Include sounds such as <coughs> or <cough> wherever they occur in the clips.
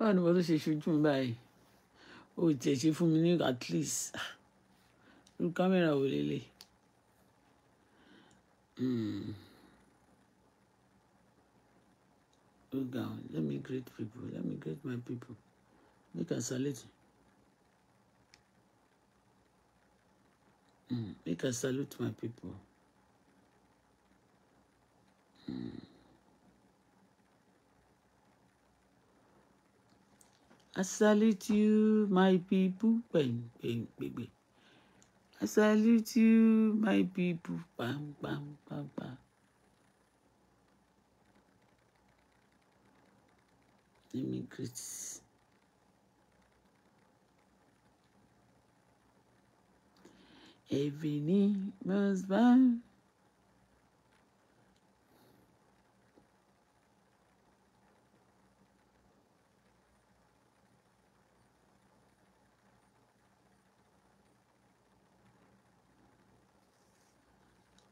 báwo ni mo tó ṣe ṣojú mi báyìí o tiẹ̀ ṣe fún mi ní at least ah, irú kámẹ́rà wò lélẹ̀. Oh God, let me greet people. Let me greet my people. Make a salute. Mm, make a salute my people. Mm. I salute you, my people. Bang, bang, baby. I salute you, my people. Bam, bam, bam, bam. Let me greet. Every knee must bow.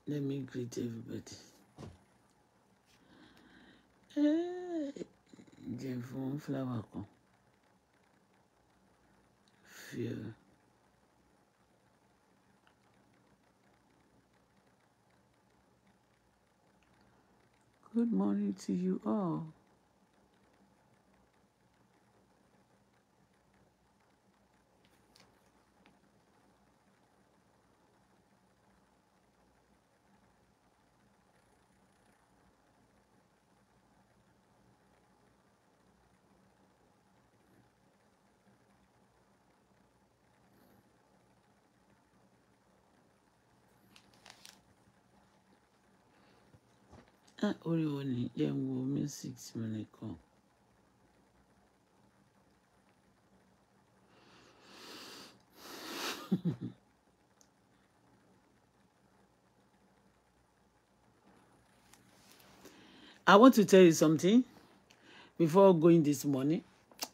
Let me greet everybody. Jẹ́ fún flower kan. Fear. Good morning to you all. Ah, orí ni jẹ́ ń wo music mi nìkan. I want to tell you something before going this morning.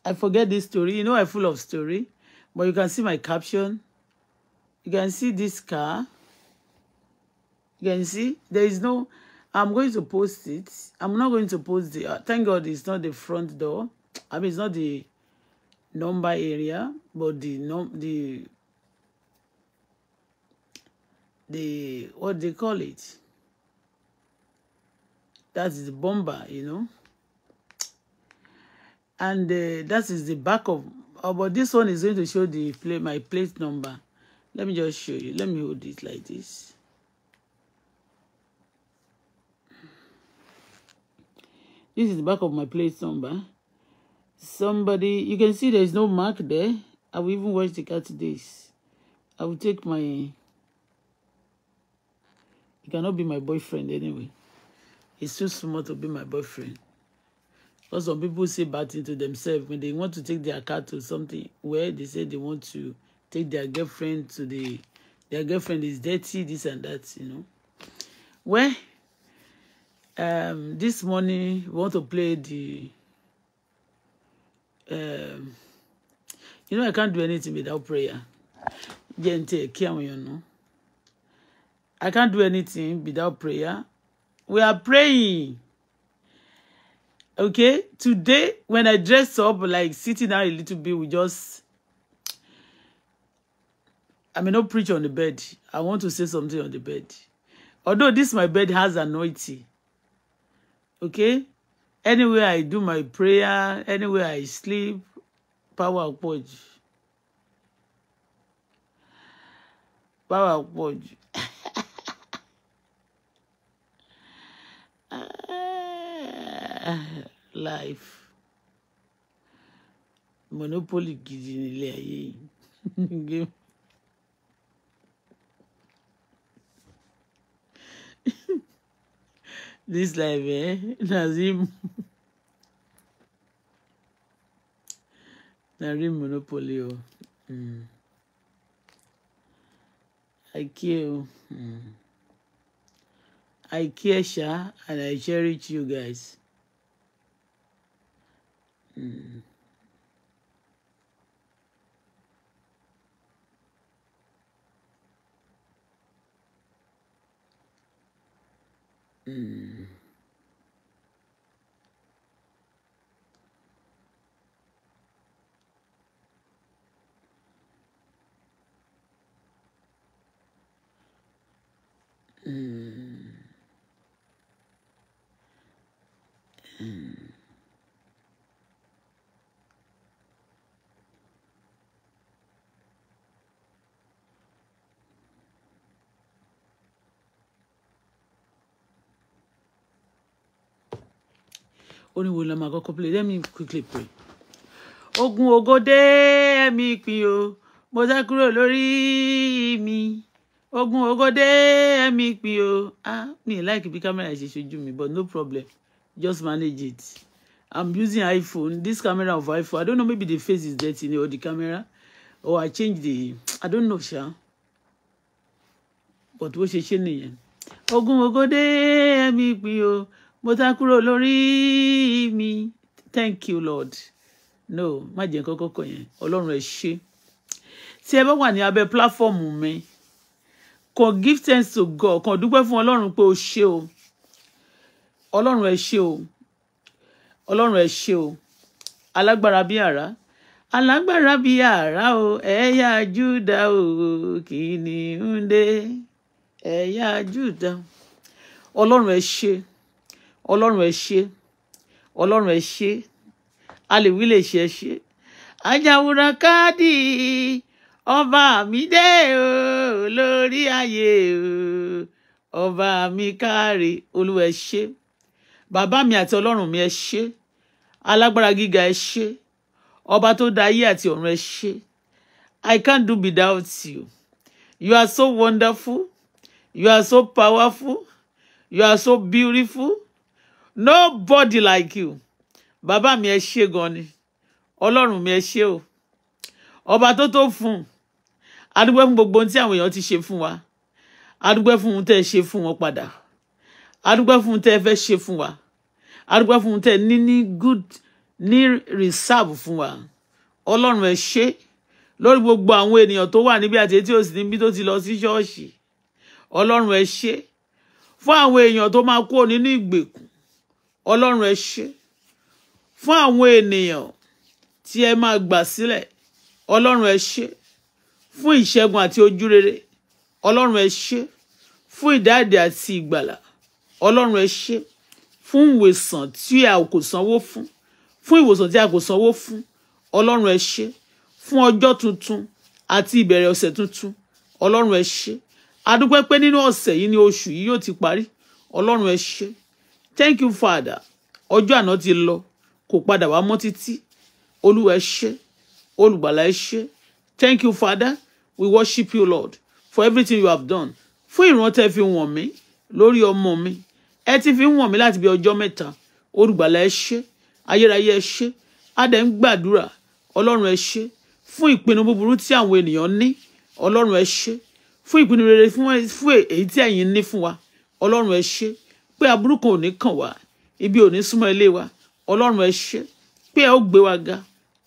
I forget this story. You know, I'm full of story, but you can see my caption. You can see this car. You can see there is no I'm going to post it. I'm not going to post the. Uh, thank God it's not the front door. I mean, it's not the number area, but the num the the what they call it. That is the bomber, you know. And uh, that is the back of. Oh, but this one is going to show the play my plate number. Let me just show you. Let me hold it like this. This is the back of my plate somewhere. Somebody, you can see there is no mark there. I will even wash the cat days. I will take my... He cannot be my boyfriend anyway. He's too small to be my boyfriend. Because some people say bad things to themselves when they want to take their cat to something where they say they want to take their girlfriend to the... Their girlfriend is dirty, this and that, you know. Where? um, this morning we want to play the. Um, you know, I can't do anything without prayer. Gente, you know. I can't do anything without prayer. We are praying. Okay, today when I dress up, like sitting down a little bit, we just. I may not preach on the bed. I want to say something on the bed. Although this my bed has anointing okay anywhere i do my prayer anywhere i sleep power pọ̀ jù power pọ̀ jù <coughs> life monopoly gidi nílé aye. yìí. <laughs> <laughs> This life, eh? <laughs> Nazim. Nazim Monopoly, oh. Mm. I care. Mm. I care, Sha, and I cherish you guys. Mm. Mm. Mm. orin wo la máa kọ́kọ́ play let me quickly play. ogun ògo dé ẹ̀mí pin o mo sá kúrò lórí mi ogun ògo ẹ̀mí pin o ah mi like láìkí bí kámẹ́rà ṣe ṣojú mi but no problem just manage it i'm using iphone this camera of iphone i don't know maybe the face is dirty or the camera or i change the i don't know sha but bó ṣe ṣe nìyẹn ogun ogode dé ẹ̀mí pin o mo ta kúrò lórí mi thank you lord no má jẹ́ nǹkan kọ̀ọ̀kan yẹn ọlọ́run ẹ ṣé tí ẹ bá wà ní abẹ́ pláfọ́ọ̀mù mi kan give thanks to god kan dúpẹ́ fún ọlọ́run pé o ṣé o ọlọ́run ẹ ṣé o ọlọ́run ẹ ṣé o alágbára bí àrá alágbára bí àrá o ẹ̀yà júdà o kì í ní ń dé ẹ̀yà júdà ọlọ́run ẹ ṣé ọlọ́run ẹ ṣé ọlọ́run ẹ ṣé alèwí lè ṣe ẹ ṣé àjàwòrán káàdì ọba mi dé o lórí ayé o ọba mi káre olúwa ẹ ṣé bàbá mi àti ọlọ́run mi ẹ ṣé alágbára gíga ẹ ṣé ọba tó dá ayé àti ọ̀run ẹ ṣé I can't do without you you are so wonderful you are so powerful you are so beautiful nobody like you bàbá mi ẹ ṣe gan ni ọlọ́run mi ẹ ṣe o ọba tó tó fún adúgbò fún gbogbo ohun tí àwọn èèyàn ti ṣe fún wa adúgbò fún ohun tẹ́ ẹ ṣe fún wọn padà adúgbò fún ohun tẹ́ ẹ ṣe fún wa adúgbò fún ohun tẹ́ ní ní good ní reserve fún wa ọlọ́run ẹ ṣe lórí gbogbo àwọn ènìyàn tó wà níbi àti etí òsì níbi tó ti lọ sí ṣọ́ọ̀ṣì ọlọ́run ẹ ṣe fún àwọn èèyàn tó máa kúrò nínú ìgbèkùn ọlọ́run ẹ ṣé fún àwọn ènìyàn tí ẹ máa gbà sílẹ̀ ọlọ́run ẹ ṣé fún ìṣẹ́gun àti ojúrere ọlọ́run ẹ ṣé fún ìdáàdì àti ìgbàlà ọlọ́run ẹ ṣé fún ìwòsàn tí a kò sanwó fún fún ìwòsàn tí a kò sanwó fún ọlọ́run ẹ ṣé fún ọjọ́ tuntun àti ìbẹ̀rẹ̀ ọ̀sẹ̀ tuntun ọlọ́run ẹ ṣé adúpẹ́ pé nínú ọ̀sẹ̀ yìí ní oṣù yìí yóò ti parí ọlọ́run ẹ ṣé thank you father ọjọ́ àná ti lọ kò padà wá mọ́ títí olúwa ẹ ṣé olùgbàlà ẹ thank you father we worship you lord for everything you have done fún ìrántẹ́ fi wọ̀n mí lórí ọmọ mi ẹ ti fi ń wọ̀n mí láti bí ọjọ́ mẹ́ta olùgbàlà ẹ ṣé ayérayé ẹ ṣé adẹ̀ ń gbàdúrà ọlọ́run ẹ ṣé fún ìpinnu búburú tí àwọn ènìyàn ní ọlọ́run ẹ ṣé fún ìpinnu rere fún èyí tí ẹ̀yin ní fún wa ọlọ́run ẹ pé aburú kan ò ní kàn wá ibi ò ní súnmọ́ ilé wa ọlọ́run ẹ ṣé pé ẹ ó gbé wa ga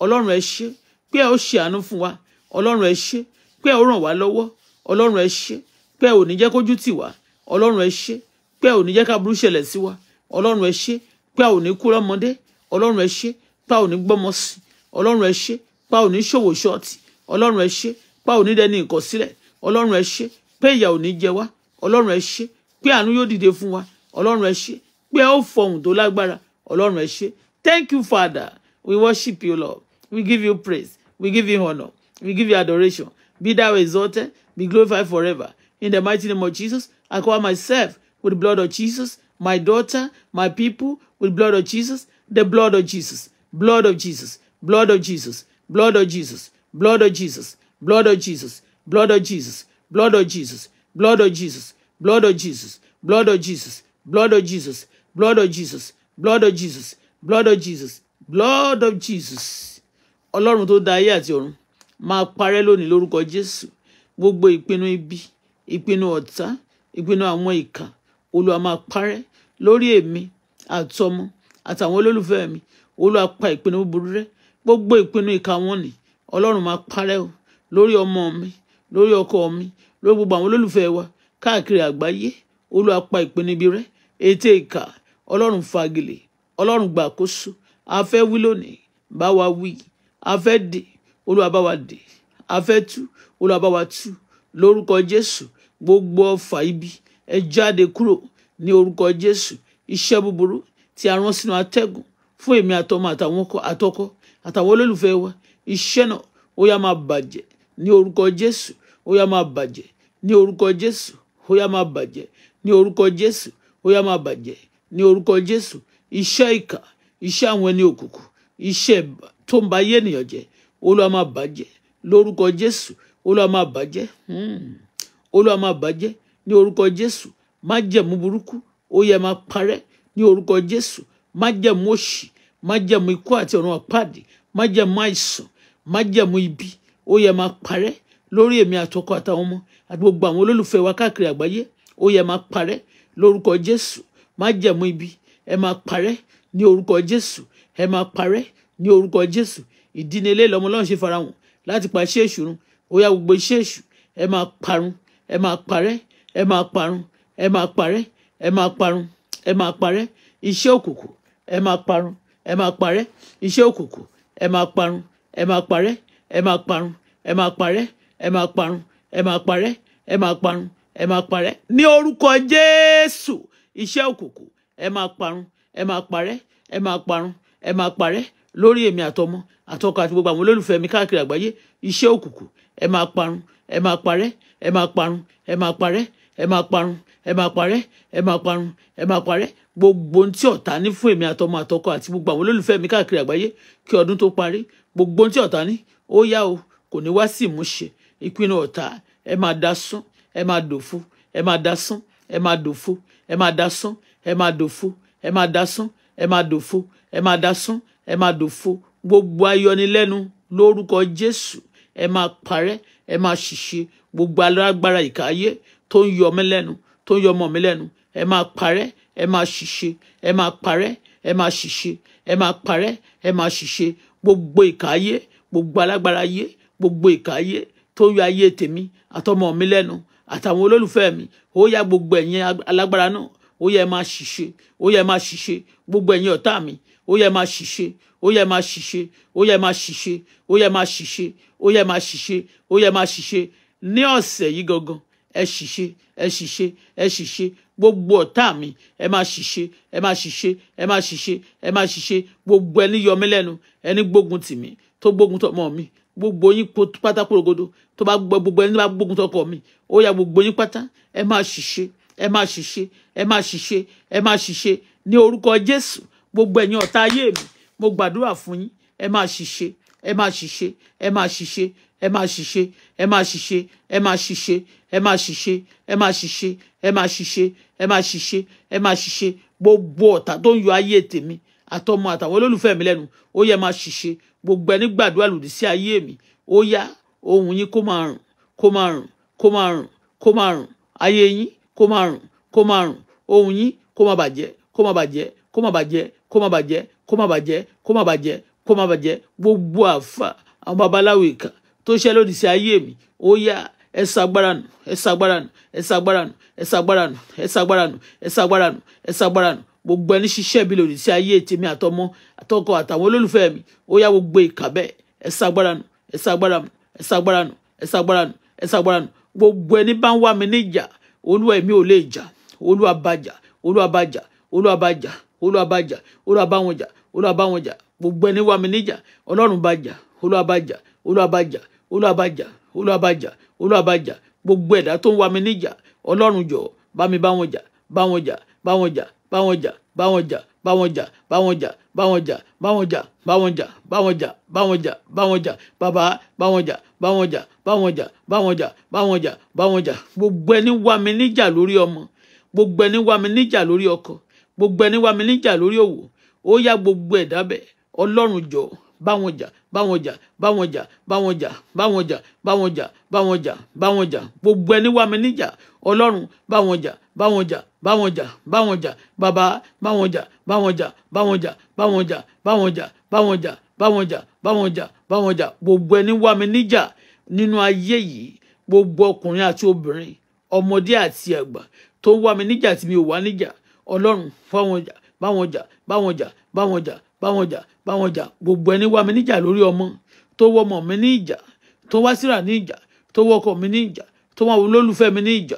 ọlọ́run ẹ ṣé pé ẹ ó ṣe àánú fún wa ọlọ́run ẹ ṣé pé ẹ ó ràn wá lọ́wọ́ ọlọ́run ẹ ṣé pé ẹ ò ní jẹ́ kójú tì wá ọlọ́run ẹ ṣé pé ẹ ò ní jẹ́ ká burú ṣẹlẹ̀ sí wa ọlọ́run ẹ ṣé pé ẹ ò ní kú lọ́mọdé ọlọ́run ẹ ṣé pé ẹ ò ní gbọ́mọ sí ọlọ́run ẹ ṣé pé ẹ ò ní ṣòwò ṣọ́ọ̀tì ọlọ́run ẹ ṣé pé ẹ ò ní dẹni ìkọ̀sílẹ̀ ọlọ́run ẹ ṣé pé ìyà ò ní jẹ wá ọlọ́run ẹ ṣé pé àánú yóò dìde fún wa ọlọ́run ẹ ṣé pé ó fọhùn tó lágbára ọlọ́run ẹ ṣé thank you father we worship you lord we give you praise we give you honor we give you adoration be thou exalted be glorified forever in the mighty name of jesus i call myself with the blood of jesus my daughter my people with the blood of jesus the blood of jesus blood of jesus blood of jesus blood of jesus blood of jesus blood of jesus blood of jesus blood of jesus blood of jesus blood of jesus blood of jesus blood of Jesus, blood of Jesus, blood of Jesus, blood of Jesus, blood of Jesus. Ọlọ́run tó dá ayé àti ọ̀run máa parẹ́ lónìí lórúkọ Jésù. Gbogbo ìpinnu ibi, ìpinnu ọ̀tá, ìpinnu àwọn ìkà, Olúwa máa parẹ́ lórí èmi àtọmọ àtàwọn olólùfẹ́ mi. Olúwa pa ìpinnu búburú rẹ́. Gbogbo ìpinnu ìkà wọn ni Ọlọ́run máa parẹ́ o lórí ọmọ mi, lórí ọkọ mi, lórí gbogbo àwọn olólùfẹ́ wa káàkiri àgbáyé. Olúwa pa ìpinnu ibi rẹ́ ètè ìkà ọlọ́run fagilé ọlọ́run gbàkóso a fẹ́ wí lónìí bá wa wí a fẹ́ dè olúwa bá wa dè a fẹ́ tú olúwa bá wa tú lórúkọ jésù gbogbo ọfà ibi ẹ jáde kúrò ní orúkọ jésù iṣẹ́ búburú tí a rán sínú atẹ́gùn fún èmi àtọmọ àtàwọn àtọkọ àtàwọn olólùfẹ́ wa iṣẹ́ náà ó yá máa bàjẹ́ ní orúkọ jésù ó yá máa bàjẹ́ ní orúkọ jésù ó yá máa bàjẹ́ ní orúkọ jésù ó yá máa bàjẹ́ ní orúkọ jésù iṣẹ́ ìkà iṣẹ́ àwọn ẹni òkùnkùn iṣẹ́ tó ń ba ayé ènìyàn jẹ́ olúwa máa bàjẹ́ lórúkọ jésù olúwa máa bàjẹ́ hmm, olúwa máa bàjẹ́ ní orúkọ jésù májẹ̀mú burúkú ó yá máa parẹ́ ní orúkọ jésù májẹ̀mú òṣì májẹ̀mú ikú àti ọ̀run àpáàdì májẹ̀mú àìsàn májẹ̀mú ibi ó yá máa parẹ́ lórí èmi àtọkọ àtàwọn ọmọ àti gbogbo àwọn olólùfẹ́ wa káàkiri àgbáyé ó yá máa parẹ́ lórúkọ jésù májẹ̀mú ibi ẹ máa parẹ́ ní orúkọ jésù ẹ máa parẹ́ ní orúkọ jésù ìdínilé lọmọ ọlọ́run ṣe farahàn láti pa iṣẹ́ èṣù run ó yá gbogbo iṣẹ́ èṣù ẹ máa parun ẹ máa parẹ́ ẹ máa parun ẹ máa parẹ́ ẹ máa parun ẹ máa parẹ́ iṣẹ́ òkùnkùn ẹ máa parun ẹ máa parẹ́ iṣẹ́ òkùnkùn ẹ máa parun ẹ máa parẹ́ ẹ máa parun ẹ máa parẹ́ ẹ máa parun ẹ máa parẹ́ ẹ máa parun ẹ máa parẹ́ ní orúkọ Jésù iṣẹ́ òkùnkùn ẹ máa parun ẹ máa parẹ́ ẹ máa parun ẹ máa parẹ́ lórí èmi àtọmọ àtọkọ àti gbogbo àwọn olólùfẹ́ mi káàkiri àgbáyé iṣẹ́ òkùnkùn ẹ máa parun ẹ máa parẹ́ ẹ máa parun ẹ máa parẹ́ ẹ máa parun ẹ máa parẹ́ ẹ máa parun ẹ máa parẹ́ gbogbo ohun tí ọ̀tá ní fún èmi àtọmọ àtọkọ àti gbogbo àwọn olólùfẹ́ mi káàkiri àgbáyé kí ọdún tó parí gbogbo ohun tí ọ̀tá ní ó yá o kò ní wá sí ìmúṣẹ ìpinnu ọ̀tá ẹ máa dasún ẹ máa dòfo ẹ máa dasán ẹ máa dòfo ẹ máa dasán ẹ máa dòfo ẹ máa dasán ẹ máa dòfo ẹ máa dasán ẹ máa dòfo gbogbo ayọnilẹ́nu lórúkọ Jésù ẹ máa parẹ́ ẹ máa ṣìṣe gbogbo alágbára ìkáyé tó ń yọ mí lẹ́nu tó ń yọ ọmọ mi lẹ́nu ẹ máa parẹ́ ẹ máa ṣìṣe ẹ máa parẹ́ ẹ máa ṣìṣe ẹ máa parẹ́ ẹ máa ṣìṣe gbogbo ìkáyé gbogbo alágbára ayé gbogbo ìkáyé tó ń yọ ayé tèmi àtọmọ mi lẹ́nu àtàwọn olólùfẹ́ mi ó yá gbogbo ẹ̀yin alágbára náà ó yá ẹ máa ṣiṣẹ́ ó yá ẹ máa ṣiṣẹ́ gbogbo ẹ̀yin ọ̀tá mi ó yá ẹ máa ṣiṣẹ́ ó yá ẹ máa ṣiṣẹ́ ó yá ẹ máa ṣiṣẹ́ ó yá ẹ máa ṣiṣẹ́ ó yá ẹ máa ṣiṣẹ́ ó yá ẹ máa ṣiṣẹ́ ní ọ̀sẹ̀ yìí gangan ẹ ṣiṣẹ́ ẹ ṣiṣẹ́ ẹ ṣiṣẹ́ gbogbo ọ̀tá mi ẹ máa ṣiṣẹ́ ẹ máa ṣiṣẹ́ ẹ máa ṣiṣẹ́ ẹ máa ṣiṣẹ́ gbogbo ẹni yọ mí lẹ́nu ẹni gbógun tì mí tó gbógun tọmọ mi gbogbo yín pátá kúrògodo tó bá gbọ́ gbogbo ẹni tó bá gbógun tọkọ mi ó yá gbogbo yín pátá ẹ máa ṣìṣe ẹ máa ṣìṣe ẹ máa ṣìṣe ẹ máa ṣìṣe ní orúkọ Jésù gbogbo ẹ̀yin ọ̀tá ayé mi mo gbàdúrà fún yín ẹ máa ṣìṣe ẹ máa ṣìṣe ẹ máa ṣìṣe ẹ máa ṣìṣe ẹ máa ṣìṣe ẹ máa ṣìṣe ẹ máa ṣìṣe ẹ máa ṣìṣe ẹ máa ṣìṣe ẹ máa ṣìṣe ẹ máa ṣìṣe gbogbo ọ̀tá tó ń yọ ayé tèmi àtọmọ àtàwọn olólùfẹ́ mi lẹ́nu ó yẹ máa ṣìṣe gbogbo ẹni gbàdúrà lòdì sí ayé mi ó yá ohun yín kó máa rùn kó máa rùn kó máa rùn kó máa rùn ayé yín kó máa rùn kó máa rùn ohun yín kó máa bàjẹ́ kó máa bàjẹ́ kó máa bàjẹ́ kó máa bàjẹ́ kó máa bàjẹ́ kó máa bàjẹ́ kó máa bàjẹ́ gbogbo àfa àwọn babaláwo ìkà tó ṣe lòdì sí ayé mi ó yá ẹ ṣagbára nù ẹ ṣagbára nù ẹ ṣagbára nù ẹ ṣagbára nù ẹ ṣagbára nù ẹ ṣagbára nù ẹ ṣagbára nù gbogbo ẹni ṣiṣẹ́ mi lòdì sí ayé tèmi àtọmọ àtọkọ àtàwọn olólùfẹ́ mi ó yá gbogbo ìkà bẹ́ẹ̀ ẹ ṣagbára nù ẹ ṣagbára nù ẹ ṣagbára nù ẹ ṣagbára nù ẹ ṣagbára nù gbogbo ẹni bá ń wá mi níjà olúwa èmi ò lè jà olúwa bá jà olúwa bá jà olúwa bá jà olúwa jà olúwa bá jà gbogbo ẹni wá mi níjà ọlọ́run bá jà olúwa bá jà olúwa bá jà olúwa bá jà gbogbo ẹ̀dá tó ń wá mi níjà ọlọ́run jọ̀ọ́ bá mi bá wọn jà bá wọn jà bá wọn jà bá wọn jà bá wọn jà bá wọn jà bá wọn jà bá wọn jà bá wọn jà bá wọn jà bá wọn jà bá wọn jà bá wọn jà bàbá bá wọn jà bá wọn jà bá wọn jà bá wọn jà bá wọn jà bá wọn jà gbogbo ẹni wá mi níjà lórí ọmọ gbogbo ẹni wá mi níjà lórí ọkọ gbogbo ẹni wá mi níjà lórí òwò ó yá gbogbo ẹ̀dá bẹ̀ ọlọ́run jọ bá jà bá jà bá jà bá jà bá jà bá jà bá jà gbogbo ẹni wá mi níjà ọlọ́run bá jà bá wọn jà bá wọn jà bá wọn jà bàbá bá wọn jà bá wọn jà bá wọn jà bá wọn jà bá wọn jà bá wọn jà bá wọn jà bá wọn jà bá wọn jà gbogbo ẹni wá mi níjà nínú ayé yìí gbogbo ọkùnrin àti obìnrin ọmọdé àti àgbà tó wá mi níjà tí mi ò wá níjà ọlọ́run fáwọn jà bá jà bá jà bá jà bá jà bá jà gbogbo ẹni wá mi níjà lórí ọmọ tó wọ ọmọ mi ní ìjà tó wá síra ní ìjà tó wọ ọkọ mi ní ìjà tó wọ olólùfẹ́ mi ní ìjà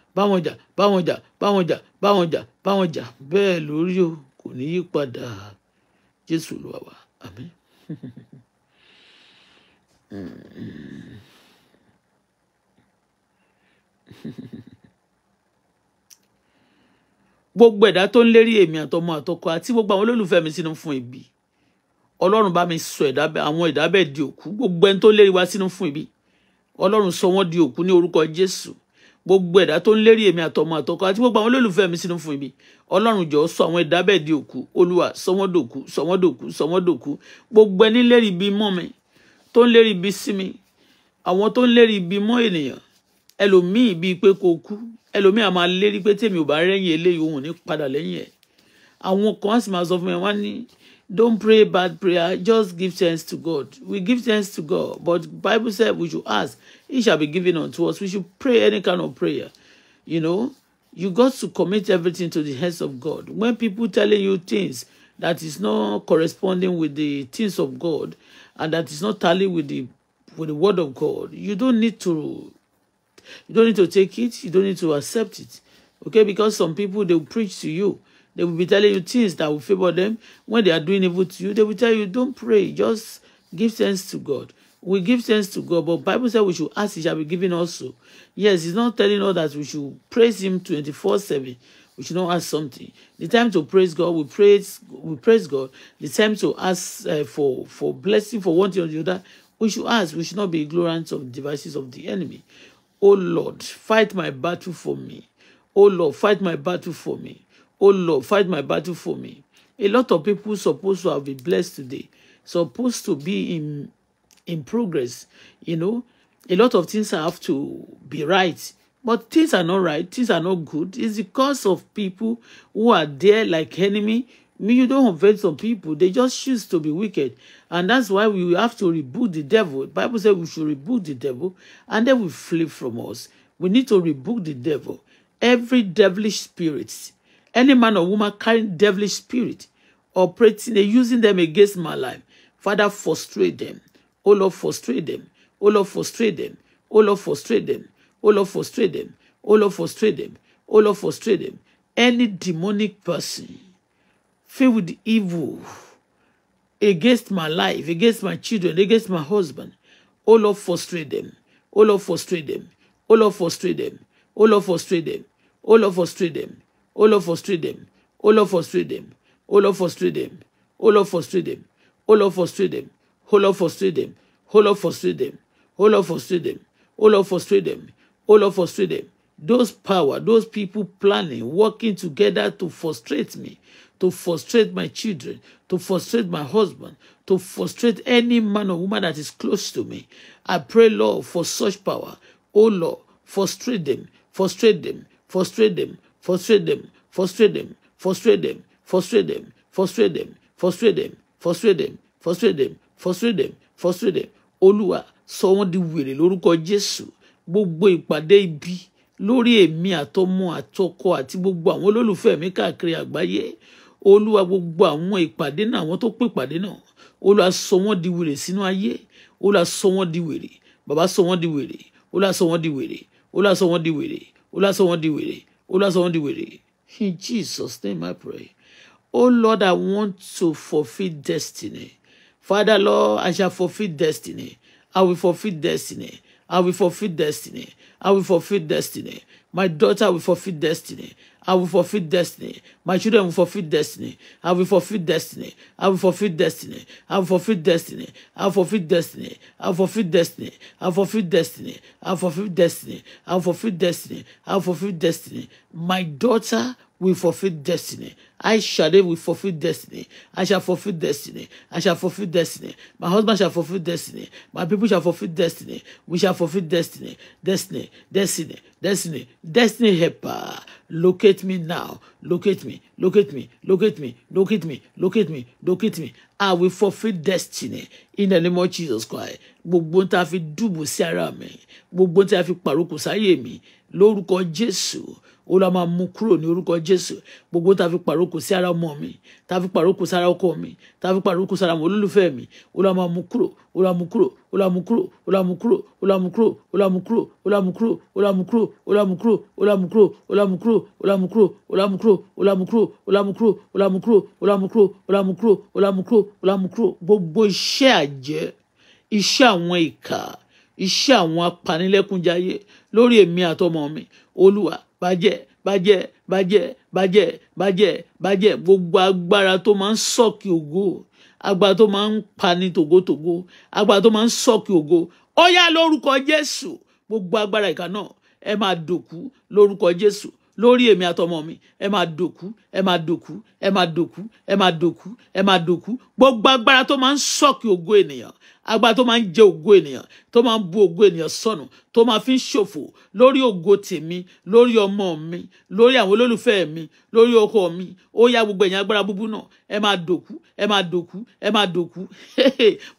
bá wọn jà bá wọn jà bá wọn jà bá wọn jà bá jà bẹ́ẹ̀ lórí o kò ní yí padà jésù ló wá àmín. gbogbo ẹ̀dá tó ń lérí èmi àtọmọ àtọkọ àti gbogbo àwọn olólùfẹ́ mi sínú fún ibi ọlọ́run bá mi sọ àwọn ẹ̀dá bẹ́ẹ̀ di òkú gbogbo ẹni tó lérí wa sínú fún ibi ọlọ́run sọ wọ́n di òkú ní orúkọ jésù gbogbo ẹ̀dá tó ń lérí èmi àtọmọ àtọkọ àti gbogbo àwọn olólùfẹ́ mi sínú fún ibi ọlọ́run jọ̀ọ́ sọ àwọn ẹ̀dá bẹ́ẹ̀ di òkú olúwa sọ wọ́n dòkú sọ wọ́n dòkú sọ wọ́n dòkú gbogbo ẹni lérí ibi mọ́ mi tó ń lérí ibi sí mi àwọn tó ń lérí ibi mọ́ ènìyàn ẹlòmíì bíi pé kò kú ẹlòmíì àmà lérí pé tèmi ò bá rẹ́yìn eléyìí òun ní padà lẹ́yìn ẹ̀ àwọn kan á sì máa sọ fún mi wọ́n ní Don't pray bad prayer. Just give thanks to God. We give thanks to God. But Bible said we should ask. It shall be given unto us. We should pray any kind of prayer. You know, you got to commit everything to the hands of God. When people telling you things that is not corresponding with the things of God and that is not tally with the with the word of God, you don't need to you don't need to take it, you don't need to accept it. Okay, because some people they preach to you They will be telling you things that will favor them. When they are doing evil to you, they will tell you, don't pray, just give sense to God. We give sense to God, but Bible says we should ask, it shall be given also. Yes, He's not telling us that we should praise him 24-7. We should not ask something. The time to praise God, we praise, we praise God. The time to ask uh, for, for blessing, for one thing or the other, we should ask. We should not be ignorant of devices of the enemy. Oh Lord, fight my battle for me. Oh Lord, fight my battle for me. Oh Lord, fight my battle for me. A lot of people supposed to have been blessed today, supposed to be in in progress. You know, a lot of things have to be right, but things are not right. Things are not good. It's because of people who are there like enemy. I you don't offend some people. They just choose to be wicked, and that's why we have to rebuke the devil. The Bible says we should rebuke the devil, and then we flee from us. We need to rebuke the devil, every devilish spirit Any man or woman carrying devilish spirit, operating and using them against my life, Father, frustrate them. Oh Lord, frustrate them. Oh Lord, frustrate them. Oh Lord, frustrate them. Oh Lord, frustrate them. Oh Lord, frustrate them. Oh Lord, frustrate them. Any demonic person filled with evil against my life, against my children, against my husband, oh Lord, frustrate them. Oh Lord, frustrate them. Oh Lord, frustrate them. Oh Lord, frustrate them. Oh Lord, frustrate them. O Lord, frustrate them. O Lord, frustrate them. O Lord, frustrate them. O Lord, frustrate them. O Lord, frustrate them. O Lord, frustrate them. O Lord, frustrate them. O Lord, frustrate them. O Lord, frustrate them. O Lord, frustrate them. Those power, those people planning, working together to frustrate me, to frustrate my children, to frustrate my husband, to frustrate any man or woman that is close to me. I pray, Lord, for such power. O Lord, frustrate them, frustrate them, frustrate them, frustrate them, frustrate them, frustrate them, frustrate them, frustrate them, frustrate them, frustrate them, frustrate them, frustrate them, frustrate them. Olúwa sọ wọ́n di wèrè lórúkọ Jésù gbogbo ìpàdé ibi lórí èmi àtọmọ àtọkọ àti gbogbo àwọn olólùfẹ́ mi káàkiri àgbáyé olúwa gbogbo àwọn ìpàdé náà àwọn tó pè ìpàdé náà olúwa sọ wọ́n di wèrè sínú ayé olúwa sọ wọ́n di wèrè bàbá sọ wọ́n di wèrè olúwa sọ wọ́n di wèrè olúwa sọ wọ́n di wèrè olúwa sọ wọ́n di wèrè olúwa sọ wọ́n di wèrè in jesus name i pray oh lord i want to fulfil destiny father lord i shall fulfil destiny i will fulfil destiny i will fulfil destiny i will fulfil destiny my daughter will fulfil destiny I will fulfill destiny. My children will fulfill destiny. I will fulfill destiny. I will fulfill destiny. I will fulfill destiny. I will fulfill destiny. I will fulfill destiny. I will fulfill destiny. I will fulfill destiny. I will fulfill destiny. I will fulfill destiny. My daughter will fulfill destiny. I shall will fulfill destiny. I shall fulfill destiny. I shall fulfill destiny. My husband shall fulfill destiny. My people shall fulfill destiny. We shall fulfill destiny. Destiny. Destiny. Destiny. Destiny helper. Locate me now. Locate me. Locate me. Locate me. Locate me. Locate me. Locate me. I will fulfill destiny in the name of Jesus Christ. Gbogbo tá a fi dùbò sí ara mi. Gbogbo tá a fi pàrókò sáyé mi. Lórúkọ Jésù olúwa máa mú kúrò ní orúkọ jésù gbogbo tá a fi pàrókò sí ara ọmọ mi tá a fi pàrókò sára ọkọ mi tá a fi pàrókò sára àwọn olólùfẹ́ mi olúwa máa mú kúrò olúwa mú kúrò olúwa mú kúrò olúwa mú kúrò olúwa mú kúrò olúwa mú kúrò olúwa mú kúrò olúwa mú kúrò olúwa mú kúrò olúwa mú kúrò olúwa mú kúrò olúwa mú kúrò olúwa mú kúrò olúwa mú kúrò olúwa mú kúrò olúwa mú kúrò olúwa mú kúrò olúwa mú kúrò olúwa mú kúrò olúwa mú kúrò gbogbo iṣẹ́ àjẹ́ iṣẹ́ àwọn ìkà iṣẹ́ àwọn apanilẹ́kúnjayé lórí èmi àtọmọ mi olúwa bàjẹ́ bàjẹ́ bàjẹ́ bàjẹ́ bàjẹ́ bàjẹ́ gbogbo agbára tó máa ń sọ̀kì ògo agbára tó máa ń pani tògótògó agbára tó máa ń sọ̀kì ògo ó yá lórúkọ Jésù gbogbo agbára ìkà náà ẹ máa dòkú lórúkọ Jésù lórí èmi àtọmọ mi ẹ máa dòkú ẹ máa dòkú ẹ máa dòkú ẹ máa dòkú ẹ máa dòkú gbogbo agbára tó máa ń sọ̀kì ògo ènìyàn agbára tó máa ń jẹ ògo ènìyàn tó máa ń bu ògo ènìyàn sọnù tó máa fi ń ṣòfò lórí ògo tèmi lórí ọmọ mi lórí àwọn olólùfẹ́ mi lórí ọkọ mi ó yá gbogbo ẹ̀yìn agbára búbú náà ẹ máa dòkú ẹ máa dòkú ẹ máa dòkú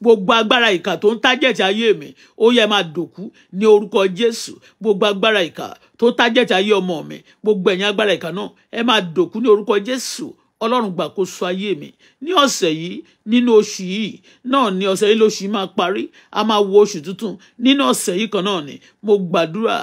gbogbo agbára ìkà tó ń tájẹ̀tì ayé mi ó yá máa dòkú ní orúkọ Jésù gbogbo agbára ìkà tó tájẹ̀tì ayé ọmọ mi gbogbo ẹ̀yin agbára ìkà náà ẹ máa dòkú ní orúkọ Jésù ọlọ́run gbàkóso ayé mi ní ọ̀sẹ̀ yìí nínú oṣù yìí náà ni ọ̀sẹ̀ yìí lóṣù yìí máa parí a máa wo oṣù tuntun nínú ọ̀sẹ̀ yìí kan náà ni mo gbàdúrà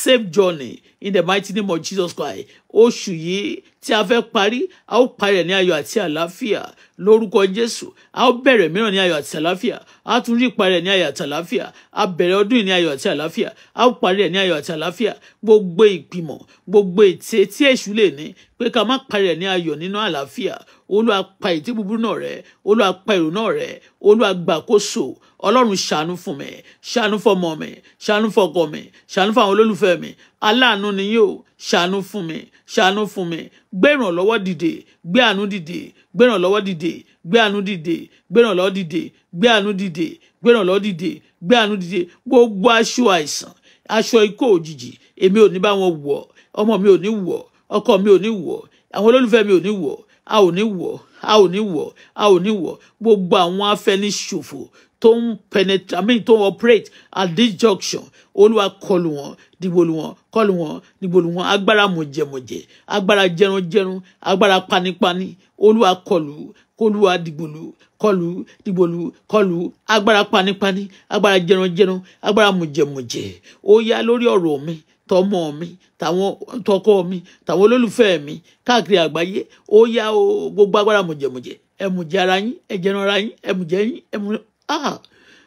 safe journey in the mighty name of Jesus Christ oṣù yìí tí a fẹ́ parí a ó parí ẹ̀ ní ayọ̀ àti àlàáfíà lórúkọ Jésù a ó bẹ̀rẹ̀ mìíràn ní ayọ̀ àti àlàáfíà a tún rí ìparí ẹ̀ ní ayọ̀ àti àlàáfíà a bẹ̀rẹ̀ ọdún yìí ní ayọ̀ àti àlàáfíà a ó parí ẹ̀ ní ayọ̀ àti àlàáfíà gbogbo ìgbìmọ̀ gbogbo ète tí èṣù lè ní pé ká má parí ẹ̀ ní ayọ̀ nínú àlàáfíà Olúwa pa ète búburú náà rẹ́ Olúwa pa èrò náà rẹ́ Olúwa gbàkóso Ọlọ́run ṣàánú fún mi ṣàánú fọmọ mi ṣàánú fọkọ mi ṣàánú fáwọn olólùfẹ́ mi aláàánú ni yóò ṣàánú fún mi ṣàánú fún mi gbé ìrànlọ́wọ́ dìde gbé àánú dìde gbé ìrànlọ́wọ́ dìde gbé àánú dìde gbé ìrànlọ́wọ́ dìde gbé àánú dìde gbé ìrànlọ́wọ́ dìde gbé àánú dìde gbogbo aṣọ àìsàn aṣọ ikú òjijì èmi ò ní bá wọn wọ̀ ọmọ mi ò ní wọ̀ ọkọ mi ò ní wọ̀ àwọn olólùfẹ́ mi ò ní wọ̀ a ò ní wọ̀ a ò ní wọ̀ a ò ní wọ̀ gbogbo àwọn afẹniṣòfò tó ń penetrate i tó ń operate at this junction olúwa kọlù wọn dìgbòlù wọn kọlù wọn dìgbòlù wọn agbára mọ̀jẹ̀mọ̀jẹ̀ agbára jẹranjẹran agbára panipani olúwa kọlù kọlùwà dìgbòlù kọlù dìgbòlù kọlù agbára panipani agbára jẹranjẹran agbára mọ̀jẹ̀mọ̀jẹ̀ ó yá lórí ọ̀rọ̀ mi tọmọ mi tàwọn tọkọ mi tàwọn olólùfẹ́ mi káàkiri àgbáyé ó yá o gbogbo agbára mọ̀jẹ̀mọ̀jẹ̀ ẹ̀mùjẹ̀ ara yín ẹ̀jẹ̀ran ara yín ẹ̀mùjẹ̀ yín ẹ̀mùjẹ̀ Ah,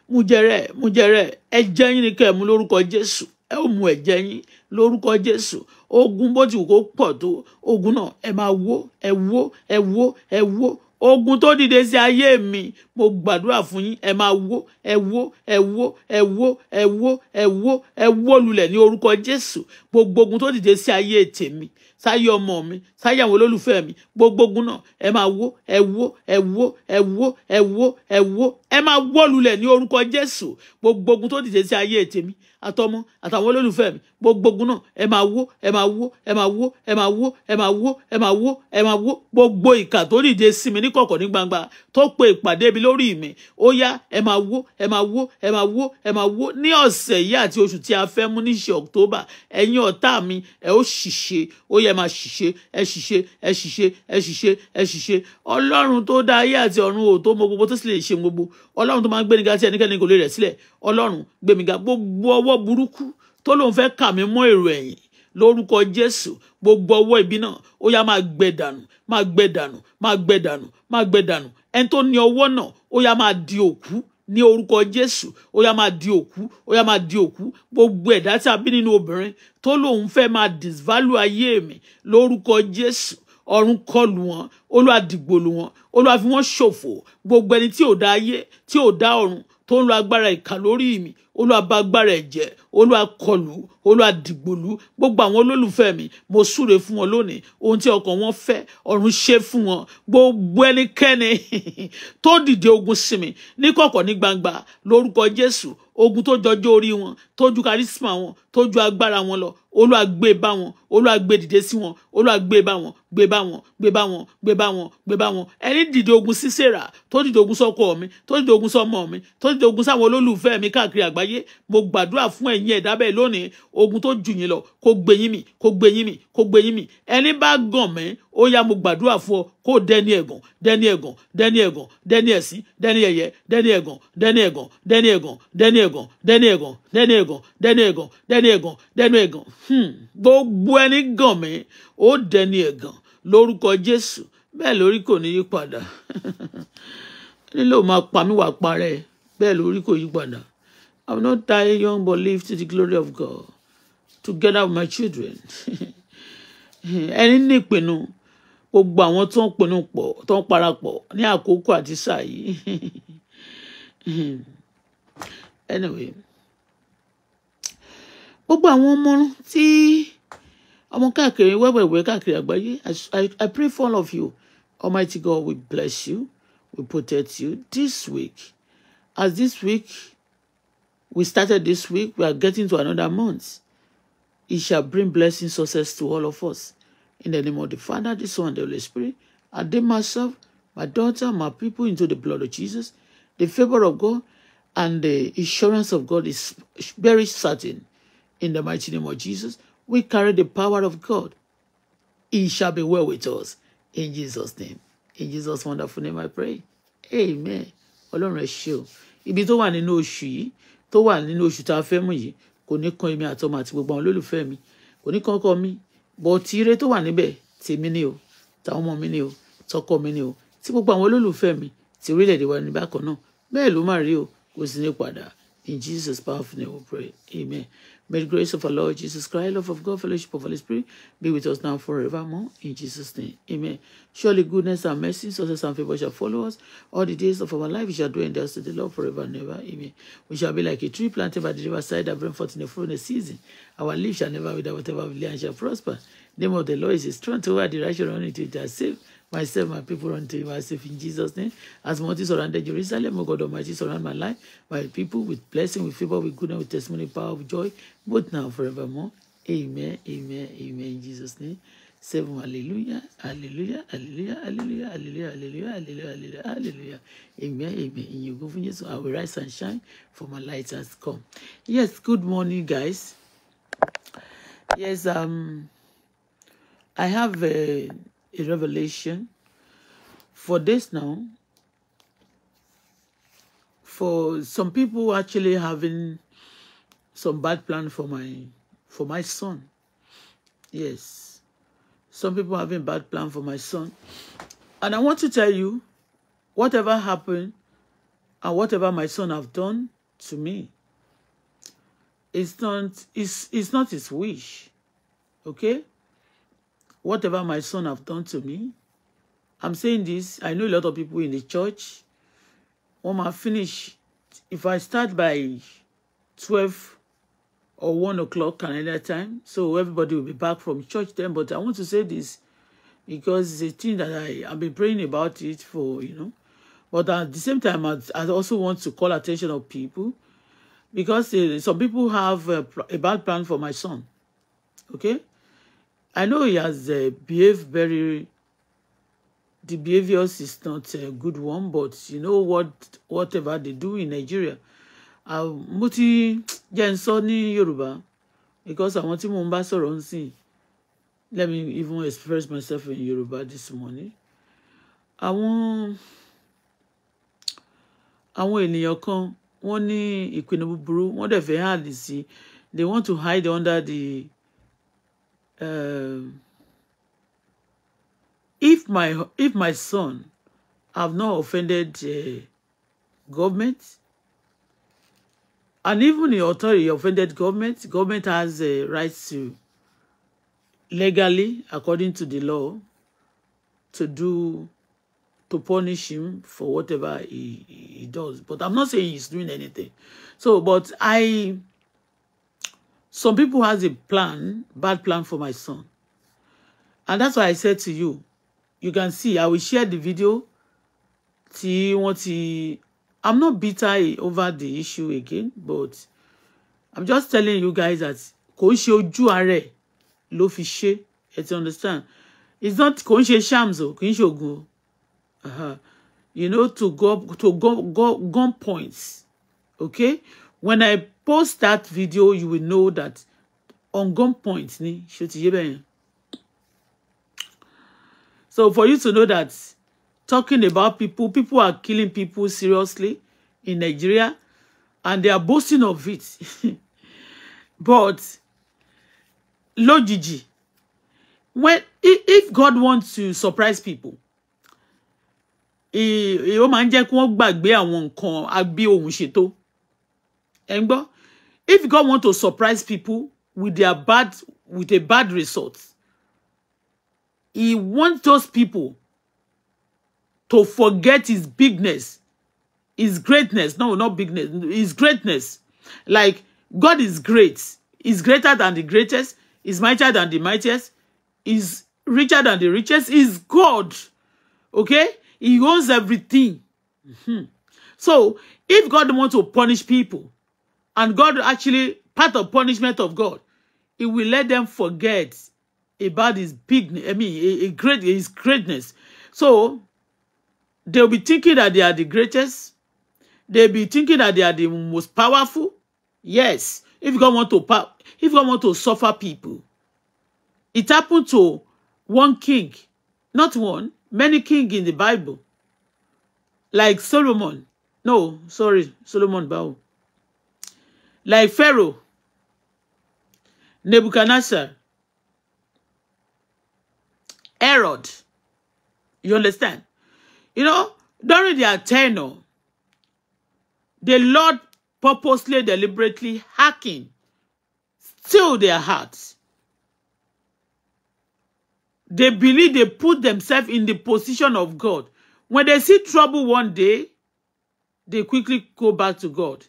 mo jẹrẹ mo jẹrẹ ẹ̀jẹ̀ yín ni kẹ́ mú lórúkọ Jésù ẹ ó mu ẹ̀jẹ̀ yín lórúkọ Jésù ogun bó ti wù kó pọ̀ tó ogun náà ẹ máa wó ẹ wó ẹ wó ẹ wó ogun tó dìde sí ayé mi mo gbàdúrà fún yín ẹ máa wó ẹ wó ẹ wó ẹ wó ẹ wó ẹ wó ẹ wó lulẹ̀ ní orúkọ Jésù gbogbo ogun tó dìde sí ayé tèmi sáyé ọmọ mi sáyé àwọn olólùfẹ́ mi gbogbogun náà ẹ máa wó ẹ wó ẹ wó ẹ wó ẹ wó ẹ wó ẹ máa wó lulẹ̀ ní orúkọ Jésù gbogbogun tó dìde sí ayé tèmi àtọmọ àtàwọn olólùfẹ́ mi gbogbo ogun náà ẹ máa wó ẹ máa wó ẹ máa wó ẹ máa wó ẹ máa wó ẹ máa wó ẹ máa wó gbogbo ìkà tó dìde sí mi níkọ̀kọ̀ ní gbangba tó pe ìpàdé ibi lórí mi ó yá ẹ máa wó ẹ máa wó ẹ máa wó ẹ máa wó ní ọ̀sẹ̀ yìí àti oṣù tí a fẹ́ mú níṣẹ́ October ẹ̀yin ọ̀tá mi ẹ ó ṣìṣe ó yẹ máa ṣìṣe ẹ ṣìṣe ẹ ṣìṣe ẹ ṣìṣe ẹ ṣìṣe ọlọ́run tó dá ayé àti ọ̀run ò tó gbogbo tó sì lè ṣe gbogbo ọlọ́run tó máa ń gbé nígbà tí ẹnikẹ́ni kò lè rẹ̀ sílẹ̀ ọlọ́run gbèmíga gbogbo ọwọ́ burúkú tó lóun fẹ́ kà mí mọ́ èrò ẹ̀yìn lórúkọ jésù gbogbo ọwọ́ ibi náà ó yá máa gbẹ dànù máa gbẹ dànù máa gbẹ dànù máa gbẹ dànù ẹni tó ní ọwọ́ náà ó yá máa di òkú ní orúkọ jésù ó yá máa di òkú ó yá máa di òkú gbogbo ẹ̀dá tí a bí nínú obìnrin tó lóun fẹ́ máa disvalue ayé mi lórúkọ jésù ọ̀run kọlù wọn olúwa dìgbòlù wọn olúwa fi wọn ṣòfò gbogbo ẹni tí ò dá ayé tí ò dá ọ̀run tó ń lo agbára ìkà lórí mi olúwa bá agbára ẹ̀jẹ̀ olúwa kọlù olúwa dìgbòlù gbogbo àwọn olólùfẹ́ mi mo súre fún wọn lónìí ohun tí ọkàn wọn fẹ́ ọ̀run ṣe fún wọn gbogbo ẹnikẹ́ni <laughs> tó dìde ogun sí mi ní kọ̀kọ̀ ní gbangba lórúkọ jésù ogun tó jọjọ́ orí wọn tó ju charisma wọn tó ju agbára wọn lọ olúwa gbé bá wọn olúwa gbé dìde sí wọn olúwa gbé bá wọn gbé bá wọn gbé bá wọn gbé bá wọn gbé bá wọn ẹni dìde ogun sí tó dìde ogun sọ́kọ mi tó dìde ogun sọ́mọ mi tó dìde ogun sáwọn olólùfẹ́ mi káàkiri àgbáyé mo gbàdúrà fún ẹ̀yin ẹ̀dá bẹ́ẹ̀ lónìí ogun tó jù yín lọ kó gbé yín mì kó gbé yín mì kó gbé yín mì ẹni bá gàn mí ó yá mo gbàdúrà fún ọ kó dẹni ẹ̀gàn dẹni ẹ̀gàn dẹni ẹ̀gàn dẹni ẹ̀sín dẹni ẹ̀yẹ dẹni ẹ̀gàn dẹni ẹ̀gàn dẹni ẹ̀gàn dẹni ẹ̀gàn dẹni ẹ̀gàn ẹ̀gàn dẹnu ẹ̀gàn dẹnu ẹ̀gàn dẹnu ẹ̀gàn hmm. gbogbo ẹni gàn mí ó dẹni ẹ̀gàn lórúkọ Jésù bẹ́ẹ̀ lórí kò ní yípadà nílò máa pa mí wà parẹ́ bẹ́ẹ̀ lórí kò yípadà I will not a young but live to the glory of God together with my children <laughs> ẹni ní ìpinnu gbogbo àwọn tó ń pinnu pọ̀ tó ń parapọ̀ ní àkókò àti sáà yìí <laughs> anyway gbogbo àwọn ọmọ tí ọmọ káàkiri wẹ́wẹ̀wẹ́ káàkiri àgbáyé I pray for all of you Almighty God we bless you we protect you this week as this week we started this week we are getting to another month it shall bring blessing success to all of us in the name of the Father the Son and the Holy Spirit I dip myself my daughter my people into the blood of Jesus the favour of God and the assurance of God is very certain. In the mighty name of Jesus, we carry the power of God. It shall be well with us. In Jesus' name. In Jesus' wonderful name I pray. Amen. Ọlọ́run ẹ ṣé o. Ibi tó wà nínú oṣù yìí tó wà nínú oṣù tá a fẹ́ mú yìí kò ní kan èmi àtọmọ àti gbogbo àwọn olólùfẹ́ mi kò ní kan kọ mi. Bọ̀ tí ire tó wà níbẹ̀ tèmi ni o ta ọmọ mi ni o tọkọ mi ni o tí gbogbo àwọn olólùfẹ́ mi ti orílẹ̀-èdè wa ni bákan náà bẹ́ẹ̀ ló má rí o kò sì ní padà. In Jesus' powerful name we pray. Amen. May the grace of our Lord Jesus Christ, love of God, fellowship of Holy Spirit be with us now forevermore. In Jesus' name. Amen. Surely goodness and mercy, success and favor shall follow us all the days of our life. We shall dwell in the house of the Lord forever and ever. Amen. We shall be like a tree planted by the riverside that brings forth in the fruit in the season. Our leaf shall never wither, whatever we lay and shall prosper. The name of the Lord is strong toward the righteous, only to it are saved myself, my people unto myself in Jesus' name. As multi surrounded Jerusalem, O God Almighty, surround my life, my people with blessing, with favor, with goodness, with testimony, power, with joy, both now forevermore. Amen, amen, amen in Jesus' name. Seven, hallelujah, hallelujah, hallelujah, hallelujah, hallelujah, hallelujah, hallelujah, hallelujah, hallelujah. Amen, amen. In your goodness, I will rise and shine, for my light has come. Yes, good morning, guys. Yes, um, I have a. Uh, a revelation for this now. For some people actually having some bad plan for my for my son. Yes. Some people having bad plan for my son. And I want to tell you, whatever happened and whatever my son have done to me, it's not it's, it's not his wish. Okay? whatever my son have done to me i'm saying this i know a lot of people in the church When I finish if i start by twelve or one o'clock Canada time so everybody will be back from church then but i want to say this because it's a thing that i i've been praying about it for you know but at the same time i, I also want to call attention of people because uh, some people have a, a bad plan for my son okay I know he has uh, eh, behaved very. The behaviors is not a good one, but you know what? Whatever they do in Nigeria, ah, mo ti jẹ́ n sọ ní because I want to ń bá sọ̀rọ̀ Let me even express myself in Yoruba this morning. I want, Àwọn àwọn ènìyàn kan wọ́n ní ìpinnu búburú wọ́n dẹ̀ fẹ́ hàn sí they want to hide under the um, if my if my son have not offended uh, government and even the authority offended government government has a right to legally according to the law to do to punish him for whatever he, he does but i'm not saying he's doing anything so but i Some people has a plan, bad plan for my son. And that's why I said to you, you can see, I will share the video. Tí wọ́n ti, I'm not bitter over the issue again, but I'm just telling you guys that kò ń ṣe ojú understand? It's not kò shams o, Uh-huh. You know, to go to go go gun points. Okay? When I post that video you will know that on gunpoint ni so for you to know that talking about people people are killing people seriously in Nigeria and they are boasting of it <laughs> but lójijì when if, God wants to surprise people ó máa ń jẹ́ kí wọ́n gbàgbé àwọn nǹkan àbí ohun ṣètò ẹ̀ ń gbọ́ If God want to surprise people with their bad, with a bad result, he wants those people to forget his bigness, his greatness. No, not bigness, his greatness. Like, God is great. He's greater than the greatest. He's mightier than the mightiest. He's richer than the richest. He's God. Okay? He owns everything. Mm -hmm. So, if God wants to punish people, And God actually, part of punishment of God, He will let them forget about His big, I mean, great, His greatness. So they'll be thinking that they are the greatest. They'll be thinking that they are the most powerful. Yes, if God want to if God want to suffer people, it happened to one king, not one, many kings in the Bible, like Solomon. No, sorry, Solomon Bao. like Pharaoh, Nebuchadnezzar, Herod. You understand? You know, during their tenure, the Lord purposely, deliberately hacking still their hearts. They believe they put themselves in the position of God. When they see trouble one day, they quickly go back to God.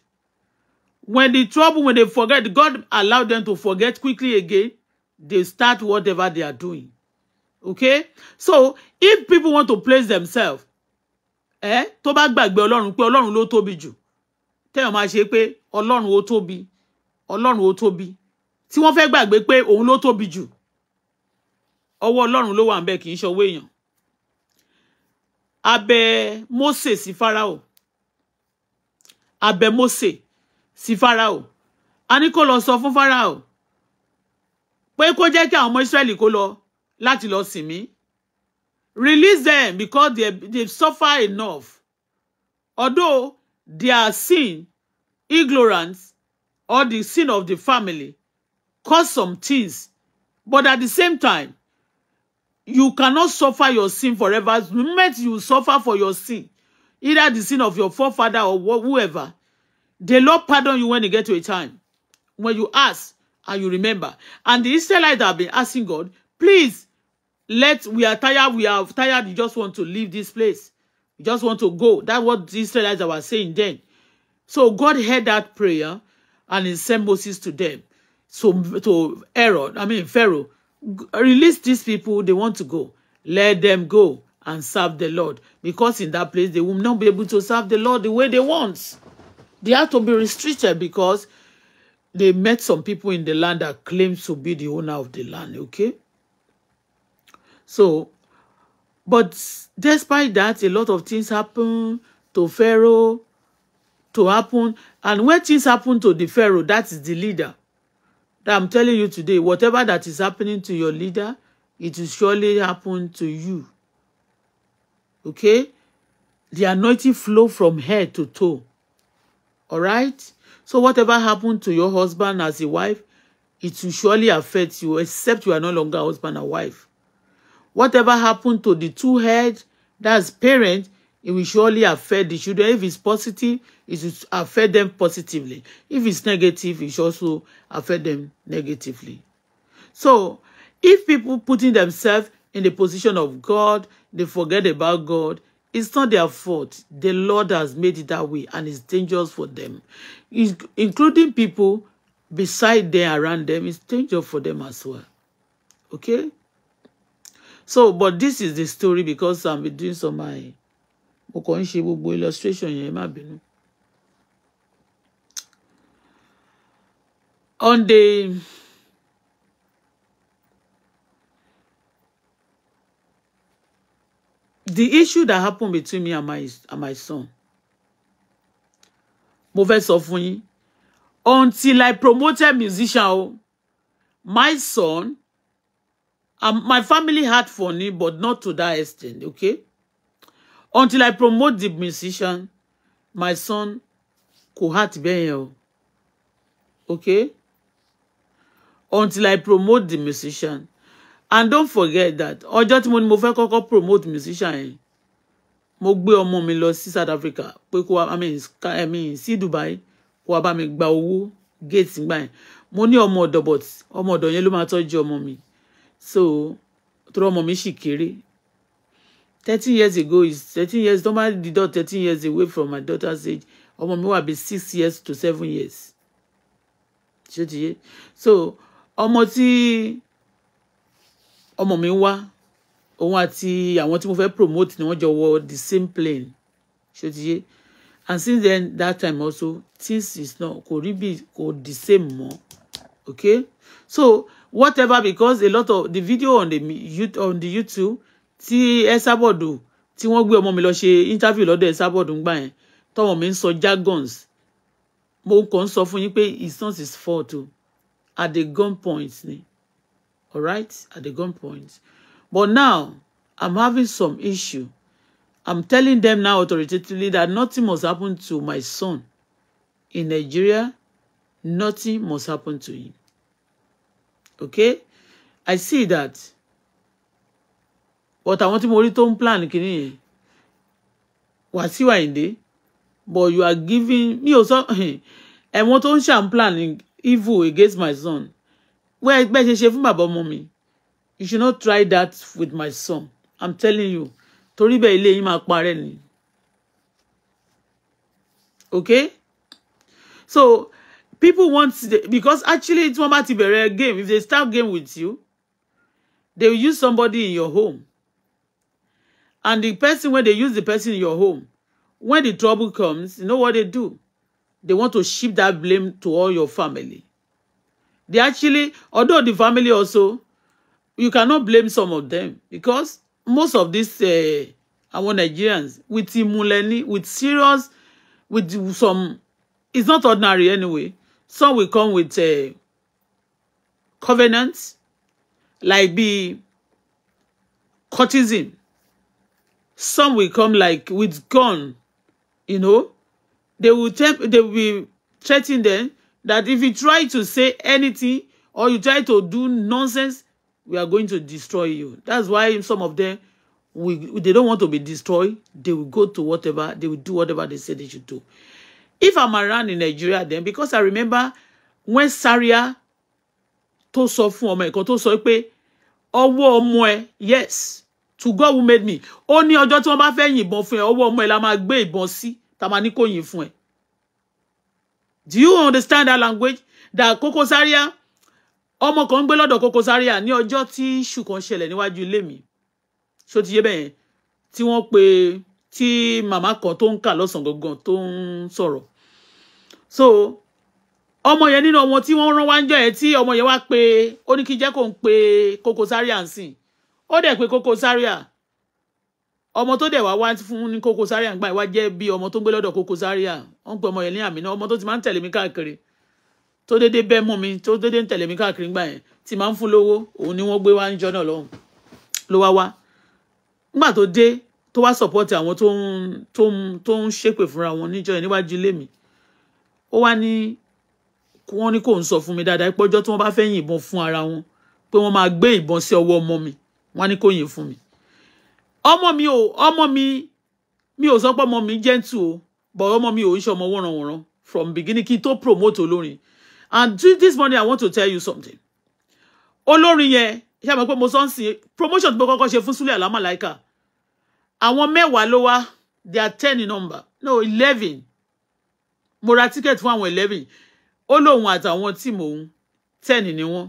When the trouble, when they forget, God allowed them to forget quickly again. They start whatever they are doing. Okay? So, if people want to place themselves, eh, To tó bá be Ọlọ́run pé Ọlọ́run ló tóbi jù. Téèyàn máa ṣe pé Ọlọ́run ó tóbi. Ọlọ́run ó tóbi. Tí wọ́n fẹ́ gbàgbé pé òun ló tóbi jù. Ọwọ́ Ọlọ́run ló wà ńbẹ̀ kì í ṣọwọ́ èèyàn. Abẹ Mósè sí Fáráò. Abẹ Moses sí Fáráò a ní kó lọ sọ fún Fáráò pé kó jẹ́ kí àwọn ọmọ Ísírẹ́lì kó lọ láti lọ sìn release them because they they suffer enough although their sin ignorance or the sin of the family cause some things but at the same time you cannot suffer your sin forever the moment you suffer for your sin either the sin of your forefather or whoever The Lord pardon you when you get to a time. When you ask and you remember. And the Israelites have been asking God, please, let we are tired, we are tired, we just want to leave this place. We just want to go. That's what the Israelites were saying then. So God heard that prayer and he sent Moses to them. So to Aaron, I mean Pharaoh, release these people, they want to go. Let them go and serve the Lord. Because in that place, they will not be able to serve the Lord the way they want. They had to be restricted because they met some people in the land that claimed to be the owner of the land, okay? So, but despite that, a lot of things happen to Pharaoh to happen. And when things happen to the Pharaoh, that is the leader. That I'm telling you today, whatever that is happening to your leader, it will surely happen to you. Okay? The anointing flow from head to toe. All right? So whatever happened to your husband as a wife, it will surely affect you, except you are no longer husband and wife. Whatever happened to the two head, that's parent, it will surely affect the children. If it's positive, it will affect them positively. If it's negative, it should also affect them negatively. So, if people putting themselves in the position of God, they forget about God, It's not their fault. The Lord has made it that way and it's dangerous for them. It's, including people beside them, around them, it's dangerous for them as well. Okay? So, but this is the story because I'm doing some my mo kàn ń ṣe gbogbo illustration yẹn má bínú. On the the issue that happened between me and my and my son mo fẹ́ sọ until I promoted musician o my son um, my family had funny but not to that extent okay until I promote the musician my son kò hurt bẹ́ẹ̀ okay until I promote the musician and don't forget that ọjọ́ tí mo ní mo fẹ́ kọ́kọ́ promote musician yẹn mo gbé ọmọ mi lọ sí South Africa pé kó wá I mean sí Dubai kó wá bá mi gba owó gate nígbà yẹn mo ní ọmọ ọ̀dọ̀ but ọmọ ọ̀dọ̀ yẹn ló máa tọ́jú ọmọ mi so torí ọmọ mi sì kéré thirteen years ago is thirteen years don't mind the dot thirteen years away from my daughter's age ọmọ mi wà bí six years to seven years ṣé ti yé so ọmọ tí ọmọ mi wá òun àti àwọn tí mo fẹ́ promote ni wọ́n jọ wọ the same plane ṣé ti yé and since then that time also things is not kò rí bí kò the same mọ́ okay so whatever because a lot of the video on the on the YouTube tí Esabod tí wọ́n gbé ọmọ mi lọ ṣe interview lọ́dọ̀ Esabod ń gbà yẹn tọmọ mi ń sọ jargons mo kàn ń sọ fún yín pé it's not his fault o at the gun point ni all right, at the gunpoint. But now I'm having some issue. I'm telling them now authoritatively that nothing must happen to my son in Nigeria. Nothing must happen to him. Okay? I see that. But àwọn tí mo rí tó ń plan kìíní you Wàsíù Àyìndé. But you are giving me also <laughs> ẹ̀wọ̀n tó ń ṣàn plan evil against my son wẹ́ẹ́ bẹ́ẹ̀ ṣe ṣe fún bàbá ọmọ mi you should not try that with my son i'm telling you torí bẹ́ẹ̀ ilé yín máa parẹ́ ni okay so people want the, because actually tí wọ́n bá ti bẹ̀rẹ̀ game if they start game with you they will use somebody in your home and the person when they use the person in your home when the trouble comes you know what they do they want to shift that blame to all your family They actually, although the family also, you cannot blame some of them because most of these uh, eh, our Nigerians with Imuleni, with serious, with some, it's not ordinary anyway. Some will come with uh, covenants, like be courtesan. Some will come like with gun, you know. They will, they will threaten them that if you try to say anything or you try to do nonsense, we are going to destroy you. That's why some of them, we, they don't want to be destroyed. They will go to whatever, they will do whatever they say they should do. If I'm around in Nigeria then, because I remember when Saria tó sọ fún ọmọ ẹ̀kan tó sọ pé yes to God who made me ó ní ọjọ́ tí wọ́n bá fẹ́ yìnbọn fún ẹ ọwọ́ ọmọ ẹ la máa gbé ìbọn sí do you understand that language that Koko Zaria ọmọ kan ń gbé lọ́dọ̀ Koko Zaria ní ọjọ́ tí iṣu kan ṣẹlẹ̀ níwájú ilé mi ṣó ti yé bẹ́ẹ̀ tí wọ́n pe tí màmá kan tó ń kà lọ́sàn gangan tó ń sọ̀rọ̀ so ọmọ yẹn nínú ọmọ tí wọ́n rán wá ń jọ yẹn tí ọmọ yẹn wá pé ó ní kí jẹ́ kó ń pe Koko ń sìn ó dẹ̀ pé Koko ọmọ tó dẹ̀ wá wá fún ní Koko Zaria ń gbà wá jẹ́ bí ọmọ tó ń gbé lọ́dọ̀ Koko Zaria ó ń pè ọmọ yẹn ní àmì náà ọmọ tó ti máa ń tẹ̀lé mi káàkiri tó dédé bẹ́ mú mi tó dédé ń tẹ̀lé mi káàkiri gbà yẹn ti máa ń fún lówó òun ni wọ́n gbé wá ń jọ náà lọ́hùn ló wá wá nígbà tó dé tó wá sọ̀pọ̀tì àwọn tó ń tó ń tó ń ṣépè fúnra wọn níjọ yẹn níwájú ilé mi ó wá ní wọ́n ní kò ń sọ fún mi dáadáa pé tí wọ́n bá fẹ́ yìnbọn fún ara wọn pé wọ́n máa gbé ìbọn sí ọwọ́ ọmọ mi wọ́n á ní kò yìn fún mi ọmọ mi ò ọmọ mi mi ò sọ pé ọmọ mi gentle o but ọmọ mi ò ń ṣe ọmọ wọ́nranwọ̀nran from beginning kí n tó promote olórin and this morning i want to tell you something olórin yẹn ṣe àmọ́ pé mo sọ ń sìn promotion tí mo kọ́kọ́ ṣe fún Sule Almalaika àwọn mẹ́wàá ló wá they are ten in number no eleven mo ra ticket fún àwọn eleven ó lóun àtàwọn tíìmù òun ten ni wọ́n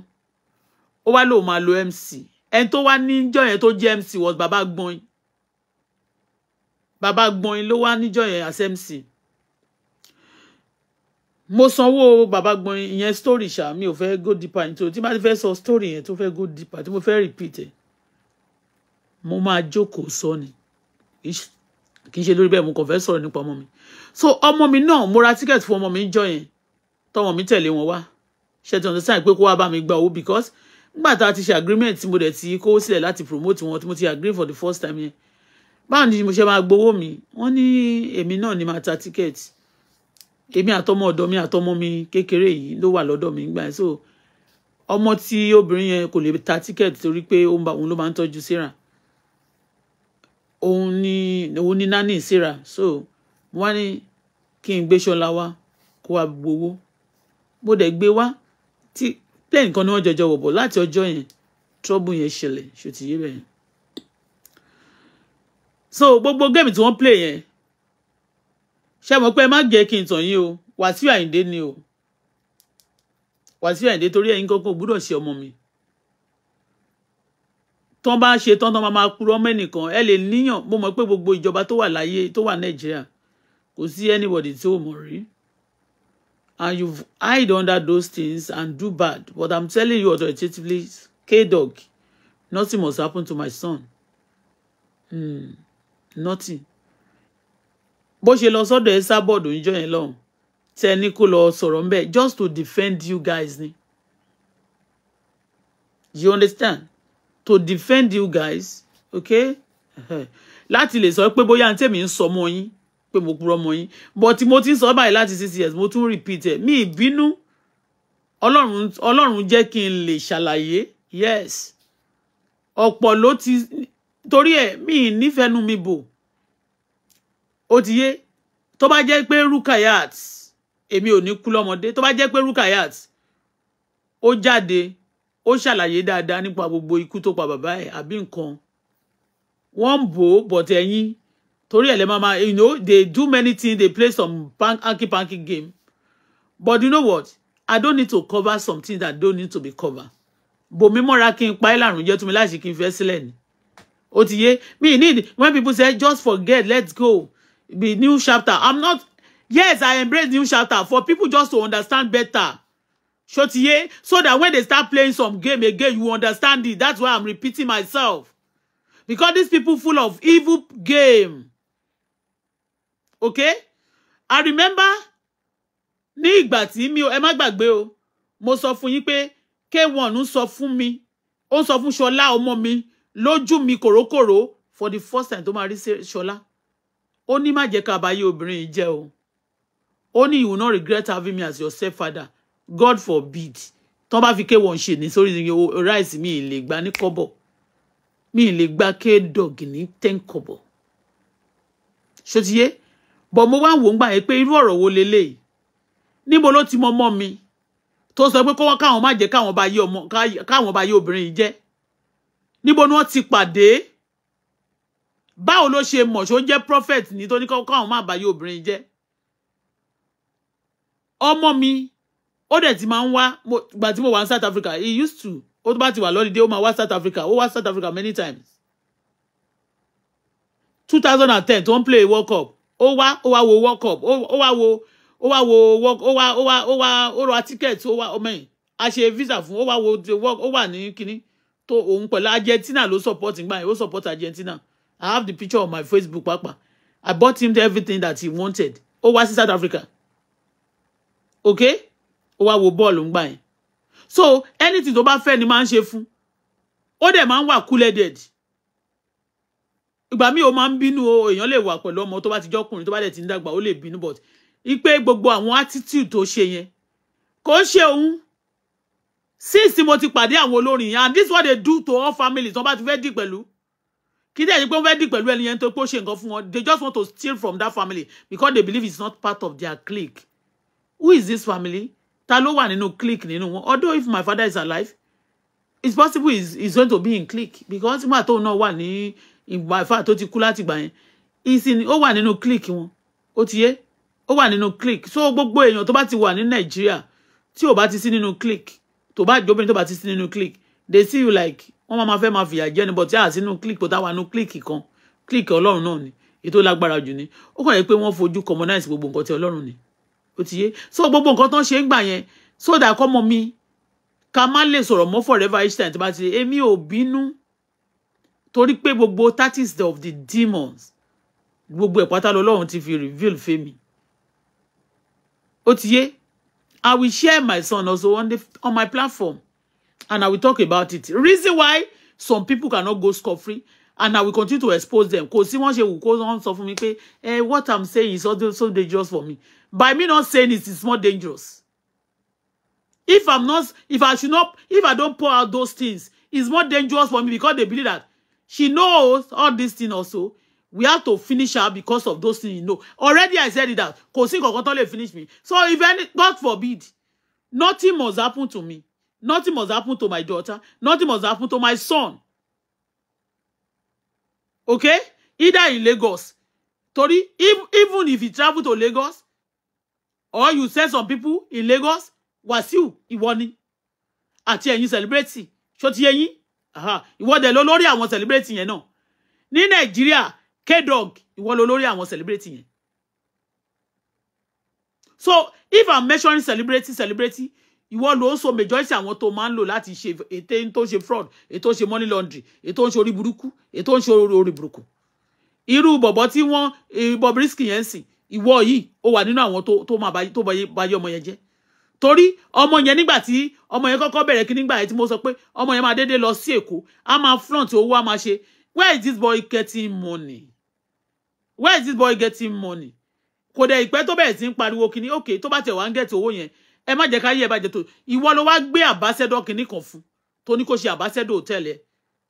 ó wá lóun máa lo MC ẹni tó wá níjọ́ yẹn tó jẹ́ MC was bàbá gbọ́n bàbá gbọ̀nyin ló wá níjọ́ yẹn as MC mo sanwó bàbá gbọ̀nyin ìyẹn story ṣá mi ò fẹ́ go deeper into. tí bá ti fẹ́ sọ story yẹn tó fẹ́ go deeper tí mo fẹ́ repeat ẹ̀ mo máa jókòó sọ ni kì í ṣe lórí bẹ́ẹ̀ mo kàn fẹ́ sọ̀rọ̀ nípa ọmọ mi so ọmọ mi náà mo ra ticket fún ọmọ mi jọ́ yẹn tọmọ mi tẹ̀lé wọn wá ṣe ti understand pé kó wá bá mi gba owó because nígbà tá a ti ṣe agreement tí mo dẹ̀ ti kó sílẹ̀ láti promote wọn tí mo ti agree for the first time yẹn báwo ni mo ṣe máa gbowó mi wọ́n ní èmi náà ni máa ta tíkẹ́ẹ̀tì èmi àtọmọ ọ̀dọ̀ mi àtọmọ mi kékeré yìí ló wà lọ́dọ̀ mi gbà so ọmọ tí obìnrin yẹn kò lè ta tíkẹ́ẹ̀tì torí pé òun ló máa ń tọ́jú síra òun ni òun ni nání síra so wọ́n ní kí n gbé ṣọlá wá kó wa gbowó bó dẹ̀ gbé wá tí plane kan ni wọ́n jọjọ wọ̀ bọ̀ láti ọjọ́ yẹn trouble yẹn ṣẹlẹ̀ ṣòtìyé bẹ́ẹ̀ so gbogbo game tí wọ́n play yẹn ṣe mọ̀ pé ẹ má jẹ́ kí n tàn yín o Wàsíù Àyìndé ni o Wàsíù Àyìndé torí ẹ̀yin kankan gbúdọ̀ ṣe ọmọ mi tán bá ṣe tán tán máa máa purọ́ mẹ́nìkan ẹ lè níyàn mo mọ̀ pé gbogbo ìjọba to wà láyé tó wà Nàìjíríà kò sí anybody tí ò mọ̀ rí and you hide under those things and do bad but i'm telling you authoritatively K-Dog nothing must happen to my son. Hmm nothing bó ṣe lọ sọ́dọ̀ ẹ sábọọdù níjọ́ yẹn lọ́hùn tẹ ní kó lọ sọ̀rọ̀ ńbẹ just to defend you guys ni you understand to defend you guys okay láti lè sọ pé bóyá ntẹ́ mi ń sọ mọ́ yín pé mo purọ́ mọ́ yín but mo ti ń sọ báyìí láti six years mo tún repeat ẹ̀ mi ìbínú ọlọ́run ọlọ́run jẹ́ kí n lè ṣàlàyé yes ọ̀pọ̀ ló ti torí ẹ̀ mi nífẹ̀ẹ́nu mi bò ó ti yé tó bá jẹ́ pé Rukayat èmi ò ní kú lọ́mọdé tó bá jẹ́ pé Rukayat ó jáde ó ṣàlàyé dáadáa nípa gbogbo ikú tó pa bàbá ẹ̀ àbí nǹkan wọ́n ń bò ó bọ̀tẹ̀ yín torí ẹ̀ lẹ́ máa you know they do many things they play some hanky panky game but you know what I don't need to cover something that don't need to be covered bòmí mọ́ra kí n pa ẹ́ lárùn jẹ́ tún mi láì kí n fẹ́ sílẹ̀ ni ó ti yé me need when people say just forget let's go be new chapter i'm not yes i embrace new chapter for people just to understand better ṣó so that when they start playing some game again you understand it that's why i'm repeating myself because these people full of evil game okay i remember ní ìgbà tí mi ẹ má gbàgbé o mo sọ fún yín pé k1 ń sọ fún mi o ń sọ fún ṣọlá mi lójú mi kòrókòró for the first time tó máa rí ṣọlá ó ní má jẹ́ ká báyé obìnrin yìí jẹ́ o ó ní you will not regret having me as your stepfather god forbid tán bá fi kéwọ̀n ṣe ní sórí ráìsì mi ì lè gba ní kọ́bọ̀ mi ì lè gba kéèdọ̀gì ní ten kọ́bọ̀ ṣòtíyé bọ̀ mo wá ń wò ń gbà yẹn pé irú ọ̀rọ̀ wo leléyìí níbo ló ti mọ ọmọ mi tó sọ pé kọ́wọ́ káwọn má jẹ́ káwọn bá yé obìnrin yìí jẹ́ níbo ni wọ́n ti pàdé báwo ló ṣe mọ̀ ṣó jẹ́ prophet ní tó ní kọ́kọ́ àwọn má bàyí obìnrin jẹ́ ọmọ mi ó dẹ̀ ti máa ń wá gbà tí mo wà ní South Africa he used to ó tó bá ti wà lọ́lídé ó máa wá South Africa ó wá South Africa many times two thousand and ten tó ń play World Cup ó wá ó wá wo World Cup ó wá wo ó wá wo ó wá ó wá ó wá ó ra ticket ó wá ọmọ yìí a ṣe visa fún ó wá wo ó wà ní kínní tó òun pẹ̀lú Argentina ló support ngbà yẹn ó support Argentina I have the picture on my Facebook papa I bought him everything that he wanted ó wá sí South Africa okay ó wá wo bọ́ọ̀lù ngbà yẹn so anything tó bá fẹ́ ni máa ń ṣe fún ó dẹ̀ máa ń wà cool headed ìgbà míì ó máa ń bínú o èèyàn lè wà pẹ̀lú ọmọ tó bá ti jọ́kùnrin tó bá dẹ̀ ti ń dàgbà ó lè bínú but ipe gbogbo àwọn attitude tó ṣe yẹn kò ṣe òun since mo ti pàdé àwọn olórin and this what they do to all families wọ́n bá ti fẹ́ dì pẹ̀lú kí dẹ̀ ní pé wọ́n fẹ́ dì pẹ̀lú ẹni yẹn tó pé ṣe nǹkan fún wọn they just want to steal from that family because they believe it's not part of their clique who is this family ta ló wà nínú clique nínú wọn although if my father is alive it's possible he's, he's going to be in clique because nígbà tóun náà wà ní ìgbà ìfà tó ti kú láti gbà yẹn ìsìn ó wà nínú clique wọn ó ti yé ó wà nínú clique so gbogbo èèyàn tó bá ti wà ní nàìjíríà tí ò bá ti sí nínú clique To bá jóbìnrin tó bá ti sí nínú click they see you like wọ́n máa fẹ́ máa fìyà jẹ ni but yà sínú click tó táwa nú click kan click ọlọ́run náà ni ètò lágbára jù ni ó kàn yẹ pé wọ́n fojú commonize gbogbo nǹkan tí ọlọ́run ni ó ti yé so gbogbo nǹkan tán ṣe ń gbà yẹn so that kọ́mọ mi ká má lè sọ̀rọ̀ mọ́ forever each time tó bá ti lè èmi ò bínú torí pé gbogbo tactics of the demons gbogbo ẹ̀ pátá lọ́lọ́run ti fi reveal fẹ́mi ó ti yé I will share my son also on the on my platform, and I will talk about it. Reason why some people cannot go scot free, and I will continue to expose them. Because sí wọ́n will cause kó wọ́n me say, mi eh, what I'm saying is also so dangerous for me. By me not saying it it's more dangerous. If I'm not, if I should not, if I don't pour out those things, it's more dangerous for me because they believe that she knows all these things also we have to finish her because of those things you know already i said it that Kosi sí finish me so if any god forbid nothing must happen to me nothing must happen to my daughter nothing must happen to my son okay either in lagos Tori. if, even if you travel to lagos or you send some people in lagos wàsíù ìwọ ni àti ẹ̀yin celebrate ṣó ti yẹ yín ìwọ dẹ̀ lọ lórí àwọn celebrate yẹn náà ní Nigeria. K-Dog ìwọ lo lórí àwọn celebrity yẹn so if i'm measuring celebrity celebrity ìwọ ló ń so majority àwọn tó máa ń lò láti ṣe ètò tó ń ṣe fraud ètò ṣe money laundry ètò ń ṣe orí burúkú ètò ń ṣe orí burúkú irú bọ̀bọ̀ tí wọ́n Bobrisky yẹn sìn ìwọ yìí ó wà nínú àwọn tó máa tó bayé ọmọ yẹn jẹ́ torí ọmọ yẹn nígbà tí ọmọ yẹn kọ́kọ́ bẹ̀rẹ̀ kí nígbà yẹn tí mo sọ pé ọmọ yẹn máa déédéé lọ sí Èkó a máa front owó a máa ṣe where is this boy getting money where is this boy getting money kò dẹ̀ ìpẹ́ tó bẹ̀rẹ̀ sí ń pariwo kinní ok tó bá tẹ̀ wá ń gẹ̀tì owó yẹn ẹ má jẹ́ ká yí ẹ bá jẹ tó ìwọ ló wá gbé àbáṣẹ́dọ̀ kinní kan fún tó ní kó ṣe àbáṣẹ́dọ̀ hòtẹ́ẹ̀lì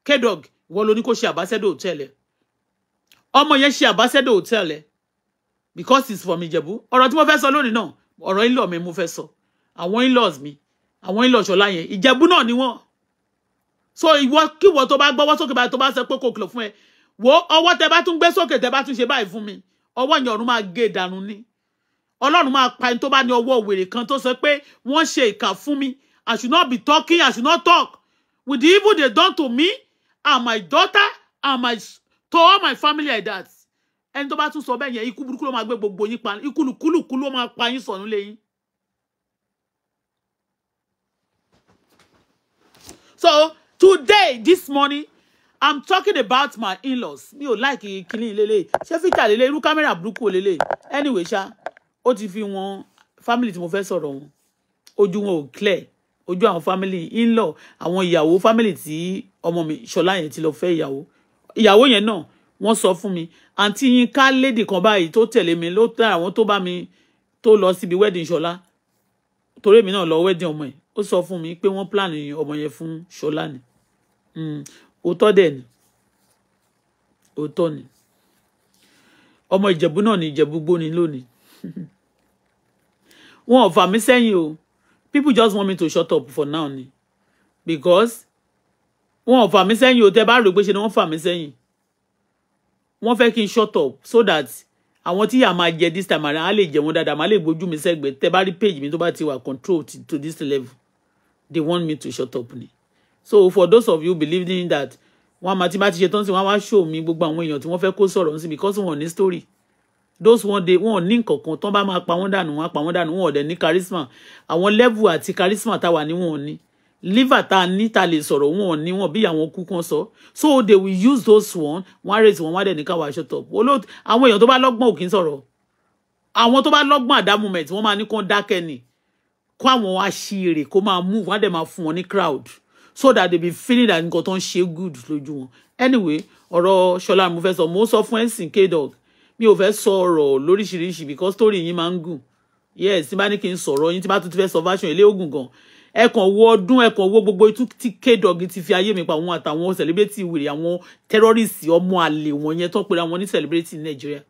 kdog ìwọ ló ní kó ṣe àbáṣẹ́dọ̀ hòtẹ́ẹ̀lì ọmọ yẹn ṣe àbáṣẹ́dọ̀ hòtẹ́ẹ̀lì because it's from Ìjẹ̀bú ọ̀rọ̀ tí mo fẹ́ sọ lónìí náà ọ̀rọ̀ in-law mi mo fẹ́ sọ àwọn in-laws mi àwọn in-law ṣọlá yẹn Ìjẹ̀bú náà ni wọ́n so ìwọ kíwọ tó bá gbọ́wọ́ sókè báyìí tó bá sọ pé kò kìlọ̀ fún ẹ wo ọwọ́ tẹ bá tún gbé sókè tẹ bá tún ṣe báyìí fún mi ọwọ́ yẹn ọ̀run máa gé dànù ni ọlọ́run máa pa ẹni tó bá ní ọwọ́ wèrè kan tó sọ pé wọ́n ṣe ìkà fún mi I should not be talking I should not talk with the evil they done to me and my daughter and my to all my family like that ẹni tó bá tún sọ bẹ́ẹ̀ yẹn ikú burúkú ló máa gbé gbogbo yín pa ikú lùkúlùkú ló máa pa yín sọ̀nù lẹ́yìn. So today this morning i'm talking about my in-laws mi ò láìkí kíní lélẹ̀ ṣé fíjà lélẹ̀ irú kámẹ́rà burúkú lele. anyway ṣá ó ti fi won. family tí mo fẹ́ sọ̀rọ̀ wọn ojú wọn ò clear Oju àwọn family in-law àwọn ìyàwó family tí ọmọ mi Shola yẹn ti lọ fẹ́ ìyàwó ìyàwó yẹn náà wọ́n sọ fún mi àǹtí yín ká lédì kan báyìí tó tẹ̀lé mi ló tẹ àwọn tó bá mi tó lọ síbi wedding Shola. torí èmi náà lọ wedding ọmọ ẹ̀ O sọ fún mi pé wọ́n plan ọmọ yẹn fun Shola. ni hmm òótọ́ dẹ̀ ni òótọ́ ni ọmọ ìjẹ̀bú náà ni ìjẹ̀bú gbóni lónìí <laughs> wọn ò fà mí sẹ́yìn o people just want me to shut up for now ni because wọn ò fà mí sẹ́yìn o tẹ́ bá rò pé ṣe ni wọ́n fà mí sẹ́yìn wọ́n fẹ́ kí n shut up so that àwọn tí yà máa jẹ this time around á lè jẹ wọn dáadáa máa lè gbójú mi sẹ́gbẹ̀ẹ́ tẹ́ bá rí page mi tó bá ti wà control to this level they want me to shut up ni so for those of you believing that wọn máa ti bá ti ṣe tán sí wọn á wá show mi gbogbo àwọn èèyàn tí wọ́n fẹ́ kó sọ̀rọ̀ sí because wọn ò ní story those one day wọn ò ní nǹkankan tán bá máa pa wọ́n dànù wọ́n á pa wọ́n dànù wọn ò dẹ̀ ní charisma àwọn level àti charisma táwa ni wọn ò ní liver tá a ní ta lè sọ̀rọ̀ wọn ò ní wọn bí àwọn kú kan sọ so they will use those one one á one wọn wá dẹ̀ ní káwa aṣọ tọ̀ olóòtú àwọn èèyàn tó bá lọ́gbọ́n ò kì í sọ̀rọ̀ àwọn tó bá lọ́gbọ́n àdámùmẹ̀tì wọ́n máa ní kán dákẹ́ ni kó àwọn aṣèrè kó máa move wọ́n á dẹ̀ máa fún wọn ní crowd so that they be feeling that nǹkan tó ń good lójú wọn anyway oro shola mo fẹ́ sọ mo sọ fún ẹ̀sìn kdog mi ò fẹ́ sọ ọ̀rọ̀ lóríṣiríṣi because story yín máa ń yes tí bá ní kí n sọ̀rọ̀ yín tí bá tún ti fẹ́ sọ version ilé ogun gan ẹkàn wo ọdún ẹkàn wo gbogbo itú tí kdog ti fi ayé mi pa àwọn àtàwọn celebrity wèrè àwọn terrorist ọmọ àlè wọn yẹn tó pera wọn ní celebrity Nàìjíríà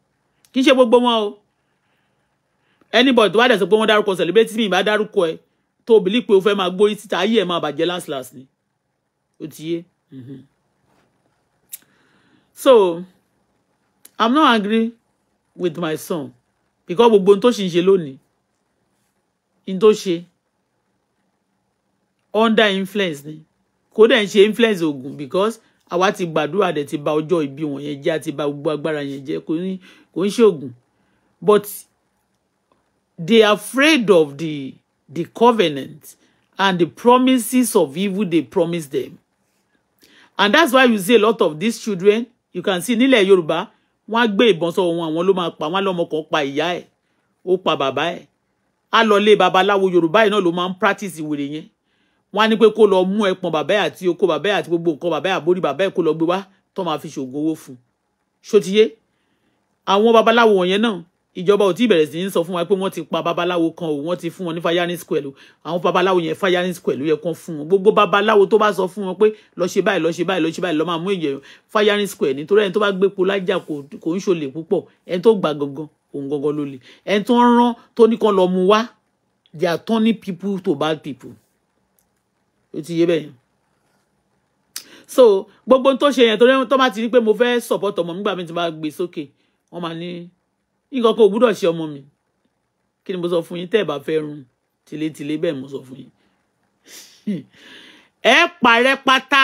kì í gbogbo wọn o anybody tó bá dẹ̀ sọ pé wọ́n dárúkọ celebrity mi ìbá dárúkọ ẹ tó bìlí pé o fẹ́ máa gbórí títa ayé ẹ̀ máa last last ni ó mm-hmm. so i'm not angry with my son because gbogbo ohun tó ṣì ń ṣe lónìí ohun tó ṣe under influence ni kò dẹ̀ ń ṣe influence oògùn because àwa ti gbàdúrà dẹ̀ ti bà ọjọ́ ìbí wọn yẹn jẹ́ àti bà gbogbo agbára yẹn jẹ́ kò ń ṣe oògùn but they are afraid of the the covenants and the promises of evil they promise them and that's why you see a lot of these children you can see nílẹ̀ Yorùbá wọ́n á gbé ìbọn sọ wọn àwọn ló máa pa wọ́n lọ́mọ kan pa ìyá ẹ̀ ó pa bàbá ẹ̀ á lọ lé babaláwo Yorùbá yìí náà ló máa ń practice ìwèrè yẹn wọ́n á ní pé kó lọ mú ẹpọn bàbá ẹ̀ àti okó bàbá ẹ̀ àti gbogbo nǹkan bàbá ẹ̀ àbórí bàbá ẹ̀ kó lọ gbé wá tó máa fi ṣògùn owó fún un ṣótiyé àwọn babaláwo wọ̀nyẹn náà ìjọba ò tí bẹ̀rẹ̀ sí ń sọ fún wa pé wọ́n ti pa babaláwo kan o wọ́n ti fún wọn ní firing square o àwọn babaláwo yẹn firing square ló yẹ kán fún wọn gbogbo babaláwo tó bá sọ fún wọn pé lọ ṣe báyìí lọ ṣe báyìí lọ ṣe báyìí lọ máa mú èèyàn firing square nítorí ẹni tó bá gbépo lájà kò ń ṣolè púpọ̀ ẹni tó gbà gangan òun gangan ló lè ẹni tó ń rán tó ní kan lọ mú wá they are turning people to bad people ó ti yé bẹ́ẹ̀ so gbogbo tó ṣe yẹn tó bá ti rí pé mo fẹ́ support ọmọ nígbà mi ti bá gbé sókè wọ́n máa ní nǹkan kò gbúdọ̀ ṣe ọmọ mi kí ni mo sọ fún yín tẹ́ ẹ̀ bá fẹ́ run tìletìle bẹ́ẹ̀ mo sọ fún yín <laughs> ẹ parẹ́ pátá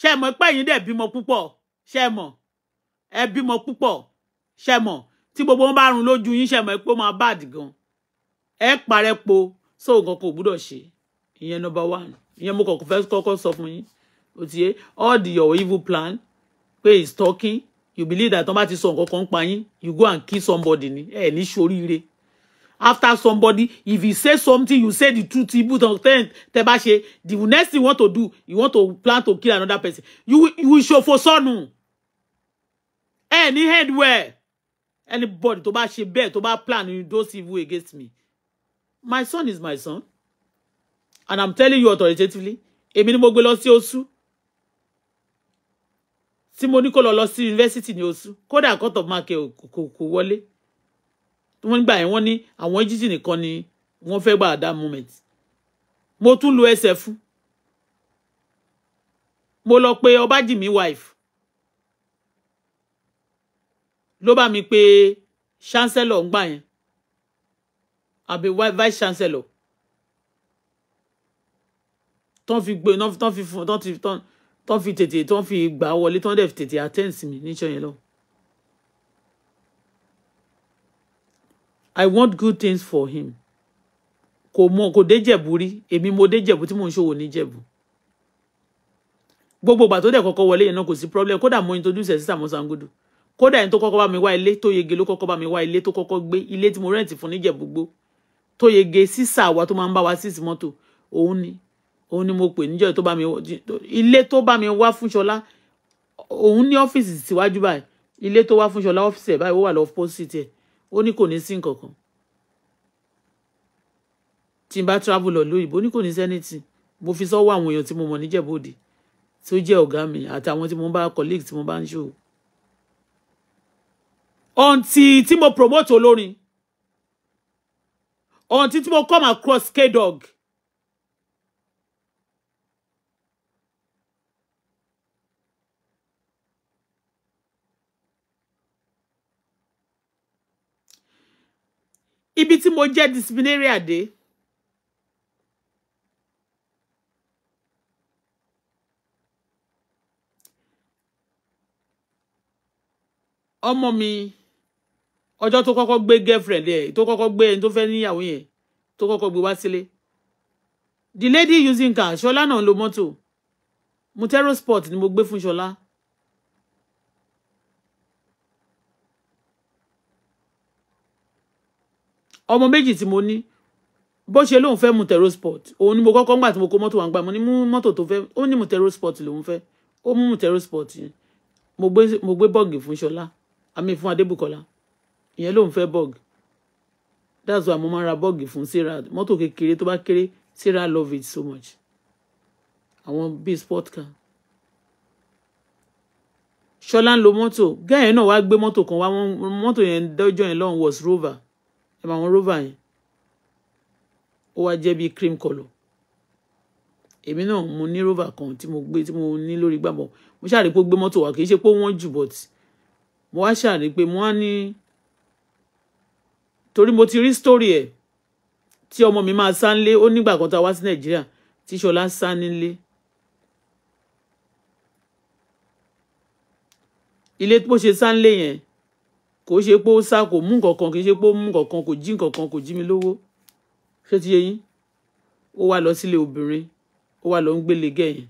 ṣe mọ̀ pé ẹ̀yin dẹ̀ bímọ púpọ̀ ṣe mọ̀ ẹ bímọ púpọ̀ ṣe mọ̀ tí gbogbo wọn bá run lójú yín ṣe mọ̀ pé ó máa bad gan ẹ parẹ́ po so nǹkan kò gbúdọ̀ ṣe ìyẹn number one ìyẹn mo kọ́kọ́ fẹ́ kọ́kọ́ sọ fún yín ó ti yé all the your evil plan pé is talking you believe that tọ́n bá ti sọ nǹkan kan pa yín you go and kill somebody ni ẹ ní ṣoríire after somebody if he say something you say the truth ibu tán tẹ́ tẹ́ bá ṣe the next thing you want to do you want to plan to kill another person you will, you will ṣòfò sọnù ẹ ní headwear anybody tó bá ṣe bẹ́ẹ̀ tó bá plan you do evil against me my son is my son and i'm telling you authoritatively èmi ni mo gbé lọ sí osu tí mo ní kó lọ lọ sí yunifásitì ní oṣù kódà cut of mark kò wọlé wọ́n nígbà yẹn wọ́n ní àwọn egypt nìkan ni wọ́n fẹ́ gbà that moment mo tún lu ẹsẹ̀ fún mo lọ pe ọbájìmí wife ló bá mi pe chancellor ń gbà yẹn àbí vice chancellor tán fi gbé tán fi fún tán ti tán tó fi tètè tó fi gbà wọlé tó dẹ̀ fi tètè attend mi níṣọ́ yẹn lọ. I want good things for him. Kò mọ kò déjẹ̀bù rí èmi mo déjẹ̀bù tí mò ń ṣòwò níjẹ̀bù. Gbogbo ìgbà tó dẹ̀ kọ́kọ́ wọlé yẹn náà kò sí problem kódà mo introduce ẹ̀ sí Sàmọ́ Sangodo. Kódà ẹni tó kọ́kọ́ bá mi wá ilé tó yege ló kọ́kọ́ bá mi wá ilé tó kọ́kọ́ gbé ilé tí mo rẹ̀ǹtì fún níjẹ̀bù gbó tó yege sísà wa tó máa ń bá wa sísì mọ́tò òun ni òun ni mo pè níjọ́ tó bá mi ilé tó bá mi wá fún ṣọlá òun ní ọ́fíìsì síwájú báyìí ilé tó wá fún ṣọlá ọ́fíìsì ẹ̀ báyìí ó wà lọ pósìtì ẹ̀ ó ní kò ní sí nǹkan tí n bá travel lọ lóyìnbó ní kò ní sẹ́nìtì mo fi sọ́wọ́ àwọn èèyàn tí mo mọ̀ níjẹ̀bọ́dì tí ó jẹ́ ọ̀gá mi àtàwọn tí mo bá colleague tí mo bá ń ṣòwò ọ̀ǹtì tí mo promote olórin ọ̀ǹtì tí mo come across K-Dog ibi tí mo jẹ́ disciplinary àdé ọmọ mi ọjọ́ tó kọ́kọ́ gbé girlfriend ẹ̀ tó kọ́kọ́ gbé ẹni tó fẹ́ níyàwó yẹn tó kọ́kọ́ gbé wá sílé the lady using car ṣọlá náà lo mọ́tò mutero sport ni mo gbé fún ṣọlá ọmọ méjì tí mo ní bó ṣe lóun fẹ́ mu terrosport òun ni mo kọ́kọ́ ngbà tí mo kó mọ́tò wá ń gbà mo ní mú mọ́tò tó fẹ́ ó ní mu terrosport lòun fẹ́ ó mú mu terrosport yẹn mo gbé mo gbé bọ́ọ̀gì fún ṣọlá àmì fún adébùkọ́lá ìyẹn lòun fẹ́ bọ́ọ̀gì that's why mo máa ń ra bọ́ọ̀gì fún sarah mọ́tò kékeré tó bá kéré sarah love it so much àwọn bíi sport car ṣọlá ń lo mọ́tò gáyẹn náà wá gbé mọ́tò kan wá mọ́tò yẹn dọ́jọ́ yẹn lọ́hùn was rover ẹ máa wọn rover yẹn ó wá jẹ́ bíi cream colour èmi náà mo ní rover kan tí mo gbé tí mo ní lórí gbàgbọ́ mo ṣàrí pé ó gbé mọ́tò wá kì í ṣe pé wọ́n jù bọ̀ tí mo wá ṣàrí pé mo wá ní torí mo ti rí story ẹ̀ tí ọmọ mi máa sá nílé ó nígbà kan tá a wá sí nàìjíríà tí ṣọlá sá nílé ilé bó ṣe sá nílé yẹn kò ṣe pé ó sá kò mú nǹkankan kì í ṣe pé ó mú nǹkankan kò jí nǹkankan kò jí mi lówó ṣé ti yé yín ó wá lọ sílé obìnrin ó wá lọ ń gbélé gẹ̀yìn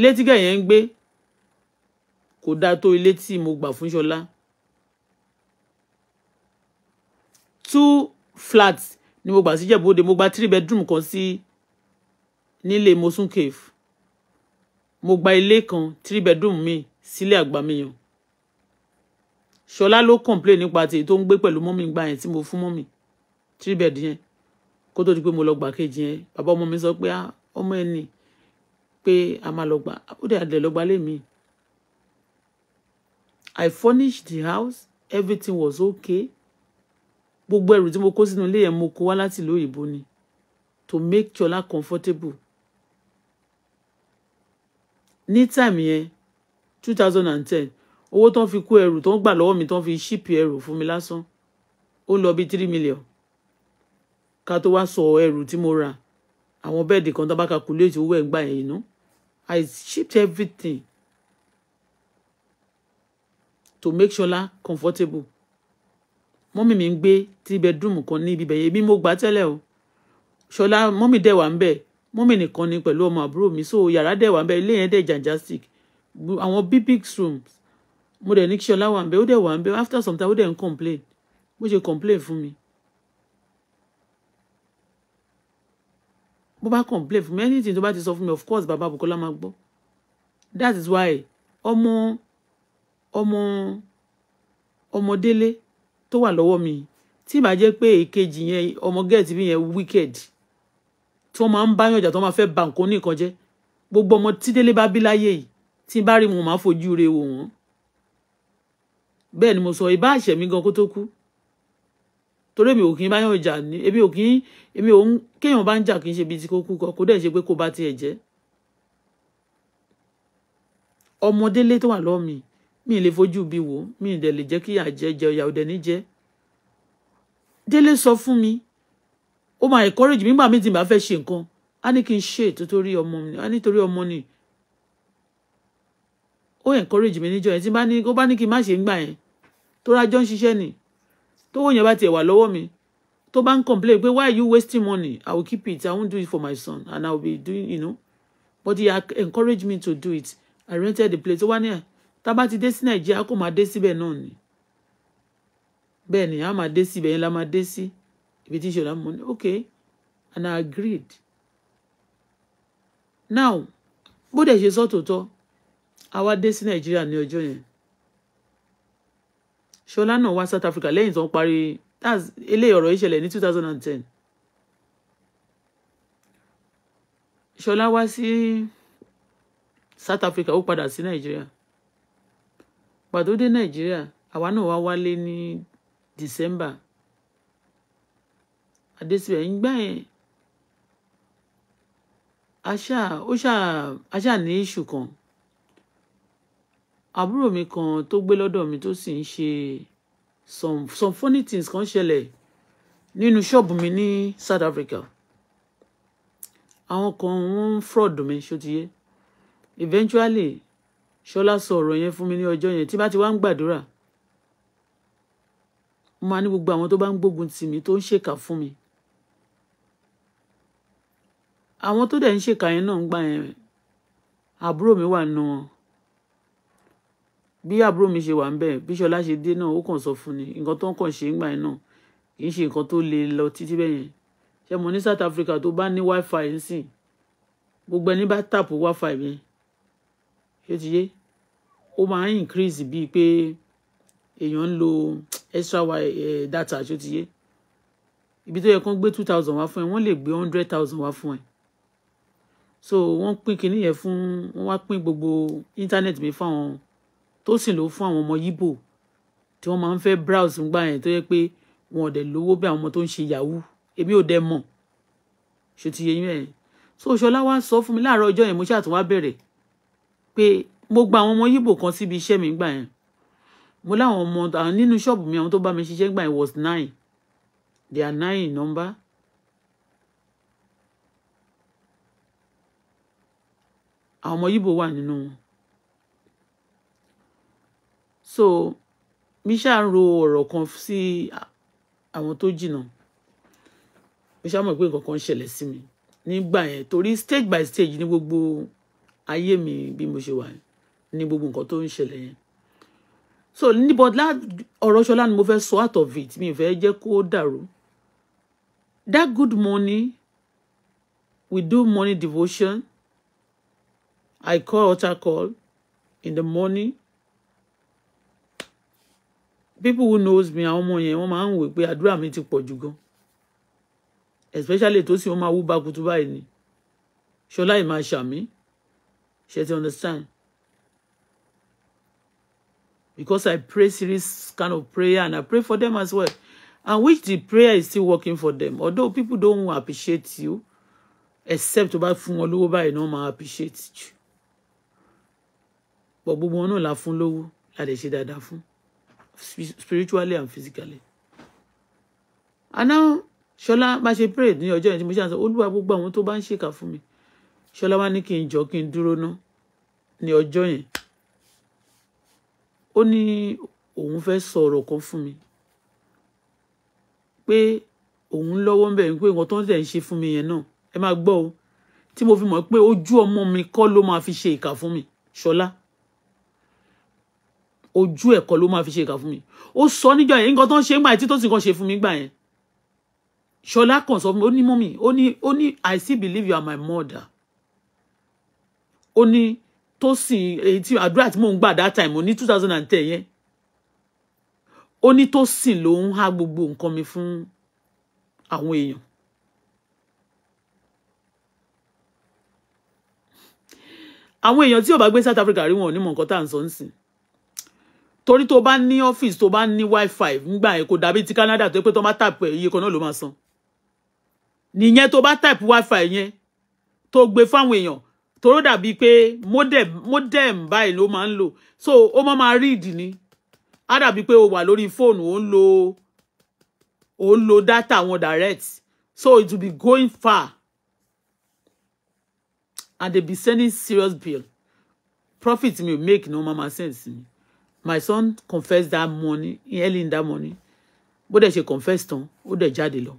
ilé tí gẹ̀yìn ń gbé kò dáa tó ilé tí mo gbà fún ṣọlá two flats ni mo gbà sí jẹ̀bú òde mo gba three bedroom kan sí nílé mosun cave mo gba ilé kan three bedroom mi sílé àgbà mi yàn ṣọlá ló complain nípa tèyí tó ń gbé pẹ̀lú mọ́mì gba yẹn tí mo fún mọ́mì three bed yẹn kó tó di pé mo lọ gbà kejì yẹn bàbá ọmọ mi sọ pé ah, ọmọ ẹ nì pé a máa lọ gbà ó dẹ̀ àdẹ̀ lọ gbà lé mi. I furnished the house everything was okay gbogbo ẹrù tí mo kó sínú ilé yẹn mo kó wá láti ìlú òyìnbó ni to make Ṣọlá comfortable ní time yẹn two thousand and ten owó tán fi kó ẹrù tán gbà lọ́wọ́ mi tán fi ṣíìpì ẹrù fún mi lásán ó lọ bí three million ká tó wá sọ ẹrù tí mo rà àwọn bẹ́ẹ̀dì kan tó bá calculate owó ẹ̀ gbà yẹn inú I shipped everything to make sure Ṣọlá comfortable mọ́mì mi ń gbé three bedroom kan ní ibi bẹ̀yẹ bí mo gbà tẹ́lẹ̀ o Ṣọlá mọ́mì dẹ̀ wà ń bẹ̀ mọ́mì nìkan ni pẹ̀lú ọmọ àbúrò mi so yàrá dẹ̀ wà ń bẹ ilé yẹn dẹ̀ janjastic àwọn big big rooms mo dẹ̀ ní kí ṣọlá wà ń bẹ ó dẹ̀ wà ń bẹ after some time ó dẹ̀ ń complain bó ṣe complain fún mi bó bá complain fún mi anything tó bá ti sọ fún mi of course bàbá Bukola máa gbọ́ that is why ọmọ ọmọ ọmọdélé tó wà lọ́wọ́ mi tí ìbá jẹ́ pé èkejì yẹn ọmọ gẹ́ẹ̀tì bí yẹn wicked tí wọ́n máa ń báyàn jà tí wọ́n máa fẹ́ ba nǹkan oníkan jẹ́ gbogbo ọmọ tí délé bá bí láyé yìí tí n bá rí wọn máa fojú re wò wọ́n bẹ́ẹ̀ ni mo sọ ìbá àṣẹ mi gan kó tó kú torí èmi ò kí n báyàn jà ní èmi ò kí n èmi ò ń kéèyàn bá ń jà kí n ṣe bíi ti kó kú kan kó dẹ̀ ṣe pé kó bá tiẹ̀ jẹ́ ọmọdélé tó wà lọ́ọ̀ mi mi lè fojú bí wò mi dẹ̀ lè jẹ́ kí ìyà jẹ́ jẹ ní jẹ́ délé sọ fún mi ó máa encourage mi nígbà míì tí n bá fẹ́ ṣe nǹkan á ní kí n ṣe ètò torí ọmọ mi á nítorí ọmọ ni ó encourage mi níjọ́ yẹn tí ó bá ní kí n má ṣe ń To yẹn tó rájọ́ ń ṣiṣẹ́ nì tówó yẹn bá tiẹ̀ wà lọ́wọ́ mi tó bá complain pé why are you wasting money i will keep it i won't do it for my son and i will be doing you know but he encouraged me to do it i rented the place ó wá ní à ah, tá bá ti dé sí nàìjíríà kó máa dé síbẹ̀ náà ni bẹ́ẹ̀ a máa dé síbẹ̀ yẹn la máa dé sí ibi tí ń ṣe ọ̀dà mo okay and I agreed now but there's ṣe sọ tòótọ́ a wá dé sí nàìjíríà ní ọjọ́ yẹn ṣọlá náà wá South Africa lẹ́yìn tó ń that's eléyìí ọ̀rọ̀ ìṣẹ̀lẹ̀ ní two thousand and ten ṣọlá South Africa ó padà Nigeria, but pàtó dé nàìjíríà àwa náà wá wálé ní December Adésíbẹ̀ ń gbà yẹn aṣá ó ṣá aṣá ní iṣu kan àbúrò mi kan tó gbé lọ́dọ̀ mi tó sì ń ṣe some some funny things kan ṣẹlẹ̀ nínú ṣọ́ọ̀bù mi ní South Africa àwọn kan wọ́n ń fraud mi ṣòtìyẹ eventually ṣọlá sọ ọ̀rọ̀ yẹn fún mi ní ọjọ́ yẹn tí bá ti wá ń gbàdúrà mo máa ní gbogbo àwọn tó bá ń gbógun tì mí tó ń ṣèkà fún mi àwọn tó dẹ̀ ń ṣèkà yẹn náà ń gbà yẹn àbúrò mi wà nù wọn bí àbúrò mi ṣe wà ń bẹ̀ bí ṣọlá ṣe dé náà ó kàn sọ fún ni nǹkan tó ń kàn ṣe ń gbà yẹn náà kì í ṣe nǹkan tó le lọ títí bẹ́ẹ̀ yẹn ṣe mo ní South Africa tó bá ní wifi ń sìn gbogbo ẹni bá tàpù wifi yẹn ṣé ti yé ó máa ń increase bíi pé èèyàn ń lo extra data ṣé ti yé ibi tó yẹ kán gbé two thousand wá fún ẹ wọ́n lè gbé hundred thousand wá fún ẹ so wọ́n pín kinní yẹn fún wọ́n wá pín gbogbo íńtánẹ́ẹ̀tì mi fáwọn tó sì lò fún àwọn ọmọ yíbò tí wọ́n máa ń fẹ́ browse ńgbà yẹn tó yẹ pé wọn ò dẹ̀ lówó bí àwọn ọmọ tó ń ṣe yahoo èmi ò dẹ̀ mọ̀ ṣe ti yẹ yín so ṣọlá wa sọ fún mi láàárọ̀ ọjọ́ yẹn mo ṣáà tún wá bẹ̀rẹ̀ pé mo gba àwọn ọmọ yíbò kan síbi iṣẹ́ mi ńgbà yẹn mo láwọn ọmọ nínú ṣọ́ọ̀bù mi àwọn tó bá mi ṣiṣẹ́ ńgbà yẹn was nine they are nine number àwọn ọmọ yìbò wà nínú wọn so mi ń ro ọ̀rọ̀ kan sí àwọn tó jìnnà mi ṣáà mọ̀ pé nǹkan kan ṣẹlẹ̀ sí mi nígbà yẹn torí stage by stage ní gbogbo ayé mi bí mo ṣe wà ní gbogbo nǹkan tó ń ṣẹlẹ̀ yẹn so níbo ọ̀rọ̀ ṣọlá ni mo fẹ́ sọ out of it mi ò fẹ́ jẹ́ kó dàrú that good money we do money devotion I call altar call in the morning. People who knows me, àwọn ọmọ yẹn wọ́n we ń wò pé àdúrà mi ti pọ̀ Especially tó sì wọ́n máa wú bákutu báyìí ni. Ṣọlá yìí máa ṣàmì. Ṣé ti understand? Because I pray serious kind of prayer and I pray for them as well. And which the prayer is still working for them. Although people don't appreciate you, except about bá fún no lówó báyìí appreciate you but gbogbo wọn náà la fún lówó la dẹ̀ ṣe dáadáa fún spiritually and physically àná ṣọlá bá ṣe pray ní ọjọ́ yẹn tí mo ṣe àṣà olúwa gbogbo àwọn tó bá ń ṣèkà fún mi ṣọlá wá ní kí n jọ kí n dúró ná ní ọjọ́ yẹn ó ní òun fẹ́ sọ ọ̀rọ̀ kan fún mi pé òun lọ́wọ́ ń bẹ̀ ń pé nǹkan tó ń tẹ̀ ń ṣe fún mi yẹn náà ẹ máa gbọ́ o tí mo fi mọ̀ pé ojú ọmọ mi kọ́ ló máa fi ṣe ìkà fún mi ṣọlá ojú ẹ̀kọ́ ló máa fi ṣe ìkà fún mi ó sọ níjọ yẹn nǹkan tó ń ṣe ń gbà tí tó sì kan ṣe fún mi gbà yẹn ṣọlá kan sọ fún mi ó ní mọ́mì ó ní ó ní i still believe you are my mother ó ní tó sì èyí tí àdúrà tí mò ń gbà that time ó ní two thousand and ten yẹn ó ní tó sì ló ń há gbogbo nǹkan mi fún àwọn èèyàn àwọn èèyàn tí ò bá gbé South Africa rí wọn ò ní mọ nǹkan tá à ń sọ nísìn torí tó bá ní ọ́fíìsì tó bá ní wifi ńgbà ẹ̀ kò dàbí ti Canada tó pé tó bá tàpù ẹ̀ iye kan náà ló máa san nìyẹn tó bá tàpù wifi yẹn tó gbé fáwọn èèyàn tóró dàbí pé modem modem báyìí ló máa ń lò so ó máa máa rí ni á dàbí pé o wà lórí fóònù ó ń lo ó ń lo data wọn direct so it will be going far and they be sending serious bill profit mi ò make no mama sense ni my son confessed that morning early in that morning bó dẹ̀ ṣe confess tán ó dẹ̀ jáde lọ.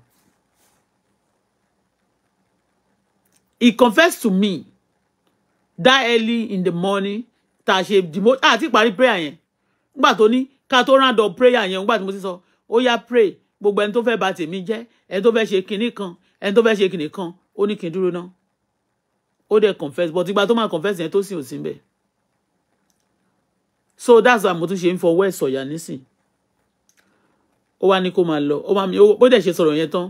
he confessed to me that early in the morning tá a ṣe the most àti parí prayer yẹn nígbà tó ní ká tó round up prayer yẹn nígbà tí mo ti sọ ó yá pray gbogbo ẹni tó fẹ́ bà tèmi jẹ́ ẹni tó fẹ́ ṣe kinní kan ẹni tó fẹ́ ṣe kinní kan ó ní kí n dúró náà ó dẹ̀ confess but ìgbà tó máa confess yẹn tó sì ò sí bẹ́ẹ̀ so that's why mo tún ṣe ń fọwọ́ ẹ̀ sọ̀yà nísìn ó wá ní kó máa lọ ó máa mi ó dẹ̀ ṣe sọ̀rọ̀ yẹn tán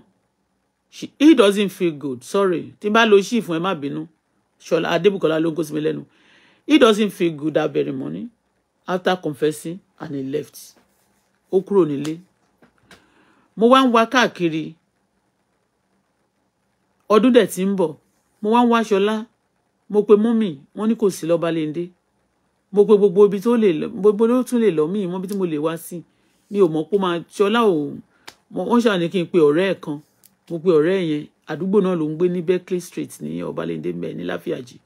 he doesn't feel good sorry tí n bá lo ṣì fún ẹ má bínú ṣọlá adébùkọ́lá ló ń kó sí he doesn't feel good that very morning after confessing and he left ó kúrò nílé mo wá ń wá káàkiri ọdún dẹ̀ ti mo wá ń wá ṣọlá mo pe mọ́mì wọ́n ní kò sí lọ́ba léńdé mo pe gbogbo ibi tó lè gbogbo ló tún lè lọ mí mọ ibi tí mo lè wá sí mi ò mọ pé máa ṣọlá ò wọn ṣàní kí n pe ọ̀rẹ́ ẹ̀ kan mo pe ọ̀rẹ́ ẹ̀ yẹn àdúgbò náà ló ń gbé ní Berkeley Street ní Ọbalẹ́ndé mbẹ ní Láfíàjì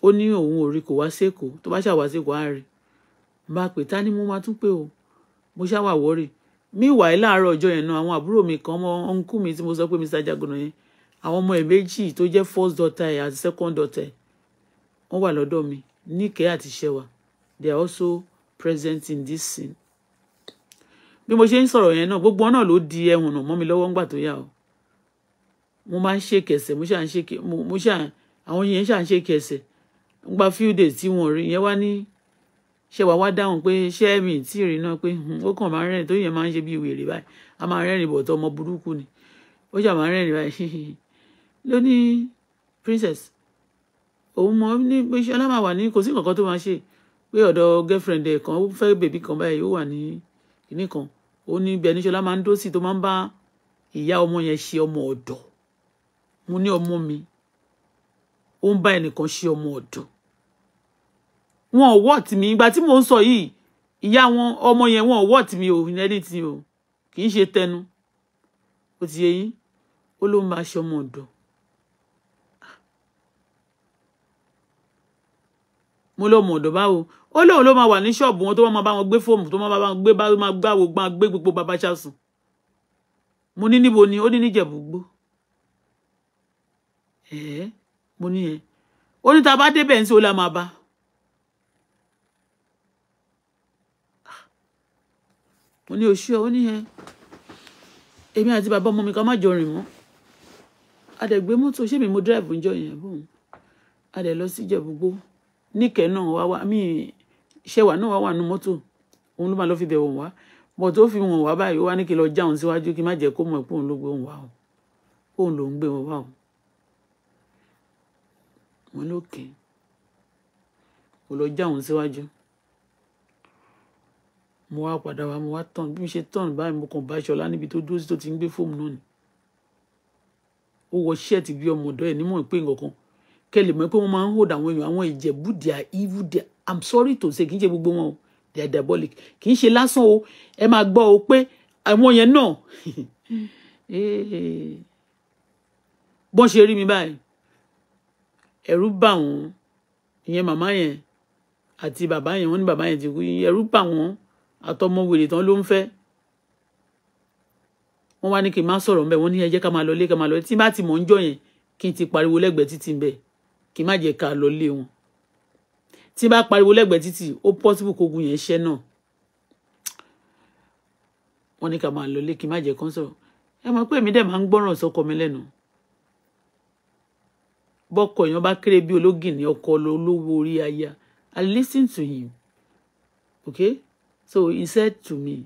ó ní òun ò rí kò wá sẹkọọ tó bá ṣàwá sẹkọọ á rí bá pè ta ni mo máa tún pé o mo ṣàwà wọrí mi wà í láàárọ̀ ọjọ́ yẹn náà àwọn àbúrò mi kan ọmọ ọńkù mi tí mo sọ pé Mr. Jagona yẹn àwọn ọmọ ẹ̀ méjì tó jẹ́ first daughter ẹ̀ àti second daughter ẹ̀ wọ́n wà lọ́dọ̀ mi níkẹ́ àti wa, they are also present in this scene bí mo ṣe ń sọ̀rọ̀ yẹn náà gbogbo wọn náà ló di ẹ̀wọ̀n nà mọ́ mi lọ́wọ́ ńgbà tó yà o mo máa ń ṣèkì ẹsẹ̀ mo ṣà ń ṣèkì mo ṣà àwọn yẹn ṣà ń ṣèkì ẹsẹ̀ ń gba few days tí wọn rí yẹn wá ní ṣẹwà wá dáhùn pé ṣé mi tí ì rí náà pé ó kàn máa ń rẹ́rìn tó yẹn máa ń ṣe bí wèrè báyìí a máa rẹ́rìn bọ̀tọ̀ ọmọ burúkú ni ó ṣà rẹ́rìn báyìí <laughs> lónìí princess òun mọ ní pé ṣọlá máa wà ní kò sí nǹkan tó máa ṣe pé ọ̀dọ̀ girlfriend ẹ̀ kan ó fẹ́ bèbí kan báyìí ó wà ní kinní kan ó ní ibẹ̀ ní ṣọlá ń dó sí tó máa ń bá ìyá ọmọ yẹn ṣe ọmọ ọ̀dọ̀ mo ní ọmọ mi ó ń bá ẹnìkan ṣe ọmọ ọ̀dọ̀ wọn ò wọ́ọ̀tì mi ìgbà tí mò ń sọ yìí ìyá wọn ọmọ yẹn wọn ò wọ́ọ̀tì mi ò anything o kì í ṣe tẹnu ó ti yẹ yín ó ló ń bá ṣe ọmọ ọ̀dọ̀ mo lọ́mọ ọ̀dọ̀ báwo ó lóun ló máa wà ní ṣọ́ọ̀bù wọn tó máa bá wọn gbé fóòmù tó máa bá wọn gbé bá máa gbáwo máa gbé gbogbo bàbá ṣàṣùn mo ní níbo ni ó ní níjẹ̀bú gbó ẹ̀ẹ́ mo ní yẹn ó ní ta bá débẹ̀ ń sí ó lá máa bá mo ní oṣù ọ ó ní yẹn èmi àti bàbá ọmọ mi ká má jọ rìn mọ́ a dẹ̀ ṣé mi mo dírẹ́ẹ̀bù ń jọ yẹn bóun a lọ sí Ìjẹ̀bú Igbó níkẹ́ náà wá wá mí ṣẹwà náà wá wà nù mọ́tò òun ló máa lọ fi bẹ̀wọ̀n wá bọ̀ tó fi wọn wá báyìí ó wá ní kí lọ já òun síwájú kí má jẹ́ kó mọ̀ pé òun ló gbé òun wá o òun ló ń gbé wọn wá o wọn lókè ó lọ já síwájú mo wá padà wá mo wá tán bí mo ṣe tán báyìí mo kàn bá ṣọlá níbi tó dúró sí tó ti ń gbé fóònù náà ni ó wọ ṣẹ́ẹ̀tì bí ọmọ ọ̀dọ́ ẹ̀ nímọ̀ pé nǹkan kan kẹ́ lè mọ̀ pé máa ń hold àwọn èèyàn àwọn ìjẹ̀bú they are evil i'm sorry to say kì í ṣe gbogbo wọn o they are diabolic kì í ṣe lásán o ẹ máa gbọ́ o pé àwọn yẹn náà <laughs> eh, bọ́n ṣe rí mi báyìí ẹ̀rù bà wọ́n ìyẹn màmá yẹn àti bàbá yẹn wọ́n ní bàbá yẹn ti kú ẹ̀rù bà wọ́n àtọmọ wèrè tán ló ń fẹ́ wọ́n wá ní kí n má sọ̀rọ̀ ńbẹ̀ wọ́n ní ẹ ká máa lọ lé ká máa lọ tí bá ti mọ̀ ń jọ yẹn kí n ti pariwo lẹ́gbẹ̀ẹ́ títí ń kí má jẹ́ ká lọ lé wọn tí bá pariwo lẹ́gbẹ̀ẹ́ títì ó possible kogun yẹn ṣẹ́ náà wọ́n ní ká máa lọ lé kí má jẹ́ kán sọ̀rọ̀ ẹ mọ̀ pé èmi dẹ̀ máa ń gbọ́ràn sọ́kọ mi lẹ́nu bọ́kọ èèyàn bá kéré bí ológìnní ọkọ olówó orí aya I listen to him okay so he said to me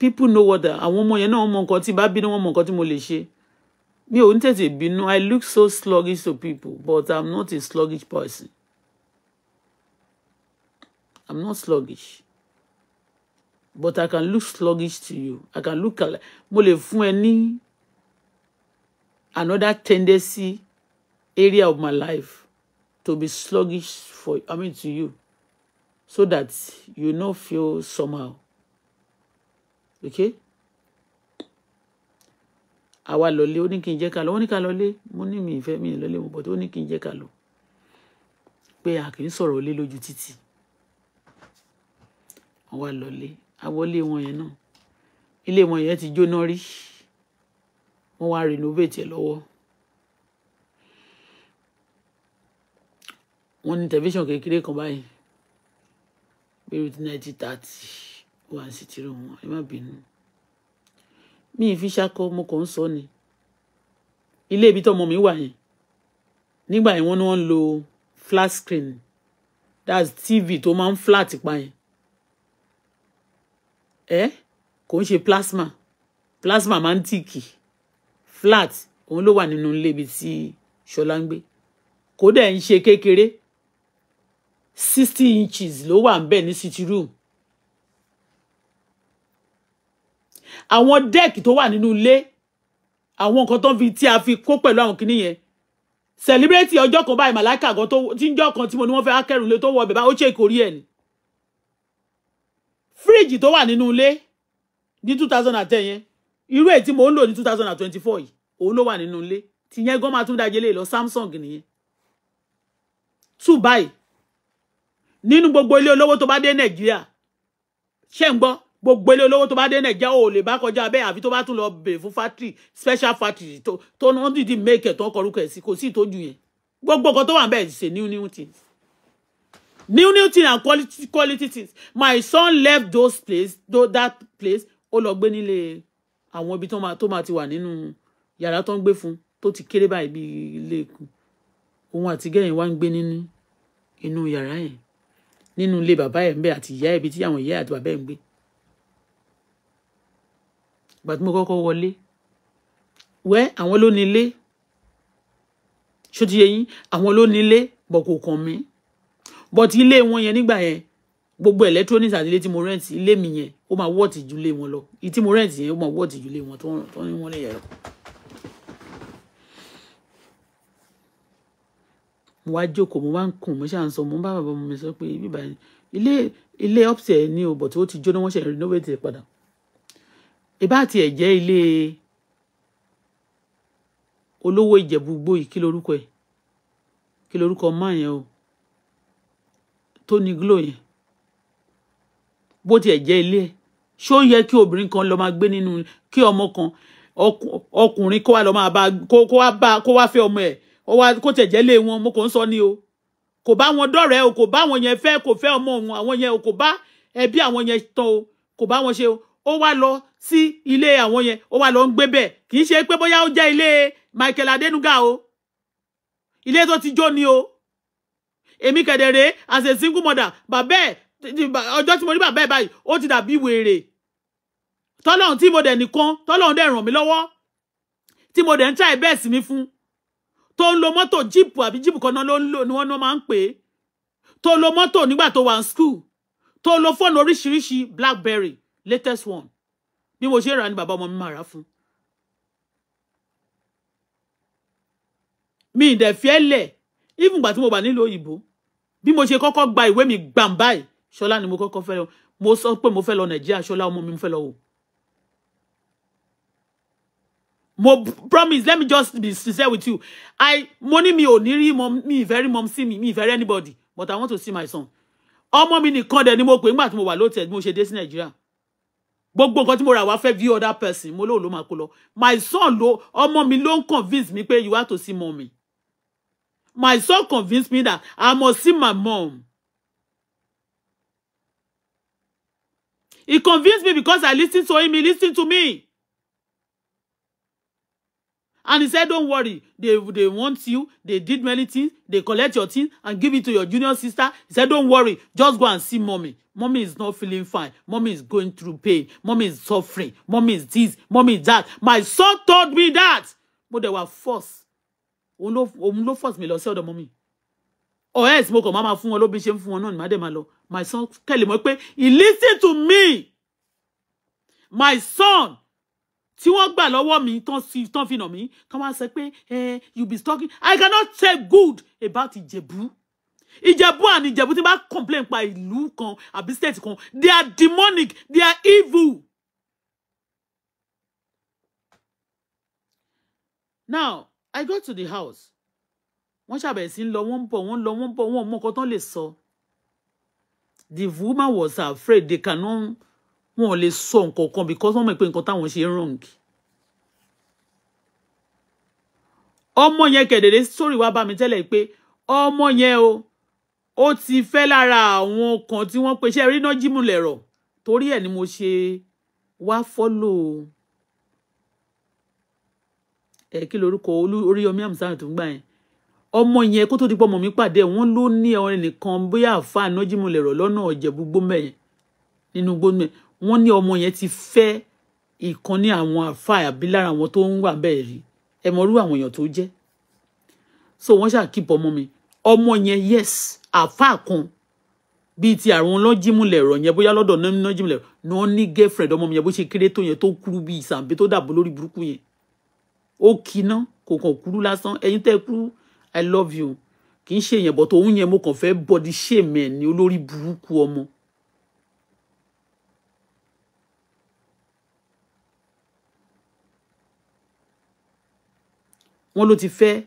people know what the àwọn ọmọ yẹn náà wọ́n mọ nǹkan tí bá bínú wọ́n mọ nǹkan tí mo lè ṣe mi ò ń tètè bínú i look so sluggish to people but i'm not a sluggish person i'm not sluggish but i can look sluggish to you i can look mo lè fún ẹ ní another tendency area of my life to be sluggish for i mean to you so that you no feel somehow okay àwa lọlé ó ní kí n jẹ́ ká lọ ó ní ká lọlé mo ní mi ìfẹ́ mi lọlé mo bọ̀ tó ní kí n jẹ́ ká lọ pé a kì í sọ̀rọ̀ lé lójú títì wọ́n lọlé àwọlé wọn yẹn náà ilé wọn yẹn ti jóná rí wọ́n wá renovate ẹ̀ lọ́wọ́ wọ́n ní tẹlifíṣàn kékeré kan báyìí bí irú ti náà ti tà tí wọ́n á sì ti wọn ẹ má bínú mi ì fi ṣakọ mo kàn ń sọ ni ilé ibi tọmọ mi wà yẹn nígbà yẹn wọ́n ní wọ́n lo flat screen that's tv tó máa ń flat pa yẹn ẹ kò ń ṣe plasma plasma máa ń tìkì flat òun ló wà nínú ilé ibi tí ṣọlá ń gbé kódà ń ṣe kékeré sixty inches ló wà ń bẹ̀ ní city room àwọn dẹ́ẹ̀kì tó wà nínú ilé àwọn nǹkan tó ń fi tí a fi kó pẹ̀lú àwọn kinní celebrate ọjọ́ kan báyìí màláìka kan tó tí ń jọ́ kan tí mo ní wọ́n fẹ́ akẹ́rù ilé tó wọ bẹ̀bá ó ṣe ìkórí ẹ̀ ni fíríjì tó wà nínú ilé ní two thousand and ten yẹn irú èyí tí mò ń lò ní two thousand and twenty four yìí òun ló wà nínú ilé tí yẹn gan máa tún dájé lè lọ Samsung nìyẹn two báyìí nínú gbogbo ilé olówó tó bá dé Nàìjíríà ṣé ń gbọ́ gbogbo ilé olówó tó bá dé nàìjíríà ò lè bá kọjá bẹ́ẹ̀ àfi tó bá tún lọ bèrè fún factory special factory tó náà dìdí make ẹ̀ tó ń kọrúkọ ẹ̀ sí kò sí ìtọ́jú yẹn gbogbo nǹkan tó wà bẹ́ẹ̀ ṣe new new things new new things and quality quality things my son left those place though that place ó lọ gbé nílé àwọn ibi tó máa ti wà nínú yàrá tó ń gbé fún tó ti kéré báyìí bí ilé ikú òun àti gẹ́yìn wá ń gbé nínú inú yàrá yẹn nínú ilé bàbá ẹ̀ ń bẹ àti ìyá ẹ̀ ibi tí àwọn ìyá àti bàbá ẹ̀ ń gbé ìgbà tí mo kọ́kọ́ wọlé wẹ́ àwọn ló ní ilé ṣó ti yé yín àwọn ló ní ilé bọ̀ kò kàn mí bọ̀tí ilé wọn yẹn nígbà yẹn gbogbo electronics àti ilé tí mo rent ilé mi yẹn ó máa wọ́ọ̀tì ju ilé wọn lọ ìtí mo rent yẹn ó máa wọ́ọ̀tì ju ilé wọn tó ní wọ́n lè yẹ̀rọ. mo wá jókòó mo wá ń kùn mo ṣáà ń sọ mo ń bá bàbá mi sọ pé ilé ilé upstairs ni o bọ̀ tí ó ti jóná wọ́n ṣe renovate padà ìbá tiẹ̀ jẹ́ ilé olówó ìjẹ̀bú gbóyè kí lorúkọ ẹ̀ kí lorúkọ máa yẹn o Tony Glo yẹn bó tiẹ̀ jẹ́ ilé ẹ̀ ṣó yẹ kí obìnrin kan lọ máa gbé nínú kí ọmọ kan ọkùnrin kó wá lọ máa bá kó wá bá kó wá fẹ́ ọmọ ẹ̀ kó tiẹ̀ jẹ́ ilé wọn mo kàn ń sọ ni o kò bá wọn dọ̀rẹ́ o kò bá wọn yẹn fẹ́ kò fẹ́ ọmọ òun àwọn yẹn o kò bá ẹbí àwọn yẹn tán o kò bá wọn ṣe o ó wá lọ sí ilé àwọn yẹn ó wá lọ ń gbé bẹ́ẹ̀ kì í ṣe pé bóyá ó jẹ́ ilé Michael Adenuga o ilé tó ti jó ni o èmi kẹ̀dẹ̀rẹ́ as a single mother bàbá ẹ̀ ọjọ́ tí mo rí bàbá ẹ̀ báyìí ó ti dàbí wèrè tọ́lọ́run tí mo dẹ̀ nìkan tọ́lọ́run dẹ̀ ràn mí lọ́wọ́ tí mo dẹ̀ ń try best mi fún tó ń lo mọ́tò jíìpù àbí jíìpù kan náà ni wọ́n máa ń pè é tó lo mọ́tò nígbà tó wà ní school tó lo fóònù oríṣiríṣi blackberry latest one bí mo ṣe rà ní bàbá ọmọ mi máa rà fún mi ìdẹ̀ fiẹ́lẹ̀ even gbà tí mo wà nílùú òyìnbó bí mo ṣe kọ́kọ́ gba ìwé mi gbàm báyìí ṣọlá ni mo kọ́kọ́ fẹ́ lọ mo sọ pé mo fẹ́ lọ nàìjíríà ṣọlá ọmọ mi mo fẹ́ lọ wò mo promise let me just be sincere with you i mo ní mi ò ní rí mom mi ìfẹ́ rí mom sí mi mi ìfẹ́ rí anybody but i want to see my son ọmọ mi nìkan dẹ̀ ni mo pè nígbà tí mo wà lóòtẹ̀ bí mo ṣe dé sí nàìjíríà gbogbo nǹkan tí mo rà wá fẹ́ view other person mo lóun ló máa kó lọ my son lo, ọmọ mi ló convince me, pé you have to see mommy my son convince me that I must see my mom. He convinced me because I listened to him. He listened to me. And he said, don't worry. They, they want you. They did many things. They collect your things and give it to your junior sister. He said, don't worry. Just go and see mommy. Mommy is not feeling fine. Mommy is going through pain. Mommy is suffering. Mommy is this. Mommy is that. My son told me that. But they were forced. Òun ló force mi lọ sí ọ̀dọ̀ mommy. Oh yes, mo kàn máa fún wọn ló bí ṣe ń fún wọn náà ni màá My son kẹ́lẹ̀ mọ́ pé he listen to me. My son tí wọ́n gbà lọ́wọ́ mi tán sí tán fi nà mí tán wá sọ eh? you be talking i cannot say good about Ijebu. Ijebu and Ijebu, tí bá complain pa ìlú kan àbí state kan they are demonic they are evil. now i go to the house wọ́n ṣàbẹ̀ sí ń lọ wọ́n ń bọ̀ wọ́n ń lọ wọ́n ń bọ̀ wọ́n ò mọ the woman was afraid they cannot wọn ò lè sọ nǹkan kan because wọ́n mọ̀ pé nǹkan táwọn ṣe wrong. ọmọ yẹn kẹ̀dẹ̀dẹ̀ sórí wa bá mi tẹ́lẹ̀ pé ọmọ yẹn o ó ti fẹ́ lára àwọn kan tí wọ́n pe iṣẹ́ rí náà jímù lẹ̀rọ̀ torí ẹ̀ ni mo ṣe wá fọ́lò ẹ̀ kí lorúkọ Oríyọmí Hamzat tó ń gbà yẹn ọmọ yẹn kó tó di pọ́ ọmọ mi pàdé wọn ló ní ọ̀rẹ́ nìkan bóyá àfa náà jímù lẹ̀rọ̀ lọ́nà ọ̀jẹ̀ gbogbo mẹ́yẹn nínú gbogbo mẹ́yẹn wọ́n ní ọmọ yẹn ti fẹ́ ìkan ní àwọn àfáà àbí lára àwọn tó ń wà bẹ́ẹ̀ rí ẹ mọ irú àwọn èèyàn tó jẹ́ so wọ́n ṣáà kíp ọmọ mi ọmọ yẹn yes àfáà kan bíi ti àrùn lọ́jìmùlẹ̀ ẹ̀rọ yẹn bóyá lọ́dọ̀ lọ́jìmùlẹ̀ ẹ̀rọ ni wọ́n ní girlfriend ọmọ mi yẹn bó ṣe kéré tó yẹn tó kúrú bíi ìsàmbé tó dàbò lórí burúkú yẹn ó kiná kò kàn kúrú lásán ẹ̀yin tẹ́ kúrú i love you kì í ṣe èèyàn bọ̀ tó ń yẹn mo kàn fẹ́ body shame ẹ̀ ní olórí burúkú ọmọ wọ́n ló ti fẹ́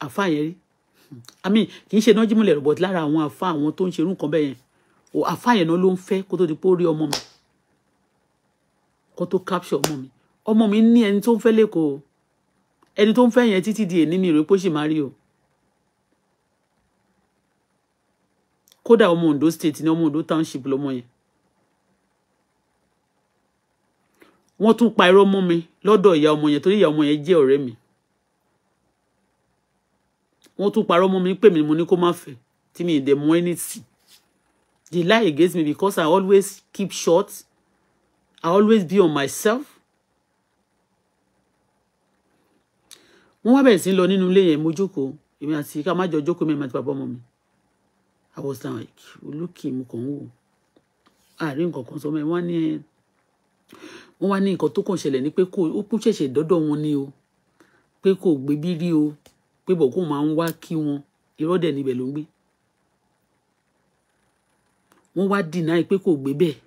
àfa yẹn rí i mean kì í ṣe náà jímọ̀lẹ̀ rẹ̀ but lára àwọn àfa àwọn tó ń ṣerú nǹkan bẹ́ẹ̀ yẹn àfa yẹn náà ló ń fẹ́ kó tó di pé ó rí ọmọ mi kó tó capture ọmọ mi ọmọ mi ní ẹni tó ń fẹ́ lẹ́kọ̀ọ́ ẹni tó ń fẹ́ yẹn títí di èní mi rè pé ó sì máa rí o kódà ọmọ Ondo state ní ọmọ Ondo township lọmọ yẹn wọ́n tún pa irọ́ mọ́ mi lọ́dọ̀ ìyá ọmọ yẹn torí ìyá ọmọ yẹn jẹ́ ọ̀rẹ́ mi wọ́n tún parọ́ mọ́ mi pè mí mo ní kó má fẹ́ tí mi dẹ̀ mú anything they lie against me because I always keep short I always be on myself wọ́n wá bẹ̀rẹ̀ sí lọ nínú ilé yẹn mo jókòó èmi àti ká má jọ jókòó mi àti bàbá ọmọ mi I was down like olókè mo kàn ń wò àárín nǹkan kan sọ mọ́ ẹ wọ́n ní wọ́n wá ní nǹkan tó kàn ṣẹlẹ̀ ní pé kò ó kú ṣẹ̀ṣẹ̀ dọ́dọ̀ wọn ni o pé kò gbé bí rí o pé bọ̀kún máa ń wá kí wọn irọ́ dẹ̀ níbẹ̀ ló ń gbé wọ́n wá dìnáì pé kò gbé bẹ́ẹ̀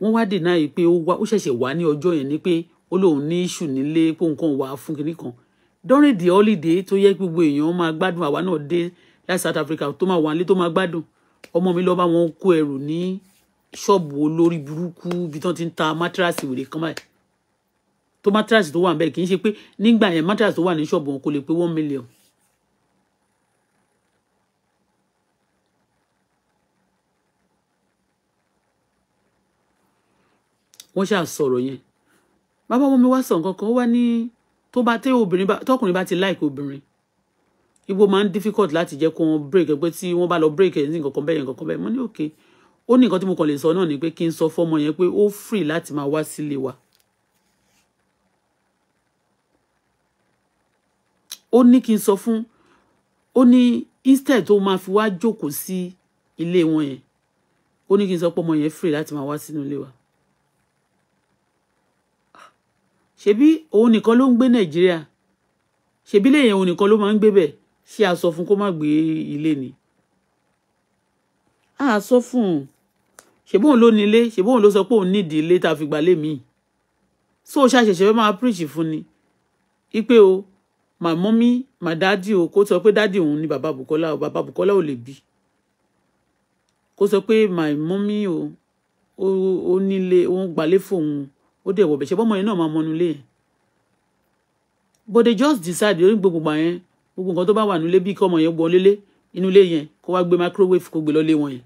wọ́n wá dìnáì pé ó ṣẹ̀ṣẹ̀ wá ní ọjọ́ yẹn ni pé ó lóun ní iṣu nílé pé nǹkan wà fún kinní kan during the holiday tó yẹ gbogbo èèyàn máa gbádùn àwa náà dé láti South Africa tó máa wà nílé tó máa gbádùn ọmọ mi lọ bá wọn kó ẹrù ní ṣọ́ọ̀bù olórí burúkú bí tán ti ń ta mátíráàsì wèrè kan báyìí tó matras tó wà ń bẹ kì í ṣe pé nígbà yẹn matras tó wà ní ṣọ́ọ̀bù wọn kò lè pé one million. wọ́n ṣáà sọ̀rọ̀ yẹn bàbá wọn mi wá sọ nǹkan kan ó wá ní tó bá tẹ obìnrin bá tọkùnrin bá ti like obìnrin ibo máa ń difficult láti jẹ́ kó wọn break ẹ pé tí wọ́n bá lọ break ẹ ní nǹkan kan bẹ́ẹ̀ yẹn nǹkan kan bẹ́ẹ̀ mo ní òkè ó ní nǹkan tí mo kàn lè sọ náà ni pé kí n sọ fọ́mọ yẹn pé ó free láti máa wá sílé wa ó ní kí n sọ fún ó ní instead tó máa fi wá jókòó sí ilé wọn yẹn ó ní kí n sọ pé ọmọ yẹn free láti máa wá sínú ilé wa ṣebí òun nìkan ló ń gbé nàìjíríà ṣebí lẹ́yìn òun nìkan ló máa ń gbé bẹ̀ ṣé a sọ fún kó má gbé ilé ni a sọ fún un ṣebí òun ló nílé ṣebí òun ló sọ pé òun nídìí ilé tá a fi gbà lé mi so ṣàṣẹṣẹ fẹ́ máa preach fún ni ipe o my mommy my daddy o kó sọ pé daddy òun ni bàbá Bukola o bàbá Bukola ò lè bí kó sọ pé my mommy o ó nílé òun gbalé fóun ó dẹ̀ wọ̀bẹ̀ ṣe bọ́mọ yẹn náà máa mọnu lé but they just decide lórí gbogbo gbà yẹn gbogbo nǹkan tó bá wà nílé bí kí ọmọ yẹn wọlé lé inú ilé yẹn kó wá gbé microwave kó gbé lọ lé wọn yẹn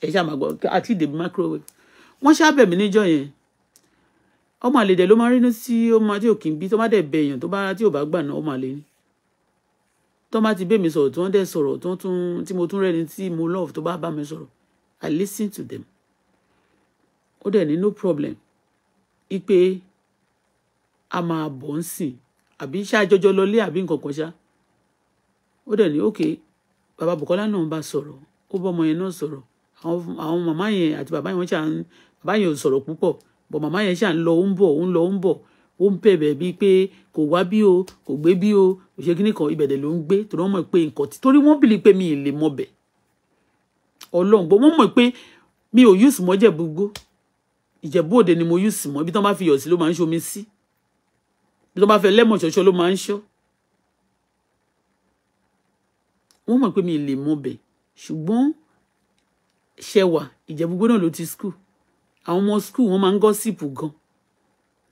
ẹ ṣáà máa gbọ́ àti ìdèbí microwave wọ́n ṣáà bẹ̀ mí níjọ́ yẹn ọmọ àlè dẹ̀ ló máa rínú sí ọmọ tí ò kì í bí tó bá dẹ̀ bẹ èèyàn tó bá tí ò bá gbà náà ọmọ àlè ni tó bá ti bẹ́ mi sọ̀rọ̀ tí wọ́n dẹ̀ sọ̀rọ̀ tó tún tí mo tún rẹ́ni tí mo love tó bá bá mi sọ̀rọ̀ I listen to them ó dẹ̀ ní no problem ipe a máa bọ̀ ń sìn àbí ṣáàjọjọ lọlé àbí nǹkan kan ṣá ó dẹ̀ ní okay bàbá Bùkọ́lá náà bá sọ̀rọ̀ ó bọ́ ọmọ yẹn náà sọ̀rọ̀ àwọn màmá yẹn àti bàbá yẹn wọ́n ṣà bàbá yẹn ò sọ̀rọ̀ púpọ̀ bọ̀ màmá yẹn ṣà ń lọ ó ń bọ̀ ó ń lọ ó ń bọ̀ ó ń bẹ̀bẹ̀ bíi pé kò wá bí o kò gbé bí o òṣè kínní kan ìbẹ̀dẹ̀ ló ń gbé torí wọ́n mọ̀ pé nǹkan torí wọ́n bìlí pé mi ì lè mọ bẹ̀ ọlọ́run bọ̀ wọ́n mọ̀ pé mi ò yùsù mọ́ jẹ̀bú gbó ìjẹ̀bú òde ni mo yùsù mọ́ ibi tí wọ́n bá fi yọ̀ sí ló máa ń ṣomi sí ibi tí wọ́n bá fẹ́ lẹ́mọ̀ ṣọ̀ṣọ́ ló máa ń ṣọ́ wọ́n mọ̀ pé mi ì lè mọ bẹ̀ ṣùgbọ́n ṣẹwà ìjẹ̀bú náà ló ti school àwọn ọmọ skul wọn máa ń gọ́sìpù gan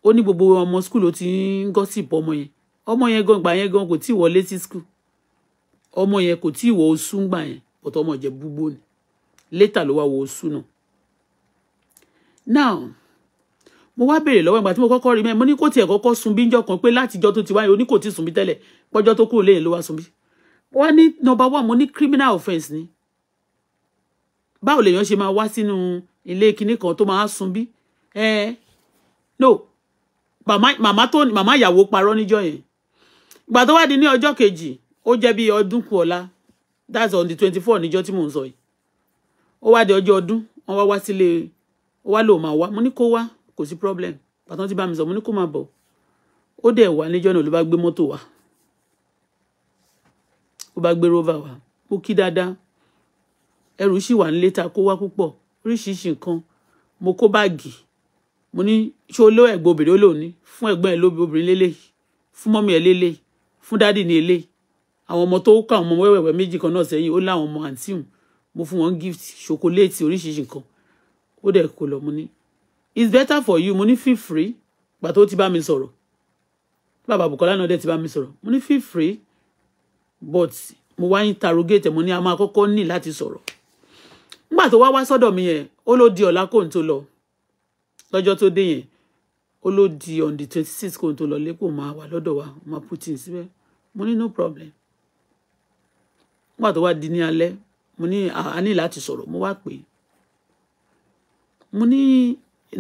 ó ní gbogbo ọmọ skul ló ti ń gọ́sìpù ọmọ yẹn ọmọ yẹn gan gbà yẹn gan kò tí ì wọlé sí skul ọmọ yẹn kò tí ì wọ oṣù gbà yẹn ọ̀tọ̀ ọmọ jẹ gbogbo ni létà ló wá wọ oṣù náà now mo wá béèrè lọ́wọ́ ìgbà tí mo kọ́kọ́ rí mẹ́ mo ní kò tiẹ̀ kọ́kọ́ sun bí njọ́ kan pé látijọ́ tó ti wáyé o ní kò tí sun bí tẹ́lẹ̀ pọ́jọ́ tó kúrò lẹ́yìn ló wá sun bí wá ní number one mo ní criminal offence ni báwo lèèyàn ṣe máa wá sínú ilé kinní kan tó máa ń sun bí ẹ no màmá tó màmá ìyàwó parọ́ níjọ́ yẹn ìgbà tó wá di ní ọjọ́ kejì ó jẹ́ bí ọdún kù ọ̀la that's on the twenty four níjọ́ tí mò ń sọ yìí ó wá di ọjọ́ ọdún wọ́n wá wá sílé ó wá lòun máa wá mo ní kó wá kò sí problem pàtó ti bá mi sọ mo ní kó máa bọ̀ ó dẹ̀ wá níjọ́ náà ló bá gbé mọ́tò wá ó bá gbé rover wá ó kí dáadáa ẹrù sì wà ń létà kó wá púpọ̀ oríṣiríṣi nǹkan mo kó báàgì mo ní ṣé o ló ẹ̀gbọ́n obìnrin ó lò ní fún ẹ̀gbọ́n ẹ̀ lóbi obìnrin lélẹ́yìí fún mọ́mí ẹ̀ lélẹ́yìí fún dádì ní eléyìí àwọn ọmọ tó kà àwọn ọmọ wẹ́wẹ̀wẹ́ méjì kan náà sẹ́yìn ó láwọn ọmọ àǹtí hùn mo fún wọn gift ṣokoléètì oríṣiríṣi nǹkan ó dẹ̀ kó lọ mo ní it's better for you mo ní feel free gbà tó ti bá mi sọ̀rọ̀ bàbá Bùkọ́lá náà dẹ̀ ti bá mi sọ̀rọ̀ mo ní feel free but mo wá interrogate mo ní a máa kọ́kọ́ ní láti sọ̀rọ̀ nígbà tó wá wá sọ́dọ̀ mi yẹn ó ló di ọ̀la kóhun tó lọ lọ́jọ́ tó dé yẹn ó ló di on the twenty six kóhun tó lọ lẹ́kọ̀ọ́ máa wà lọ́dọ̀ wa máa putin síbẹ̀ mo ní no problem nígbà tó wá di ní alẹ́ mo ní a ní láti sọ̀rọ̀ mo wá pè é mo ní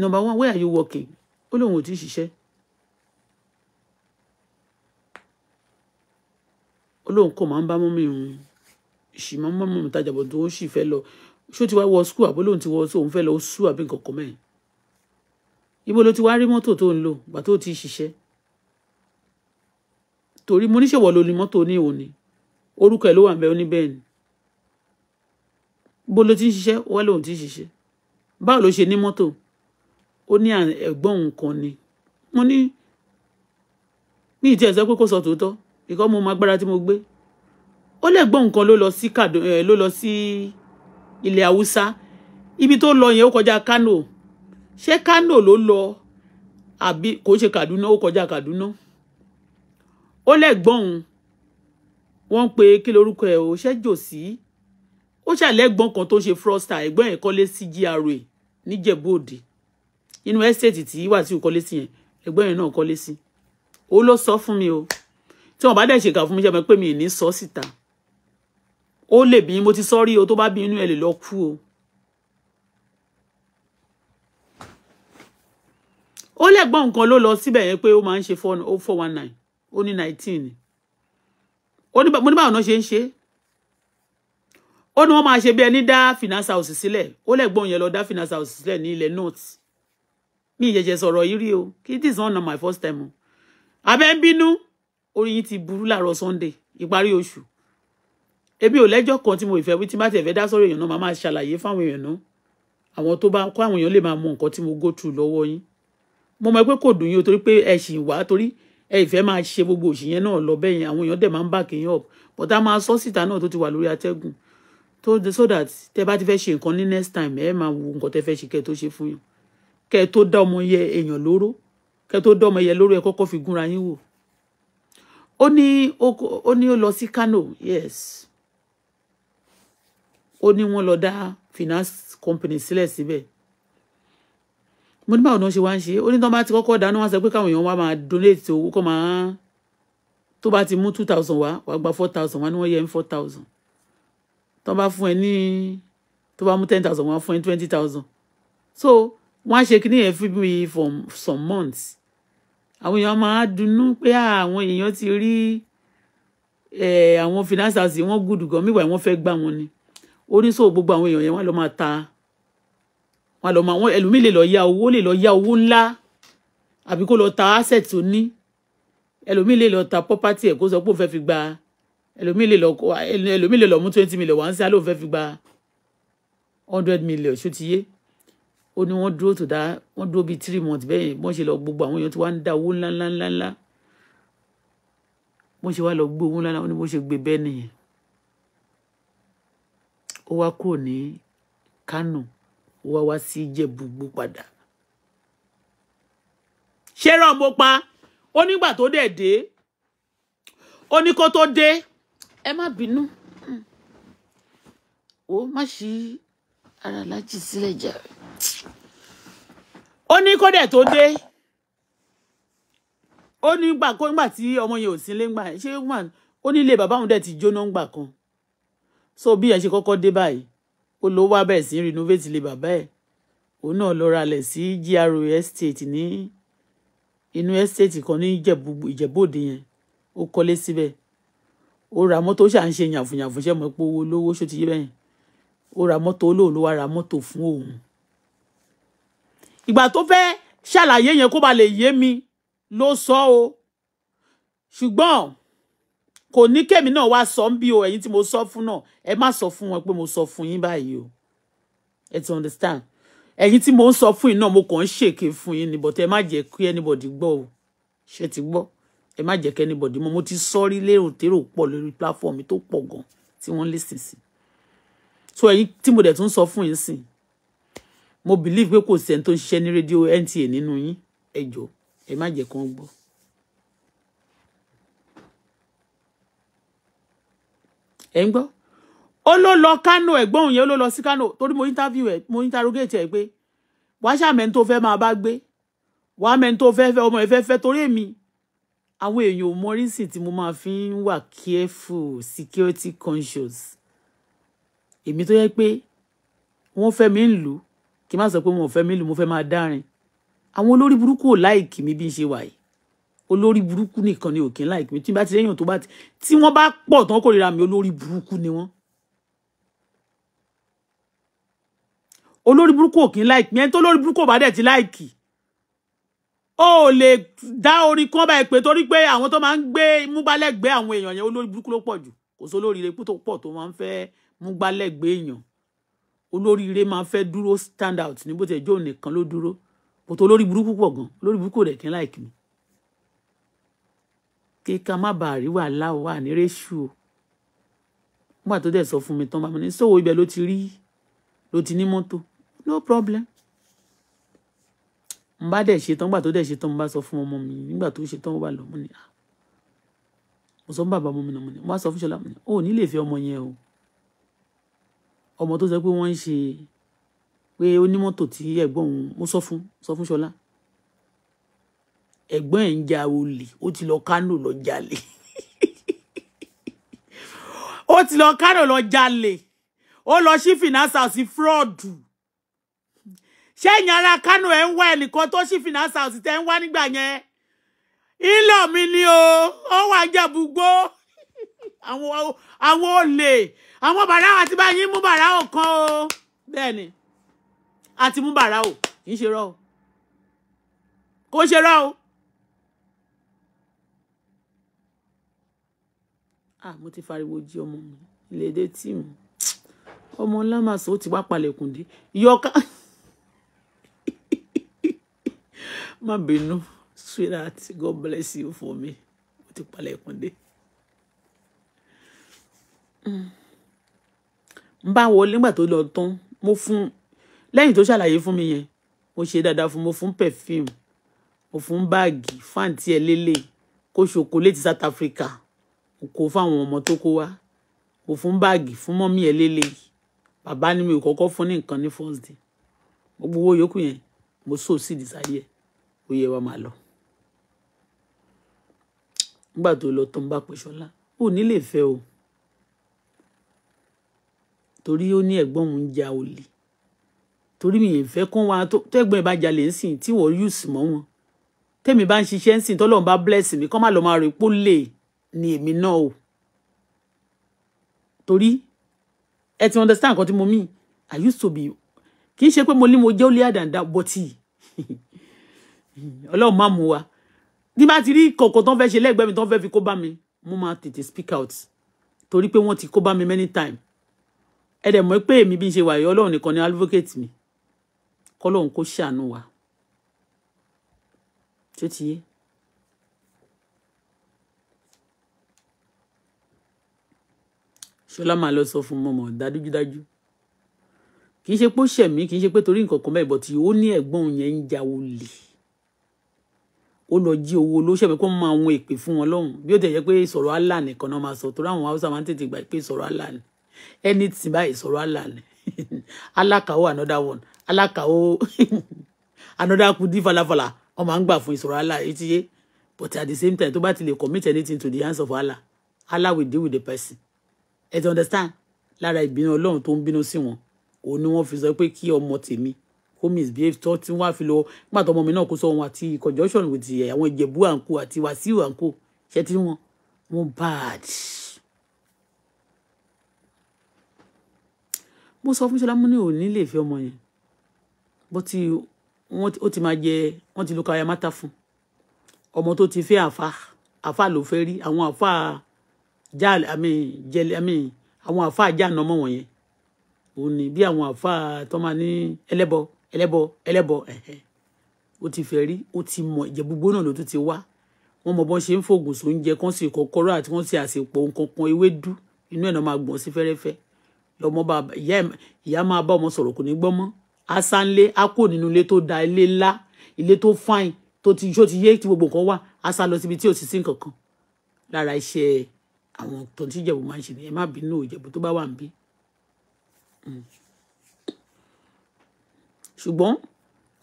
number one where are you working ó lóun ò tí ì ṣiṣẹ́ ó lóun kò máa ń bá mọ́mí òun ìṣì máa ń bá mọ́mí tajà bọ̀ tó ń ṣì fẹ́ lọ ṣó ti wá wọ skul àbó lóun ti wọ sóun fẹ́ lọ sú àbí nǹkan kan mẹ́rin ibo ló ti wá rí mọ́tò tó ń lò gbà tó ti ṣiṣẹ́ torí mo níṣèwọ̀ ló ní mọ́tò ní òní orúkọ ẹ̀ ló wà ń bẹ ó ní bẹ́ẹ̀ ni bó ló ti ń ṣiṣẹ́ wọ́n lòun ti ń ṣiṣẹ́ báwo ló ṣe ní mọ́tò ó ní ẹ̀gbọ́n nǹkan ni mo ní bí ìtí ẹ̀ pé kó sọ tòótọ́ ìkọ́ mo máa gbára tí mo gbé ó lẹ́gbọ́n nǹkan ló lọ sí ilẹ̀ haúsá ibi tó lọ yẹn ó kọjá kano ṣé kano ló lọ àbí kò ṣe kaduna ó kọjá kaduna ó lẹ́gbọ́n òun wọ́n ń pe kí lorúkọ ẹ̀ ò ṣẹ́jò sí ó ṣàlẹ́gbọ́n kan tó ṣe frosta ẹ̀gbọ́n ẹ̀ kọ́lé sí gra níjẹ̀bú òde nínú ẹ́stéètì tí wàsíù kọ́lé sí yẹn ẹ̀gbọ́n ẹ̀ náà kọ́lé sí ó ló sọ fún mi o tí wọ́n bá dẹ̀ ṣèkà fún mi ṣe mọ̀ pé mi ì ní sọ síta. So O lè bí mo ti sọ o tó bá bí inú ẹ lè lọ kú o ó lẹ́gbọ́n nǹkan ló lọ síbẹ̀ yẹn pé ó o ń ṣe oh, four one nine ó ní nineteen ó ní mo ní báwọn náà ṣe ń o ó ní wọ́n máa ṣe bí ẹni finance house sílẹ̀ ó lẹ́gbọ́n yẹn lọ da finance house sílẹ̀ ni ilẹ̀ north mi ìjẹ̀jẹ̀ sọ̀rọ̀ yìí rí o kí this one na my first time o abe ń bínú orí yìí ti burú láàárọ̀ sunday ìparí oṣù ebi ò lẹ́jọ́ kan tí mo ìfẹ́ wí tí má tiẹ̀ fẹ́ dá sọ́rọ̀ èèyàn náà máa máa ṣàlàyé fáwọn èèyàn náà àwọn tó bá kó àwọn èèyàn lè máa mọ nǹkan tí mo go through lọ́wọ́ yín mo mọ̀ pé kò dùn yín o torí pé ẹ ṣì wá torí ẹ ìfẹ́ máa ṣe gbogbo òṣìyẹn náà lọ bẹ́ẹ̀ yẹn àwọn èèyàn dẹ̀ máa ń back yín up but a máa sọ síta náà tó ti wà lórí atẹ́gùn tó so that tẹ bá ti fẹ́ ṣe nǹkan ní next time ẹ máa wo nǹkan tẹ fẹ́ ṣe kẹ́ tó ṣe fún yín kẹ́ tó dá ọmọ yẹ èèyàn lóró kẹ́ tó dá ọmọ yẹ lóró ẹ kọ́kọ́ fi gúnra yín wò ó ní ó lọ sí Kano yes ó ní wọ́n lọ dá finance company sílẹ̀ síbẹ̀ mo ní báwo ni wọ́n ṣe wá ń ṣe ó ní tí wọ́n bá ti kọ́kọ́ dáná wá sọ pé káwọn èèyàn wá máa donate owó kó máa tó bá ti mú two thousand wá wàá gba four thousand wá ní wọ́n yẹ ní four thousand tó bá fún ẹ ní tó bá mú ten thousand wá fún ẹ ní twenty thousand so wọ́n á ṣe kí nìyẹn fún mi for some months àwọn èèyàn máa dunnú pé àwọn èèyàn ti rí eh, àwọn finance house wọ́n gùdù gan míwàá wọ́n fẹ́ gbà wọ́n ni oníṣòwò gbogbo àwọn èèyàn yẹn wọ́n lọ máa ta wọ́n lọ máa wọ́n ẹlòmíì lè lọ ya owó lè lọ ya owó ńlá àbí kó lọ ta asset tó ní ẹlòmíì lè lọ ta property ẹ̀ kó sọ pé òun fẹ́ fi gba ẹlòmíì lè lọ ẹlòmíì lè lọ mú twenty million wá ń sí alóò fẹ́ fi gba hundred million ṣó ti yé ó ní wọ́n dúró tó dá wọ́n dúró bíi three months bẹ́ẹ̀ wọ́n ṣe lọ gbogbo àwọn èèyàn tí wọ́n á ń dá owó ńláńláńláńlá wọ́n ṣe wá lọ gbé owó ńláńlá wọ́n ní wọ́n ṣe gbé bẹ́ẹ̀ nìyẹn ó wá kúrò ní Kánò ó wá wá sí Ìjẹ̀bú-Igbó padà ṣé rán mo pa ó nígbà tó dẹ̀ dé ó ní kó tó dé ẹ má bínú hmm. ó má ṣí ara lájì sílẹ̀ jàre ó ní kó dẹ̀ tó dé ó ní gbà kó nígbà tí ọmọ yẹn ò sí lé ńgbà ṣé ó ní ilé bàbá òun dẹ̀ ti jóná ńgbà kan so bí ẹ ṣe kọ́kọ́ dé báyìí ó lọ wá bẹ̀rẹ̀ sí renovate ilé bàbá ẹ̀ òun náà lọ ralẹ̀ sí GRA estate ní inú estate kan ní ìjẹ̀bú-òde yẹn ó kọ́lé síbẹ̀ ó ra mọ́tò ṣà ń ṣe yànfùnyànfùn ṣe mọ̀ pé owó olówó ṣó ti yé bẹ́yìn ó ra mọ́tò olóò ló wá ra mọ́tò fún òun. ìgbà tó fẹ́ ṣàlàyé yẹn kó ba lè yé mi ló sọ o ṣùgbọ́n kò ní kẹ́mi náà wá sọ ń bí o ẹ̀yin tí mo sọ fún náà ẹ má sọ fún wọn pé mo sọ fún yín báyìí o ẹ ti understand ẹ̀yin tí mo ń sọ fún yín náà mo kàn ń ṣèké fún yín ni but ẹ má jẹ́ kí anybody gbọ́ o ṣe ti gbọ́ ẹ má jẹ́ kí anybody mọ̀ mo ti sọ́rí lérò térò pọ̀ lórí platform tó pọ̀ gan tí wọ́n listen sí so ẹ̀yin tí mo dẹ̀ tún sọ fún yín sìn mo believe pé kò sẹ́ni tó ń ṣiṣẹ́ ní rédíò NTA nínú yín ẹ jọ̀ọ́ ẹ má jẹ́ kí wọ́n gbọ́. ẹ ń gbọ́ ó ló lọ Kánò ẹ̀gbọ́n òun yẹn ó ló lọ sí Kánò torí mo interview ẹ mo interrogate ẹ pé wàá ṣàmẹ́ni tó fẹ́ máa bá gbé wàá mẹ́ni tó fẹ́ fẹ́ ọmọ ẹ fẹ́ fẹ́ torí èmi àwọn èèyàn ò mọrí sí tí mo máa fi ń wà careful security conscious èmi tó yẹ pé wọ́n fẹ́ mi ń lù kí n má sọ pé wọn ò fẹ́ mi lù mo fẹ́ máa dárin àwọn olórí burúkú ò láìkì mi bí n ṣe wà yìí olórí burúkú nìkan ni òkè láìpẹ mi tí bá ti lẹ́yìn tó bá ti tí wọ́n bá pọ̀ tán kórìíra mi olórí burúkú ni wọ́n. olórí burúkú òkè láìpẹ mi ẹni tó lórí burúkú ò bá dẹ̀ ti láìkì ó lè dá orin kan báyìí pé torí pé àwọn tó máa ń gbé múgbálẹ́gbẹ̀ẹ́ àwọn èèyàn yẹn olórí burúkú ló pọ̀ jù kò sólóríire tó pọ̀ tó máa ń fẹ́ múgbálẹ́gbẹ̀ẹ́ èèyàn olóríire máa ń fẹ́ dúró stand out ní bó ti ẹ̀ jó nìkan ló dúró kò tó olórí burúkú pọ̀ gan olórí burúkú rẹ̀ kí n láìkì mi kí ká má bàa rí wàhálà wà ní réṣù o nígbà tó dẹ̀ sọ fún mi tán bá mi ní sòwò ibẹ̀ ló ti rí ló ti ní mọ́tò no problem n bá dẹ̀ ṣetán nígbà tó dẹ̀ ṣetán mo bá sọ fún ọmọ mi nígbà tó ṣetán mo bá lọ mo ní à ah. mo sọ fún bàbá ọmọ mi náà mo ní mo bá sọ fún ṣọlá mo ní ò ní lè fẹ́ ọmọ yẹn o ọmọ tó sọ pé wọ́n ń ṣe pé ó ní mọ́tò tí ẹ̀gbọ́n òun mo sọ fún sọ fún ṣọlá ẹ̀gbọ́n ẹ̀ ń ja olè ó ti lọ Kánò lọ jalè ó ti lọ Kánò lọ jalè ó lọ sí finance house fúrọ́ọ̀dù ṣé ẹ̀yin ará Kánò ẹ̀ ń wá ẹnìkan tó sí finance house tẹ́ ń wá nígbà yẹn ìlọ mi ni o ó wà jẹ̀bùgbó àwọn olè àwọn bàrá àti báyìí mú bàrá ò kan o bẹ́ẹ̀ ni àti mú bàrá ò kì í ṣe rọ́ o kò ṣe rọ́ o. ah mo ti fariwo jí ọmọ mi ilé dé tì mí <tsk> ọmọ ńlá màá sọ ó ti wá palẹ̀kùn dé yọká <laughs> má bínú sweetheart god bless you for me ó ti palẹ̀kùn dé. n bá wọlé nígbà tó lọ tán mo fún lẹ́yìn tó ṣàlàyé fún mi yẹn mo ṣe dáadáa fún mo fún perfume mo fún báàgì fáǹtì ẹ̀ lélẹ̀ kó ṣokoléètì South Africa kò fáwọn ọmọ tó kó wá kò fún báàgì fún mọ́mí ẹ̀ lélẹ́yìí bàbá ni mi ò kọ́kọ́ fún ní nǹkan ní first day gbogbo owó yòókù yẹn mo sọ sí ìdísáyé ẹ̀ ó yẹ wa máa lọ nígbà tó lọ tó ń bá pè ṣọlá ò fẹ́ o torí ó ní ẹ̀gbọ́n òun ja olè torí mi yẹn fẹ́ kán wa tó ẹ̀gbọ́n ẹ̀ bá jalè ń sìn tí wọ́n yùsì mọ́ wọn tẹ́mi bá ń ṣiṣẹ́ ń sìn tọ́lọ́run bá bless mi kán má lọ máa rè pó lè ni èmi náà o torí ẹ ti understand nǹkan tí mo mean i used to be kì í ṣe pé mo ní mo jẹ́ olè àdàndà bọ́tì ọlọ́run má mú wa tí bá ti rí kọ̀ọ̀kan tó ń fẹ́ ṣe lẹ́gbẹ̀ẹ́ mi tó ń fẹ́ fi kó bá mi mo máa tètè speak out torí pé wọ́n ti kó bá mi many time ẹ dẹ̀ mọ̀ pé èmi bí n ṣe wà yìí ọlọ́run nìkan ni advocate mi kọ́lọ́run kó ṣàánú wa tó ti yé ṣọlá máa lọ sọ fún mọmọ dájúdájú kì í ṣe pé ó ṣẹ̀mí kì í ṣe pé torí nǹkan kan bẹ́ẹ̀ bọ̀tì ó ní ẹ̀gbọ́n yẹn ń ja olè ó lọ jí owó olóṣèlú kó máa wọn èpè fún wọn lọ́hùn bí ó tẹ̀ jẹ́ pé sọ̀rọ̀ Allah nìkan náà máa sọ torí àwọn haúsá máa ń tètè gbà pé sọ̀rọ̀ Allah ni ẹni tì báyìí sọ̀rọ̀ Allah ni <laughs> another one alákàwọ́ <laughs> another kú dí falafala wọ́n máa ń gbà fún ìsọ̀rọ̀ Allah etí yé but at the same time tó bá ti lè commit anything to the hands of Allah Allah will deal with the person ẹ ti understand lára ìbínú ọlọ́run tó ń bínú sí wọn òun ni wọ́n fi sọ pé kí ọmọ tèmi kó misbehave tó ti wá fi lọ nígbà tó ọmọ mi náà kó sọ wọn àti conjunction with eh, àwọn ìjẹ̀bú àǹkó àti wàsíù àǹkó ṣe tí wọn wọn bad. mo sọ fún ṣọlá mo ní òní lè fi ọmọ yẹn bó ti wọn ó ti máa jẹ wọn ti lu kayamata fún ọmọ tó ti fẹ́ àfa àfa ló fẹ́ rí àwọn àfa já àmì jẹlẹ àmì àwọn àáfàá jáàna ọmọ wọ̀nyẹn òun ni bí àwọn àáfàá tó máa ní ẹlẹ́bọ ẹlẹ́bọ ẹlẹ́bọ ẹ̀hẹ́ ó ti fẹ́ rí ó ti mọ ìjẹ̀búgbó náà ló tún ti wá wọn mọ bọ́n ṣe ń fògùn sóúnjẹ kan sí kọ́kọ́rọ́ àti wọ́n ṣe àsèpọ̀ nǹkan kan ewédú inú ẹ̀ náà máa gbọ̀n sí fẹ́rẹ́fẹ́ lọmọ bá ìyá máa bá ọmọ sọ̀rọ̀ kò ní gbọ́n mọ́ asánlé á kò nínú ilé tó da ilé ńlá ilé tó fáìn tó ti yó ti yé tí gbogbo nǹkan wà á sá lọ síbi tí ò sí sí nǹkan kan lára iṣẹ́ àwọn tó ti jẹ̀bù máa ń ṣe nìyẹn má bínú ìjẹ̀bù tó bá wà ń bí. Hmm. ṣùgbọ́n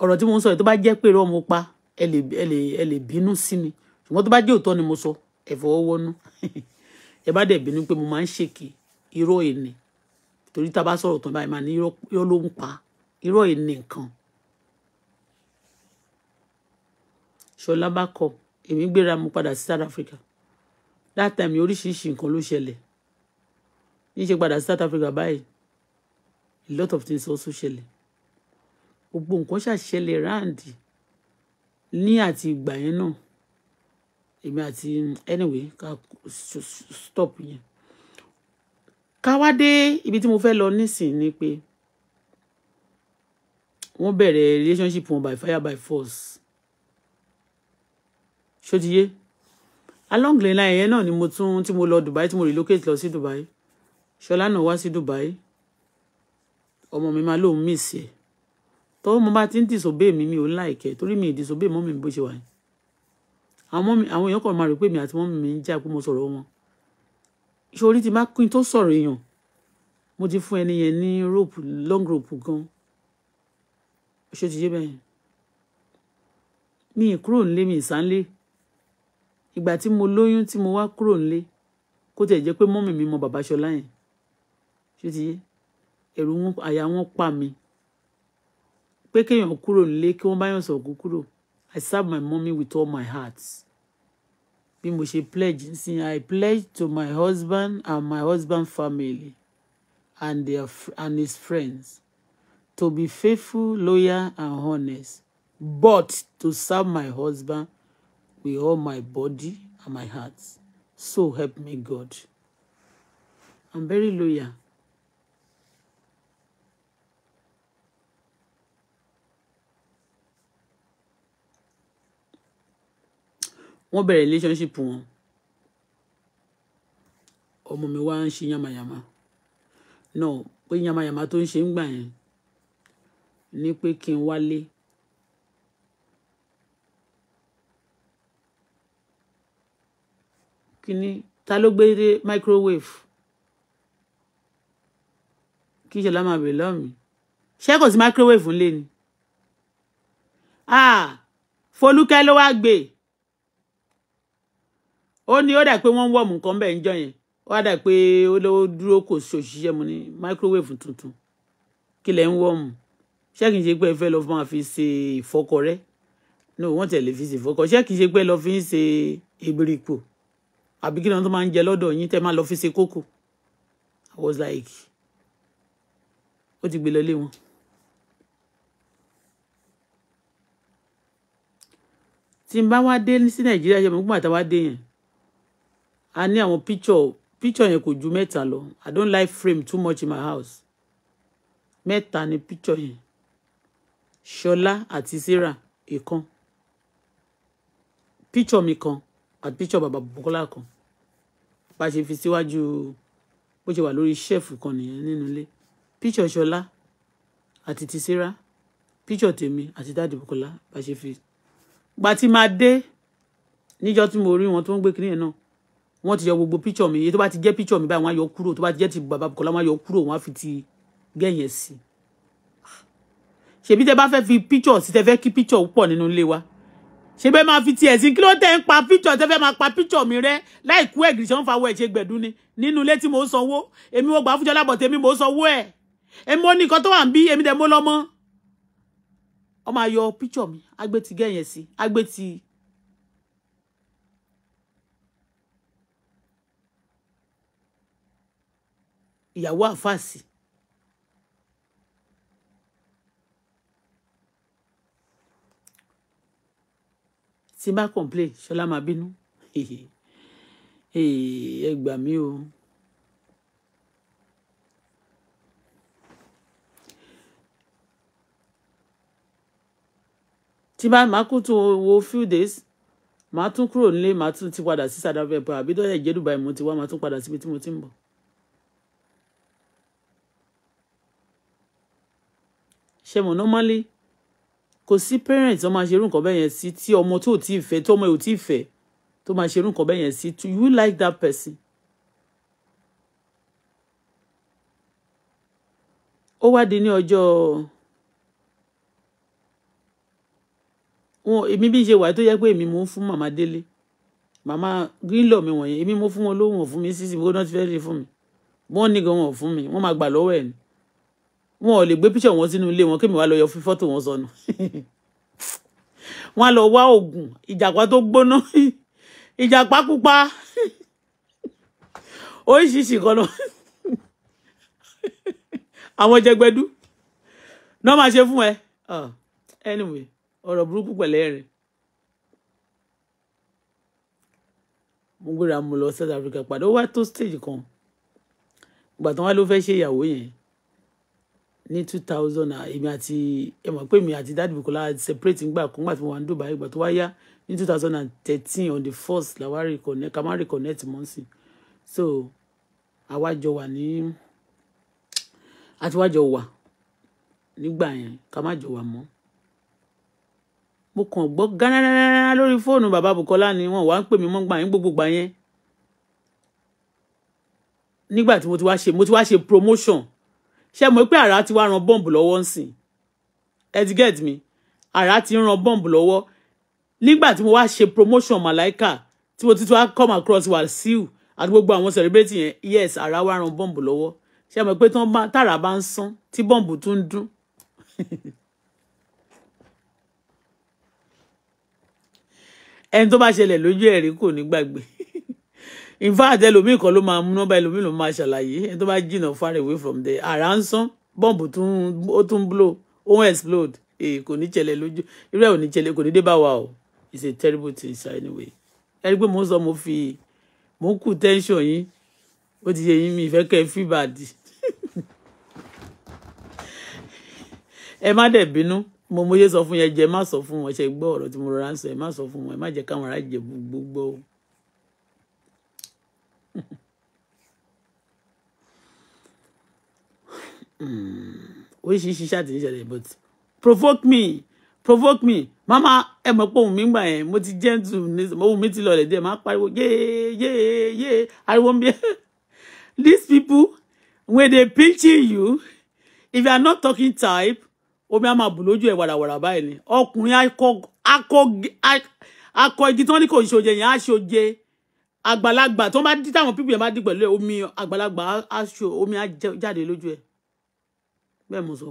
ọ̀rọ̀ tí mo ń sọ yìí tó bá jẹ́ pé irọ́ mo pa ẹ lè ẹ lè ẹ lè bínú sí mi ṣùgbọ́n tó bá jẹ́ òótọ́ ni mo sọ ẹ fọwọ́ wọnú <laughs> ẹ bá dẹ̀ bínú pé mo máa ń ṣèké irọ́ ènì torí tá a bá sọ̀rọ̀ tán báyìí máa ní irọ́ ló ń pa irọ́ ènì nǹkan. ṣọlá bá kọ èmi gbéra mo padà sí South Africa that time oríṣiríṣi nǹkan ló ṣẹlẹ̀ ní ṣe padà sí South Africa báyìí a lot of things also ṣẹlẹ̀ gbogbo nǹkan ṣàṣẹlẹ̀ ráǹdì ní àti ìgbà yẹn náà èmi àti anyway ká stop yẹn ká wá dé ibi tí mo fẹ́ lọ nísìnyí ni pé wọ́n bẹ̀rẹ̀ relationship wọn by fire by force ṣó ti yé along the line yẹn náà ni mo tún tí mo lọ Dubai tí mo relocate lọ sí Dubai ṣọlá náà wá sí Dubai ọmọ mi máa lóun mí sí ẹ tọ́wọ́ mo bá ti ń dìsòbé mi mi ò ń láìkẹ́ torí mi ìdìsòbé mọ́ mi bó ṣe wà yìí àwọn èèyàn kan máa rò pé mi àti mọ́mí mi ń jà pé mo sọ̀rọ̀ wọn ìṣòrí ti bá kí tó sọ̀rọ̀ èèyàn mo ti fún ẹni yẹn ní rope long rope gan ṣé ti yé bẹ́ẹ̀ mi ì kúrò nílé mi ìsánlé ìgbà tí mo lóyún tí mo wá kúrò nílé kó tẹ̀ jẹ́ pé mọ́mì mi mọ bàbá ṣọlá yẹn ṣé ti yé ẹ̀rù wọn àyà wọn pa mi pé kéèyàn kúrò nílé kí wọ́n bá yàn sọ̀kú kúrò I serve my mommy with all my heart bí mo ṣe pledge sin I pledge to my husband and my husband family and their and his friends to be faithful loyal and honest but to serve my husband with all my body and my heart. So help me God. I'm very loyal. wọ́n bẹ̀rẹ̀ relationship wọn ọmọ mi wá ń ṣe yamayama náà pé yamayama tó ń ṣe ń gbà yẹn ni pé kí n wálé Kini ta ló gbé dé microwave kí ìṣẹ̀lá máa bèèrè lọ́mí ṣé kò sí microwave ńlẹ̀ ni ah Folúkẹ́ ló wá gbé ó ní ó dà pé wọ́n ń wọ̀mù nǹkan bẹ́ẹ̀ ń jọ yẹn ó dà pé ó lówó dúró kò ṣòṣìṣẹ́ mu ní microwave tuntun kí lẹ̀ ń wọ̀mù ṣé kìí ṣe pé ẹ fẹ́ lọ fún wa fi ṣe ìfọkọrẹ́ no wọ́n tẹ̀lé fi ṣe ìfọkọ ṣé kìí ṣe pé lọ fi ń ṣe ègbèrìpò àbí kí lóun tó máa ń jẹ lọ́dọ̀ yín tẹ́ máa lọ fi ṣe kókò i was like ó ti gbé lọlé wọn. tí n bá wá dé sí nàìjíríà ṣe mọ̀ nígbà tá a wá dé yẹn a ní àwọn picture picture yẹn kò ju mẹ́ta lọ i don't like frame too much in my house mẹ́ta ni picture yẹn ṣọlá àti sarah ìkan picture mi kan At picture bàbá Bùkọ́lá kan bá ṣe fi síwájú bó ṣe wà lórí ṣẹ́ẹ̀fù kan nìyẹn nínú ilé picture shola, àti tìṣíra picture tèmi ati dáàdì Bùkọ́lá ba ṣe fi gba tí máa dé níjọ́ tí mo rí wọn tó ń gbé kiri yẹn náà wọ́n ti yọ gbogbo picture mi èyí tó bá ti jẹ́ picture mi ba wọ́n á yọ kúrò ba bá ti jẹ́ ti bàbá Bùkọ́lá wọ́n á yọ kúrò fi ti gẹ̀yìn sí ṣèbí tẹ bá fẹ́ fi picture si tẹ fẹ́ kí picture pọ̀ nínú ilé wa ṣe bẹ́ẹ̀ máa fi tiẹ̀ sí kí ló tẹ̀ ń pa píṣọ̀ tẹ́ fẹ́ máa pa píṣọ̀ mi rẹ́ láìkú ẹ̀gìrì ṣe ń fa owó ẹ̀ ṣe gbẹ̀dún ni nínú ilé tí mò ń sanwó èmi mo gbà fúnjọ lábọ̀ tèmi mò ń sanwó ẹ̀ èmi mo ní nǹkan tó wà ń bí èmi dẹ̀ mo lọ́mọ. ọmọ ayọ píṣọ̀ mi agbé ti gẹ̀yẹ̀ sí agbé ti. ìyàwó àfàsì tí n bá complain ṣọlá máa bínú ẹ gbà mí o. tí bá máa kú tún wo few days máa tún kúrò nílé máa tún ti padà sí South Africa àbí tó yẹ jẹ́ Dubai mo ti wá máa tún padà síbi tí mo ti ń bọ̀. ṣé mo normally kò sí parents tó máa ṣe irú nǹkan bẹ́ẹ̀ yẹn sí tí ọmọ tó ti fẹ́ tó ọmọ ẹ̀ ò ti fẹ́ tó máa ṣe irú nǹkan bẹ́ẹ̀ yẹn sí do you like that person. ó wá di ní ọjọ́ wọn èmi bí ṣe wà tó yẹ pé èmi mò ń fún màmá délé màmá greenlaw mi wọ̀nyẹn èmi mo fún wọn lówó wọn fún mi sísìn bó náà ti fẹ́ rí fún mi wọ́n ní gan wọn fún mi wọ́n máa gbà lọ́wọ́ ẹ̀ ni wọn ò lè gbé picture wọn sínú ilé wọn kémi wá lọ yọ fún fọ́tò wọn sọnù wọn lọ wá oògùn ìjàpá tó gbóná ìjàpá pupa oríṣiríṣi nǹkan náà àwọn jẹgbẹdú náà máa ṣe fún ẹ anyway ọ̀rọ̀ burúkú pẹ̀lẹ́ rẹ̀ mo gbéra mo lọ South Africa padà ó wá tó stage kan ìgbà tán wá ló fẹ́ ṣe ìyàwó yẹn ní two thousand èmi àti ẹ mọ̀ pé èmi àti dádì Bùkọ́lá separate ńgbà kan gbà tí mo wà ní Dubai ìgbà tó wá yá ní two thousand and thirteen on the first làwa reconnect kàmá reconnect mọ́sìn so àwa jọ wà ní àti wá jọ wà nígbà yẹn ká jọ wà mọ́ mo kàn gbọ́ gánà lórí fóònù bàbá Bùkọ́lá ni wọ́n wá ń pè mí mọ́ gbà yẹn gbogbo gbà yẹn nígbà tí mo ti wá ṣe mo ti wá ṣe promotion ṣe mọ̀ pé àrà ti wá ran bọ́ǹbù lọ́wọ́ ń sìn ẹ ti get mi àrà ti ran bọ́ǹbù lọ́wọ́ nígbà tí mo wá ṣe promotion Malaika tí mo tuntun wá come across Wasiu àti gbogbo àwọn celebrity yẹn yes àrà wá ran bọ́ǹbù lọ́wọ́ ṣe mọ̀ pé tààrà bá ń sán tí bọ́ǹbù tún ń dún <laughs> ẹni tó bá ṣẹlẹ̀ lójú ẹ̀rí kò ní gbàgbé <laughs> in fact ẹlòmíì kan ló máa mú nọ́mbà ẹlòmíì ló máa ṣàlàyé ẹni tó bá jìnnà far away from there àrà bomb. sán bọ́ǹbù ó tún blow ó ń explode èyí eh, kò ní ṣẹlẹ̀ lójú irú ẹ̀ ò ní ṣẹlẹ̀ kò ní dé wa o it's a terrible thing sir anyway ẹni pé mò ń sọ mo fi mò ń tension yín ó ti yẹ yín mi ìfẹ́ kẹ́ ẹ feel bad <laughs> ẹ má dẹ̀ bínú mo mọ̀ yé sọ fún yẹn jẹ́ má sọ fún wọn ṣe gbọ́ ọ̀rọ̀ tí mo rọra ń sọ ẹ má sọ fún wọn ẹ má jẹ́ káwọn gbogbo Hmm. oríṣiríṣi iṣẹ́ àti ìṣẹ̀lẹ̀ but provoke me provoke me mama ẹ mọ̀ pé òun mi gbà yẹn mo ti gentle òun mi ti lọlẹ̀ díẹ̀ máa pariwo yéé yéé ariwo ń bí <laughs> these people when they pinching you if you are not talking type omi á máa bù lójú ẹ̀ wàràwàrà báyìí ni ọkùnrin akọ akọ akọ igi tí wọ́n ní kò ṣe oje yẹn á ṣe àgbàlagbà tó bá dí táwọn pípì yẹn bá dí pẹ̀lú omi àgbàlagbà aṣọ omi á jáde lójú ẹ̀ bẹ́ẹ̀ mo sọ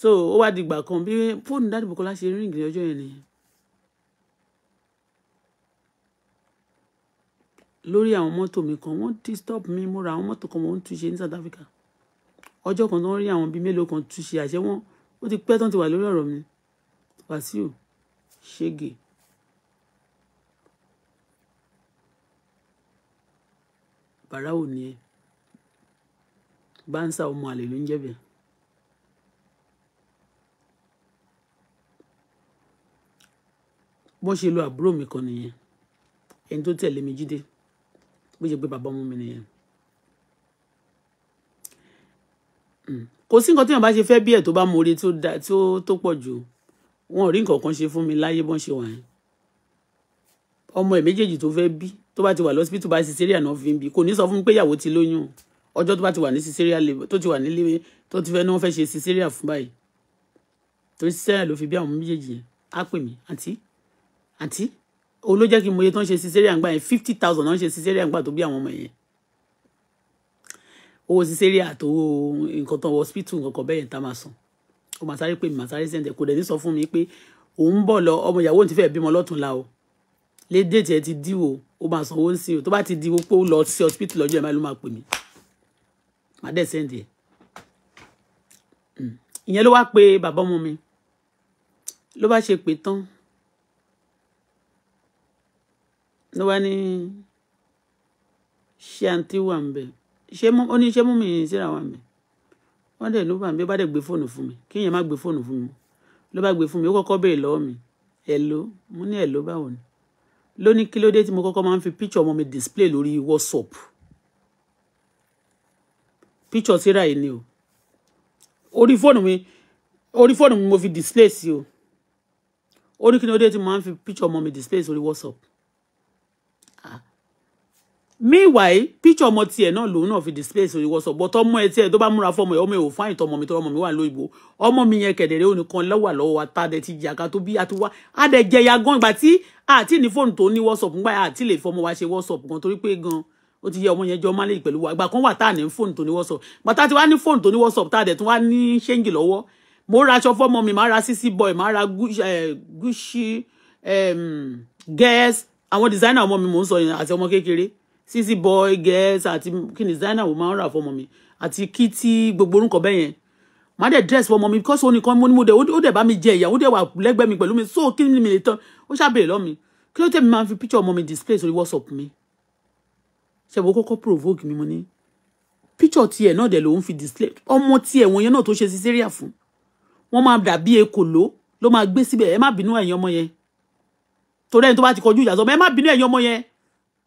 so ó wá dìgbà kan bí fóònù Daddy Bukola ṣe ríǹgì ọjọ́ yẹn nìyẹn lórí àwọn mọ́tò mi kan wọ́n disturb mi mo ra àwọn mọ́tò kan wọ́n ń túnṣe ní South Africa ọjọ́ kan tó ń rí àwọn bíi mélòó kan túnṣe àṣẹ wọn ó ti pẹ́ tán ti wà lórí ọ̀rọ̀ mi Wàsíù Ṣègè bàràwò ni ẹ báńsà ọmọ àlè ló ń jẹ́ bẹ́ẹ̀. wọ́n ṣe lo àbúrò mi kan nìyẹn ẹni tó tẹ̀lé mi jíde bó ṣe pé bàbá ọmọ mi nìyẹn. Hmm. kò sí nǹkan tí wọn bá ṣe fẹ́ bí ẹ̀ tó bá mọ oore tó pọ̀ jù wọn ò rí nǹkan kan ṣe fún mi láyé bọ́n ṣe wà yẹn ọmọ ẹ̀ méjèèjì tó fẹ́ bí tó bá ti wà lọ́sibítù bá cesarean náà fi ń bi kò ní sọ fún mi pé ìyàwó ti lóyún ọjọ́ tó bá ti wà ní cesarean labour tó ti wà nílé tó ti fẹ́ ní wọ́n fẹ́ ṣe cesarean fún báyìí torí cesarean ló fi bí àwọn méjèèjì yẹn á pè mí àǹtí àǹtí òun ló jẹ́ kí n mọye tó ń ṣe cesarean gbà yẹn fifty thousand náà ń ṣe cesarean gbà tó bí àwọn ọmọ yẹn owó cesarean àtòwò nǹkan tán hospital nǹkan kan bẹ́ẹ̀ yẹn tá máa san ó máa sáré pè mí máa sáré sẹ́ńtẹ̀ kò dẹ̀ ní sọ fún mi pé òun bọ̀ lọ ọmọ ìyàwó ti fẹ́ bímọ lọ́tún la o lé déètì ẹ ti dí o ó máa sanwó ń sìn o tó bá ti di pé ó lọ sí hospital lọ́jọ́ ẹ̀ máa ló máa pè mí má dẹ̀ sẹ́ǹdì ẹ̀ hmm. ìyẹn ló wá pe bàbá ọmọ mi ló bá ṣe pè tán ló wá ní ṣé àǹtí wà ń bẹ ṣé ó ní ṣé mi síra wà ń bẹ wọ́n dẹ̀ ló bà ń bẹ bá dẹ̀ gbé fóònù fún mi kí èèyàn má gbé fóònù fún mi ló bá gbé fún mi ó kọ́kọ́ béèrè lọ́wọ́ mi hello mo ní hello báwo ni ló ní kí ló dé tí mo kọ́kọ́ máa ń fi píchọ̀ ọmọ mi display lórí whatsapp píchọ̀ síra yìí ni o orí fóònù mi orí fóònù mi mo fi display sí o ó ní kí ló dé tí mo máa ń fi píchọ̀ ọmọ mi display sórí whatsapp meanwhile picture ọmọ tiẹ̀ náà lòun náà fi display sórí WhatsApp but ọmọ ẹ tiẹ̀ tó bá múra fọmọ ẹ ọmọ ẹ ò fáyìn tọmọ mi tọrọ ọmọ mi wà lóyìnbó ọmọ mi yẹn kẹ̀dẹ̀rẹ́ onìkan lọ́wọ́ lọ́wọ́ wa tá a dẹ̀ ti jẹ àká tó bí a ti wá a dẹ̀ jẹ ya gan ìgbà tí àti ní fóònù tó ní WhatsApp ńgbà àti lè fọmọ wa ṣe WhatsApp gan torí pé gan ó ti yẹ ọmọ yẹn jọ málẹ̀ pẹ̀lú wa ìgbà kan wà tá à ní fóònù tó ní WhatsApp bàtà tí wá ní fóònù tó ní WhatsApp tá a dẹ̀ tún wá ní ṣéǹgì lọ́wọ́ mo ra aṣọ fọmọ mi máa ra sisi boy máa ra eh, gucci guess àwọn designer ọmọ mi mò ń sọ yẹn àti ọmọ kékeré sisi boy girls àti kini ni designer wo máa ń rà fọmọ mi àti kitty gbogbo orúkọ bẹ́ẹ̀ yẹn màá dẹ̀ dress fọmọ mi because òun nìkan mo ní mo dẹ̀ ó dẹ̀ bá mi jẹ ìyà ó dẹ̀ wà lẹ́gbẹ̀ẹ́ mi pẹ̀lú mi so kí ni mi lè tán ó ṣàbẹ̀rẹ̀ lọ́ mi kí ló tẹ̀mí máa fi picture ọmọ mi display sórí whatsapp mi ṣẹ̀bù kọ́kọ́ provoke mi mo ní picture tiẹ̀ náà dẹ̀ lòun fi display ọmọ tiẹ̀ wọn yẹn náà tó ṣe sí sẹ́ríà fún wọn máa dàbí ekòló ló máa gbé síbẹ̀ ẹ má bínú ẹ̀yin ọmọ yẹn torí ẹni tó bá ti kọjú ìjà sọ ẹ má bínú ẹ̀yin ọmọ yẹn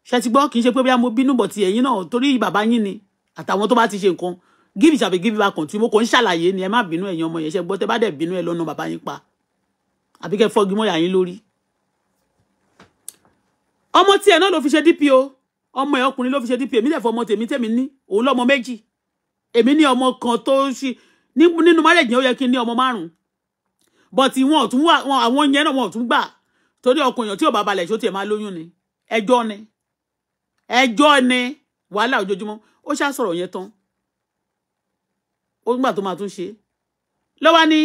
ṣe ti gbọ́ kì í ṣe pé bí mo bínú bọ̀ ti ẹ̀yin náà torí bàbá yín ni àtàwọn tó bá ti ṣe nǹkan gíbi ìṣàbí gíbi bá kàn tí mo kàn ń ṣàlàyé ni ẹ má bínú ẹ̀yin ọmọ yẹn ṣe gbọ́ tẹ bá dẹ̀ bínú ẹ lọ́nà bàbá yín pa àbí kẹ́ fọ́gi mọ́ yàyín lórí. ọmọ tiẹ̀ náà ló fi ṣe DPO ọmọ ẹ̀ ọkùnrin ló fi ṣe DPO èmi dẹ̀ fọmọ tèmi tèmi ní òun lọ́mọ méjì èmi ní ọmọ kan tó ń ṣe nínú márẹ̀jì ó yẹ kí n ní ọmọ márùn-ún but wọn ò tún wà àwọn yẹn náà wọn ò tún gbà torí ọkùnrin tí ò bá balẹ̀ ṣó tiẹ̀ máa lóyún ni ẹjọ́ ni ẹjọ́ ni wàhálà ojoojúmọ́ ó ṣáà sọ̀rọ̀ yẹn tán ó gbà tó máa tún ṣe lọ́wọ́ ní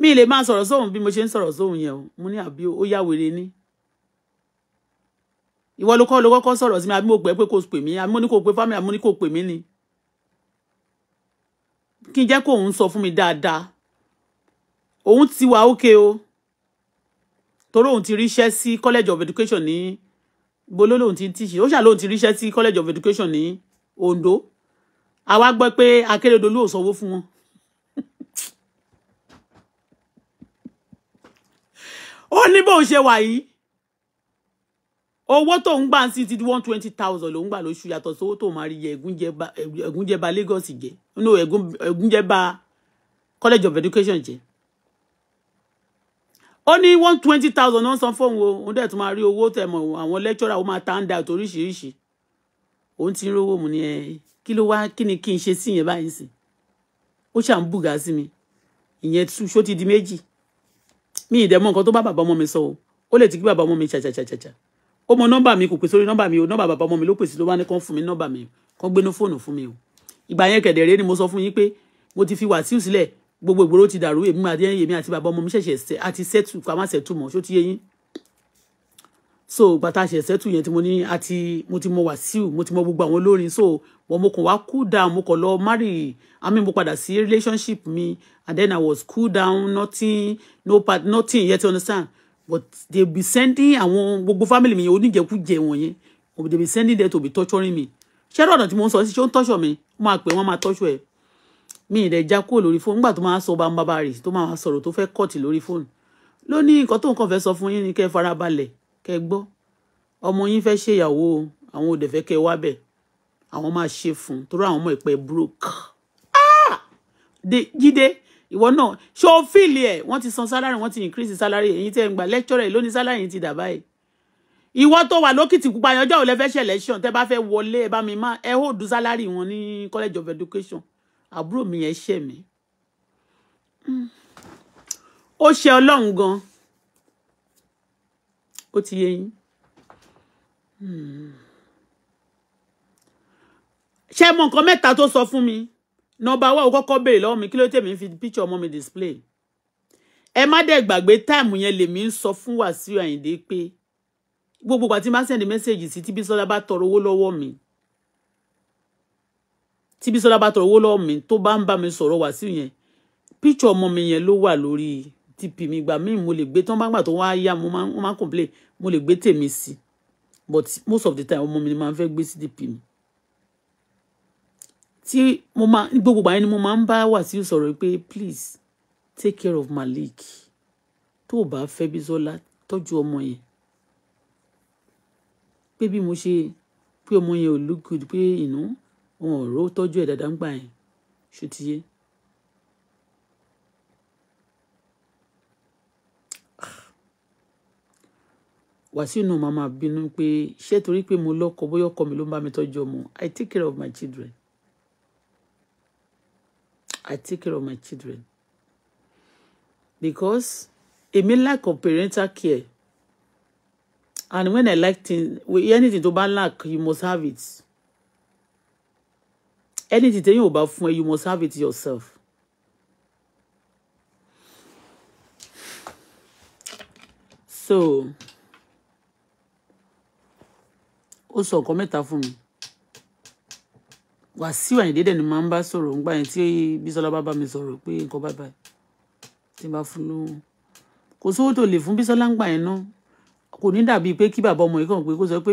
mi lè máa sọ̀rọ̀ sóhun bí mo ṣe ń sọ̀rọ̀ sóhun yẹn o mo ní àbí ó yá wèrè ni ìwọ ló kọ́ ló kọ́kọ́ sọ̀rọ̀ sí mi àbí mo pẹ́ pé kò pè mí àbí mo ní kò pé fámì àbí mo ní kò pè mí ni kí n jẹ́ kó òun sọ fún mi dáadáa òun ti wà ókè o torí òun ti ríṣẹ́ sí college of education ní gbolo lòun ti ń tíṣe ó ṣàlóhun ti ríṣẹ́ sí college of education ní Ondo àwa gbọ́ pé Akérédolú ò sanwó fún wọn ó ní bóun ṣe wà yìí owó tó ń gbà sí ti one twenty thousand ló ń gbà lóṣù yàtọ̀ sówó tó máa rí yẹ ẹ̀gúnjẹba Lagos jẹ ẹ̀gúnjẹba college of education jẹ ó ní one twenty thousand ní wọ́n san fóun o òun dẹ̀ tún máa rí owó tẹ̀mọ̀ àwọn lecturer ó máa tán dà toríṣiríṣi òun ti ń rówó mu ni ẹ kí ló wá kí ni kí n ṣe sí ìyẹn báyìí sí ó ṣà ń bùgà sí mi ìyẹn tú ṣó ti di méjì mi ì dẹ̀mọ́ nǹkan tó bá bàbá ọmọ mi sọ o ó lè ti kí bàbá ọmọ mi ṣàṣàṣàṣà ó mọ nọ́mbà mi kò pè sórí nọ́mbà mi o nọ́mbà bàbá ọmọ mi ló pè sí ló wá ní kán fún mi nọ́mbà mi kán gbénú fóònù fún mi o ìgbà yẹn kẹ̀dẹ̀ ni mo sọ fún yín pé mo ti fi Wàsíù sílẹ̀ gbogbo ìgboro ti dàrú èmi àti èmi àti bàbá ọmọ mi ṣẹ̀ṣẹ̀ àti sẹ́tù ká má sẹ́tù mọ́ ṣó ti yé yín so bàtà ṣẹ̀ṣẹ̀ tù yẹn tí mo ní àti mo ti mọ Wàsíù mo ti mọ gbogbo àwọn olórin so wọn mo kàn wá cool down mo kàn lọ marry àmì mo padà sí relationship mi and then I was cool down nothing no part nothing yet you understand but they be sending àwọn gbogbo family mi yẹn oníjẹkújẹ wọn they be sending them to be torturing me ṣé ọ̀dọ̀ tí mo ń sọ sí ṣé ó ń tọ́ṣọ̀ mi wọ́n máa pè wọ́n máa tọ́ṣọ̀ ẹ̀ mi ì dẹ̀ já kúrò lórí fóònù nígbà tó máa sọ ọba bàbá rẹ̀ tó máa sọ̀rọ̀ tó fẹ́ kọ́ọ̀tì lórí fóònù ló ní nǹkan tó nǹkan fẹ́ sọ fún yín ni kẹ́ ẹ farabalẹ̀ kẹ́ ẹ gbọ́ ọmọ yín fẹ́ ṣèyàwó àwọn òdẹ̀ fẹ́ kẹ́ ẹ wá bẹ̀ àwọn máa ṣe fún torí àwọn ọmọ ìpẹ́ broke ah! jíde ìwọ náà ṣó fíìlì ẹ wọ́n ti san sálárì wọ́n ti increase sálárì èyí tẹ́ ń gbà lecturer lónìí sálárì yìí ti dà báyìí ìwọ tó wà lókìtì pupa yanjọ́ ò lè fẹ́ ṣe election tẹ́ bá fẹ́ wọlé ẹ bá mi má ẹ hold sálárì wọn ní college of education àbúrò mi yẹn ṣẹ̀ mí hmm. ó ṣe ọlọ́run gan ó ti yé yín hmm. ṣé mọ nǹkan mẹ́ta tó sọ fún mi nọ́mbà wa ò kọ́kọ́ béèrè lọ́wọ́ mi kí ló tèmi fi píṣọ ọmọ mi display ẹ má dẹ̀ gbàgbé táìmù yẹn lèmi ń sọ fún Wàsíù Àyìndé pé gbogbo ìgbà tí má sẹ́ndì mẹ́sẹ̀gì sí tí Bísọ́lá bá tọrọ owó lọ́wọ́ mi tí Bísọ́lá bá tọrọ owó lọ́wọ́ mi tó bá ń bá mi sọ̀rọ̀ wá sí yẹn píchọ̀ ọmọ mi yẹn ló wà lórí dp mi ìgbà míì mo lè gbé tí wọ́n bá gbà tó wá yá mo máa complain mo lè gbé tèmi sí but most of the time ọmọ mi ni máa ń fẹ́ gbé sí dp mi tí mo máa gbogbo àyẹn ni mo máa ń bá Wàsíù sọ̀rọ̀ pé please take care of Malik tó o bá fẹ́ Bísọ́lá tọ́jú ọmọ yẹn pé bí mo ṣe pé ọmọ yẹn ò look good pé you know wọn ò ró tọ́jú ẹ̀ dáadáa ń gbà yẹn ṣùtìyẹ. wàsíù náà máa máa bínú pé ṣé torí pé mo lọ́kọ bóyá ọkọ mi ló ń bá mi tọ́jú ọmọ i take care of my children i take care of my children because èmi lack of parental care and when i like things anything tó bá lack you must have it anything téèyàn you about fún you must have it yourself. so also comment nǹkan mẹ́ta fún mi Wàsíù Àyìndé dẹ̀ ni màá ń bá sọ̀rọ̀ you yẹn tí Bísọ́lá bá bá mi sọ̀rọ̀ pé nǹkan bá báyìí tí n bá fún lóhùn kò sówó tó lè fún Bísọ́lá ńgbà yẹn náà kò ní dàbíi pé kí bàbá ọmọ yìí kàn pé kó sọ pé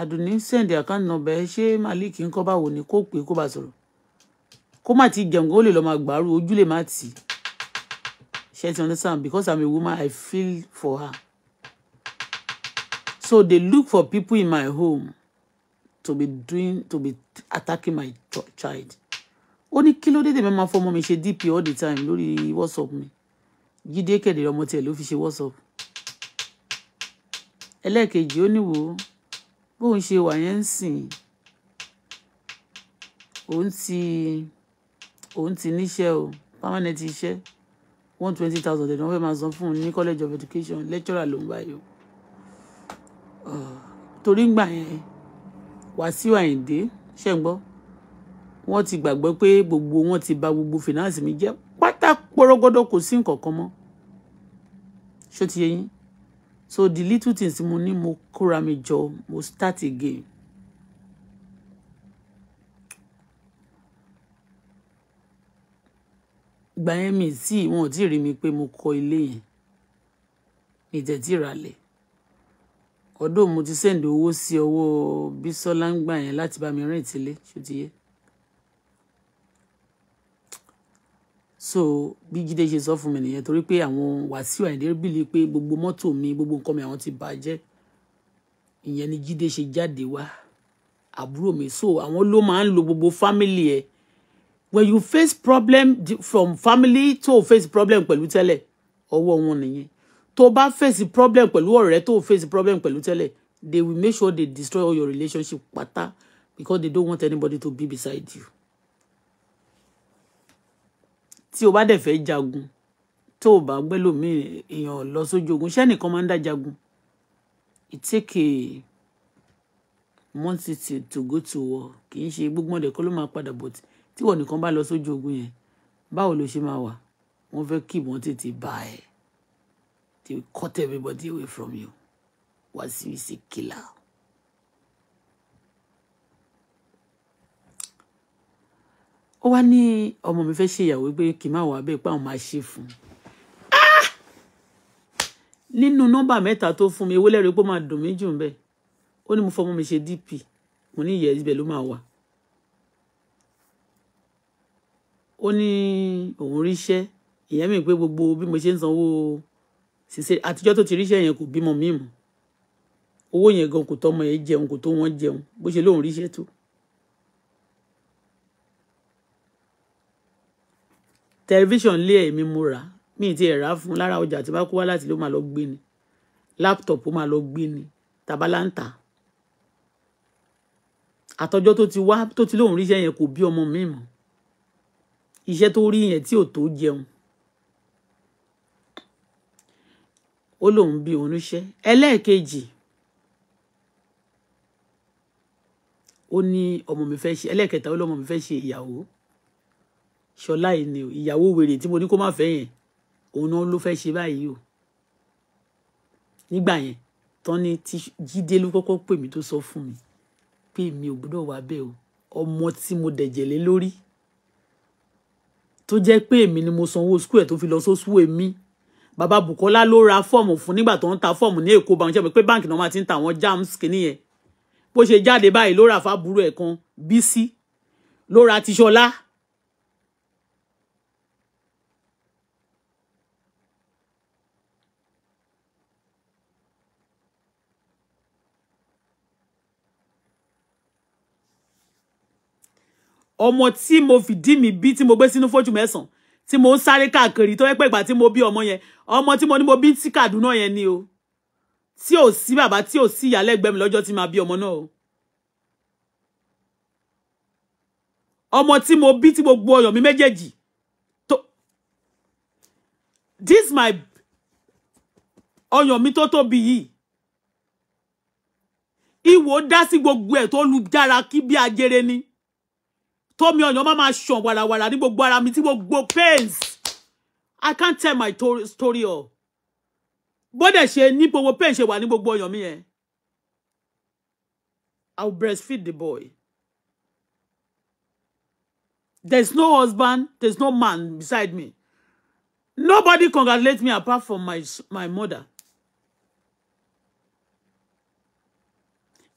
àdùnní send account number ẹ ṣé malik ńkọ́ báwo ni kó pè kó bá sọ̀rọ̀ kó má ti jẹun kó lè lọ máa gbàrú ojú lè má tì ṣe ti understand because i'm a woman i feel for her so they look for people in my home to be doing to be attacking my child ó ní kí ló dé tèmi máa fọmọ mi ṣe dp all the time lórí whatsapp mi jíde kéde ọmọ tiẹ̀ ló fi ṣe whatsapp ẹlẹ́ẹ̀kejì ó níwò ó bóun ṣe wà yẹn ń sìn òun ti òun ti níṣẹ́ o permanent iṣẹ́ one twenty thousand ẹ̀dùn wọn fẹ́ máa san fún un ní college of education lecturer ló ń báyìí o torí ń gbà yẹn Wàsíù Àyìndé ṣe ń gbọ́ wọ́n ti gbàgbọ́ pé gbogbo wọn ti bà gbogbo finance mi jẹ́ pátá pọ́rọ́gọ́dọ́ kò sí nǹkan kan mọ́ ṣó ti yẹ yín so the little things mo ní mo kóra mi jọ mo start again. ìgbà yẹn mi tí wọn ò tí ì rí mi pé mo kọ́ ilé yẹn mi tẹ̀ tí ì ralẹ̀ ọdún mo ti sẹ́ǹdì owó sí ọwọ́ Bísọ́lá ń gbà yẹn láti bá mi rìn tílé ṣó so bí Jídé ṣe sọ fún mi nìyẹn torí pé àwọn Wàsíù Àyìndé bìlì pé gbogbo mọ́tò mi gbogbo nǹkan mi àwọn ti bàjẹ́ ìyẹn ni Jídé ṣe jáde wá àbúrò mi so àwọn ló máa ń lo gbogbo family ẹ when you face problem from family tó o face problem pẹ̀lú tẹ́lẹ̀ ọwọ́ wọn nìyẹn tó o bá face problem pẹ̀lú ọ̀rẹ́ tó o face problem pẹ̀lú tẹ́lẹ̀ they will make sure they destroy all your relationship pátá because they don't want anybody to be beside you tí o bá dẹ̀ fẹ́ jagun tó o bá gbẹ́ lómi èèyàn lọ sójú ogun ṣé máa ń dá jagun it take a to go to war kì í ṣe gbogbo ọ̀dẹ̀ kọ́ ló máa padà bọ̀ tí wọ́n nìkan bá lọ sójú ogun yẹn báwo ló ṣe máa wà wọ́n fẹ́ kí ìbọn tètè bá ẹ̀ they cut everybody away from you Wasiu is a killer. ó wá ní ọmọ mi fẹ́ ṣe ìyàwó pé kì í má wà bẹ́ẹ̀ pé àwọn máa ṣe fún un ah! nínú nọ́mbà mẹ́ta tó fún mi ewé lẹ́rìí pé ó máa dùn mí jù bẹ́ẹ̀ ó ní mo fọmọ mi ṣe dp mo ní ìyẹn ibẹ̀ ló máa wà ó ní òun ríṣẹ́ ìyẹn mi pé gbogbo bí mo ṣe ń sanwó ṣiṣẹ àtijọ́ tó ti ríṣẹ́ yẹn kò bímọ mímu owó yẹn gan kò tọ́ ọmọ yẹn jẹun kò tó wọn jẹun bó ṣe lóun ríṣẹ́ tó Television lé èmi mo rà mí ti ẹ̀rá fún lára ọjà tí bá kó wá láti ló máa lọ gbé ni laptop ó máa lọ gbé ni tabalanta àtọjọ́ tó ti wá tó ti lóun ríṣẹ́ yẹn kò bí ọmọ mi mọ́ iṣẹ́ tó rí yẹn tí ò tó jẹun ó lóun bí òun níṣẹ́ ẹlẹ́ẹ̀kejì ó ní ọmọ mi fẹ́ ṣe ẹlẹ́ẹ̀kẹta ó lọ́mọ mi fẹ́ ṣe ìyàwó ṣọlá yìí ni ìyàwó wèrè tí mo ní kó má fẹ́ yẹn òun náà ló fẹ́ẹ́ ṣe báyìí o nígbà yẹn tán ni tí jíde ló kọ́kọ́ pè mí tó sọ fún mi pé mi ò gbọ́dọ̀ wá bẹ́ẹ̀ o ọmọ tí mo dẹ̀jẹ̀ lé lórí tó jẹ́ pé èmi ni mo sanwó skul ẹ̀ tó fi lọ sóṣù èmi bàbá Bukola ló ra fọ́ọ̀mù fún nígbà tó ń ta fọ́ọ̀mù ní Èkó báwọn ṣẹ́bi pé báǹkì náà máa ti ń ta àwọn jams kìíní yẹn bó ṣe jáde báyìí ló ra fábúrò ẹ̀ kan Bísí ló ra tiṣọlá ọmọ tí mo fìdí mi bí tí mo gbé sínú fójú mẹ́sàn tí mo ń sáré to tó yẹ pé mo bi ọmọ yẹn ọmọ tí mo ní mo bí tí Kàdúná yẹn ni o tí ò sí bàbá tí ò sí ìyá lẹ́gbẹ̀ẹ́ mi lọ́jọ́ tí màá bí ọmọ náà o ọmọ tí mo bí tí gbogbo ọyàn mi méjèèjì tó this my ọyàn mi tó tóbi yìí ìwọ dá sí gbogbo ẹ̀ tó lu jára kí bí ajere ni tómi ọyàn má máa ṣàn wàràwàrà ní gbogbo ara mi tí gbogbo pains i can't tell my story o bó dẹ̀ ṣe ní gbogbo pains ṣe wà ní gbogbo ọyàn mi yẹn i breastfeed the boy There's no husband There's no man beside me nobody congratulates me apart from my my mother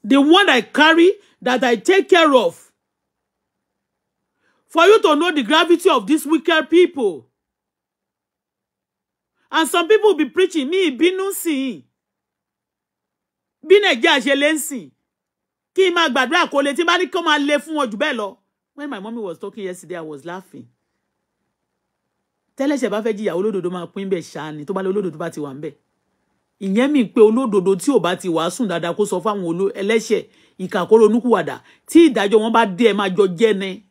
the one i carry that i take care of for you to know the gravity of these wicked people. And some people be preaching me ìbínú sí i. Bí Nàìjíríà ṣe lé ń sìn. Kí n máa gbàdúrà kó lè le fún wọn jù bẹ́ẹ̀ When my mommy was talking yesterday, I was laughing. Tẹ́lẹ̀ṣẹ̀ bá fẹ́ jìyà olódodo máa pín bẹ́ẹ̀ ṣáá ni tó bá lé olódodo bá ti wà ń bẹ̀. mi pé olódodo tí ò bá ti wàásùn dáadáa kó sọ fáwọn ẹlẹ́ṣẹ̀ ìkàkóró onúkúwàdà tí ìdájọ́ wọn bá dé ẹ máa jọ jẹ́ ni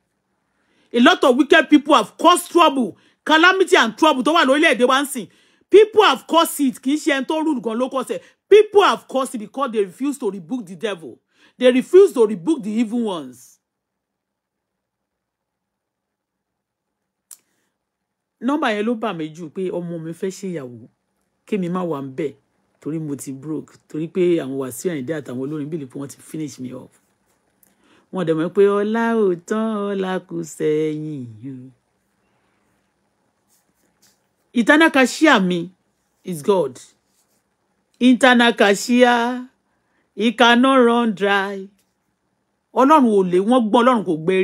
a lot of wicked people have caused trouble calamity and trouble tó wà lórílẹ̀-èdè wa ń people have caused it kì í ṣe ẹni tó rúlù gan ló kọ́sẹ̀ people have caused it because they refuse to rebuke the devil they refuse to rebuke the evil ones. Number yẹn ló bà mí jù pé ọmọ mi fẹ́ ṣèyàwó kémi má wà ń bẹ̀ torí mo ti broke torí pé àwọn wàsíù àyíndé àtàwọn olórin bìlì pé wọ́n ti finish me off wọ́n dẹ̀ mọ̀ pé ọlá ò ọlá kù sẹ́yìn o. mi is God internal cashier he cannot run dry ọlọ́run ò lè wọ́n gbọ́ ọlọ́run kò gbé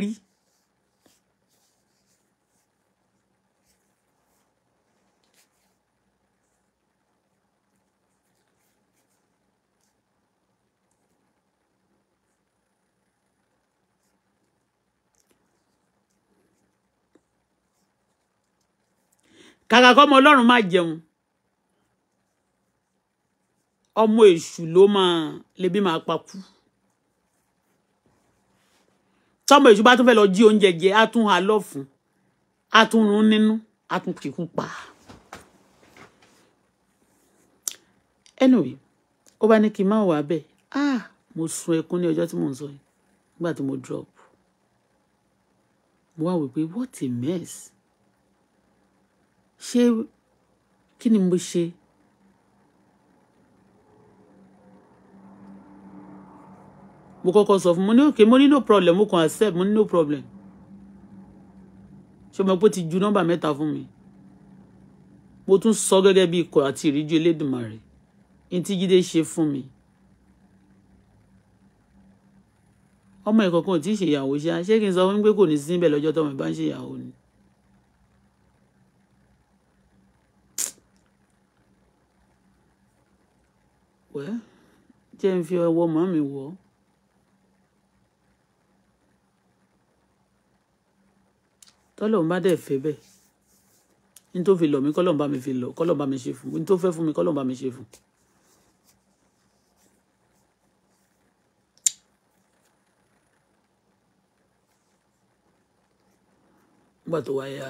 kàkà kọ́mọ ọlọ́run má jẹun ọmọ èṣù ló máa lebi máa pakú tọmọ èṣù bá tún fẹ́ lọ jí oúnjẹ jẹ á tún hà lọ́fun á tún run nínú á tún kíkú pa anyway ó bá ní kí n má wà bẹ́ẹ̀ ah mo sun ẹkún ní ọjọ́ tí mò ń sọ yìí nígbà tí mo drop mo wá wò what a mess ṣé kí ni mo ṣe? mo kọ́kọ́ sọ fún mo ní òkè mo ní no problem mo kàn accept mo ní no problem ṣé mo pé ti ju nọ́mbà mẹ́ta fún mi mo tún sọ gẹ́gẹ́ bí ikọ̀ àti ìríjú Elédùmarè ní tí Jídé ṣe fún mi ọmọ ìkọ̀kan ò tí ì ṣèyàwó ṣá ṣé kí n sọ fún pé kò ní síbẹ̀ lọ́jọ́ tọ́mọ ìbá ń ṣèyàwó ni. pẹ́ jẹ́ ń fi ọwọ́ mọ́ mi wọ̀ tọ́lọ́run bá dẹ̀ fẹ́ bẹ́ẹ̀ ní tó fi lọ̀ mí kọ́lọ́run bá mi fi lọ̀ kọ́lọ́run bá mi ṣe fún ní tó fẹ́ fún mi kọ́lọ́run bá mi ṣe fún. nígbà tó wáyà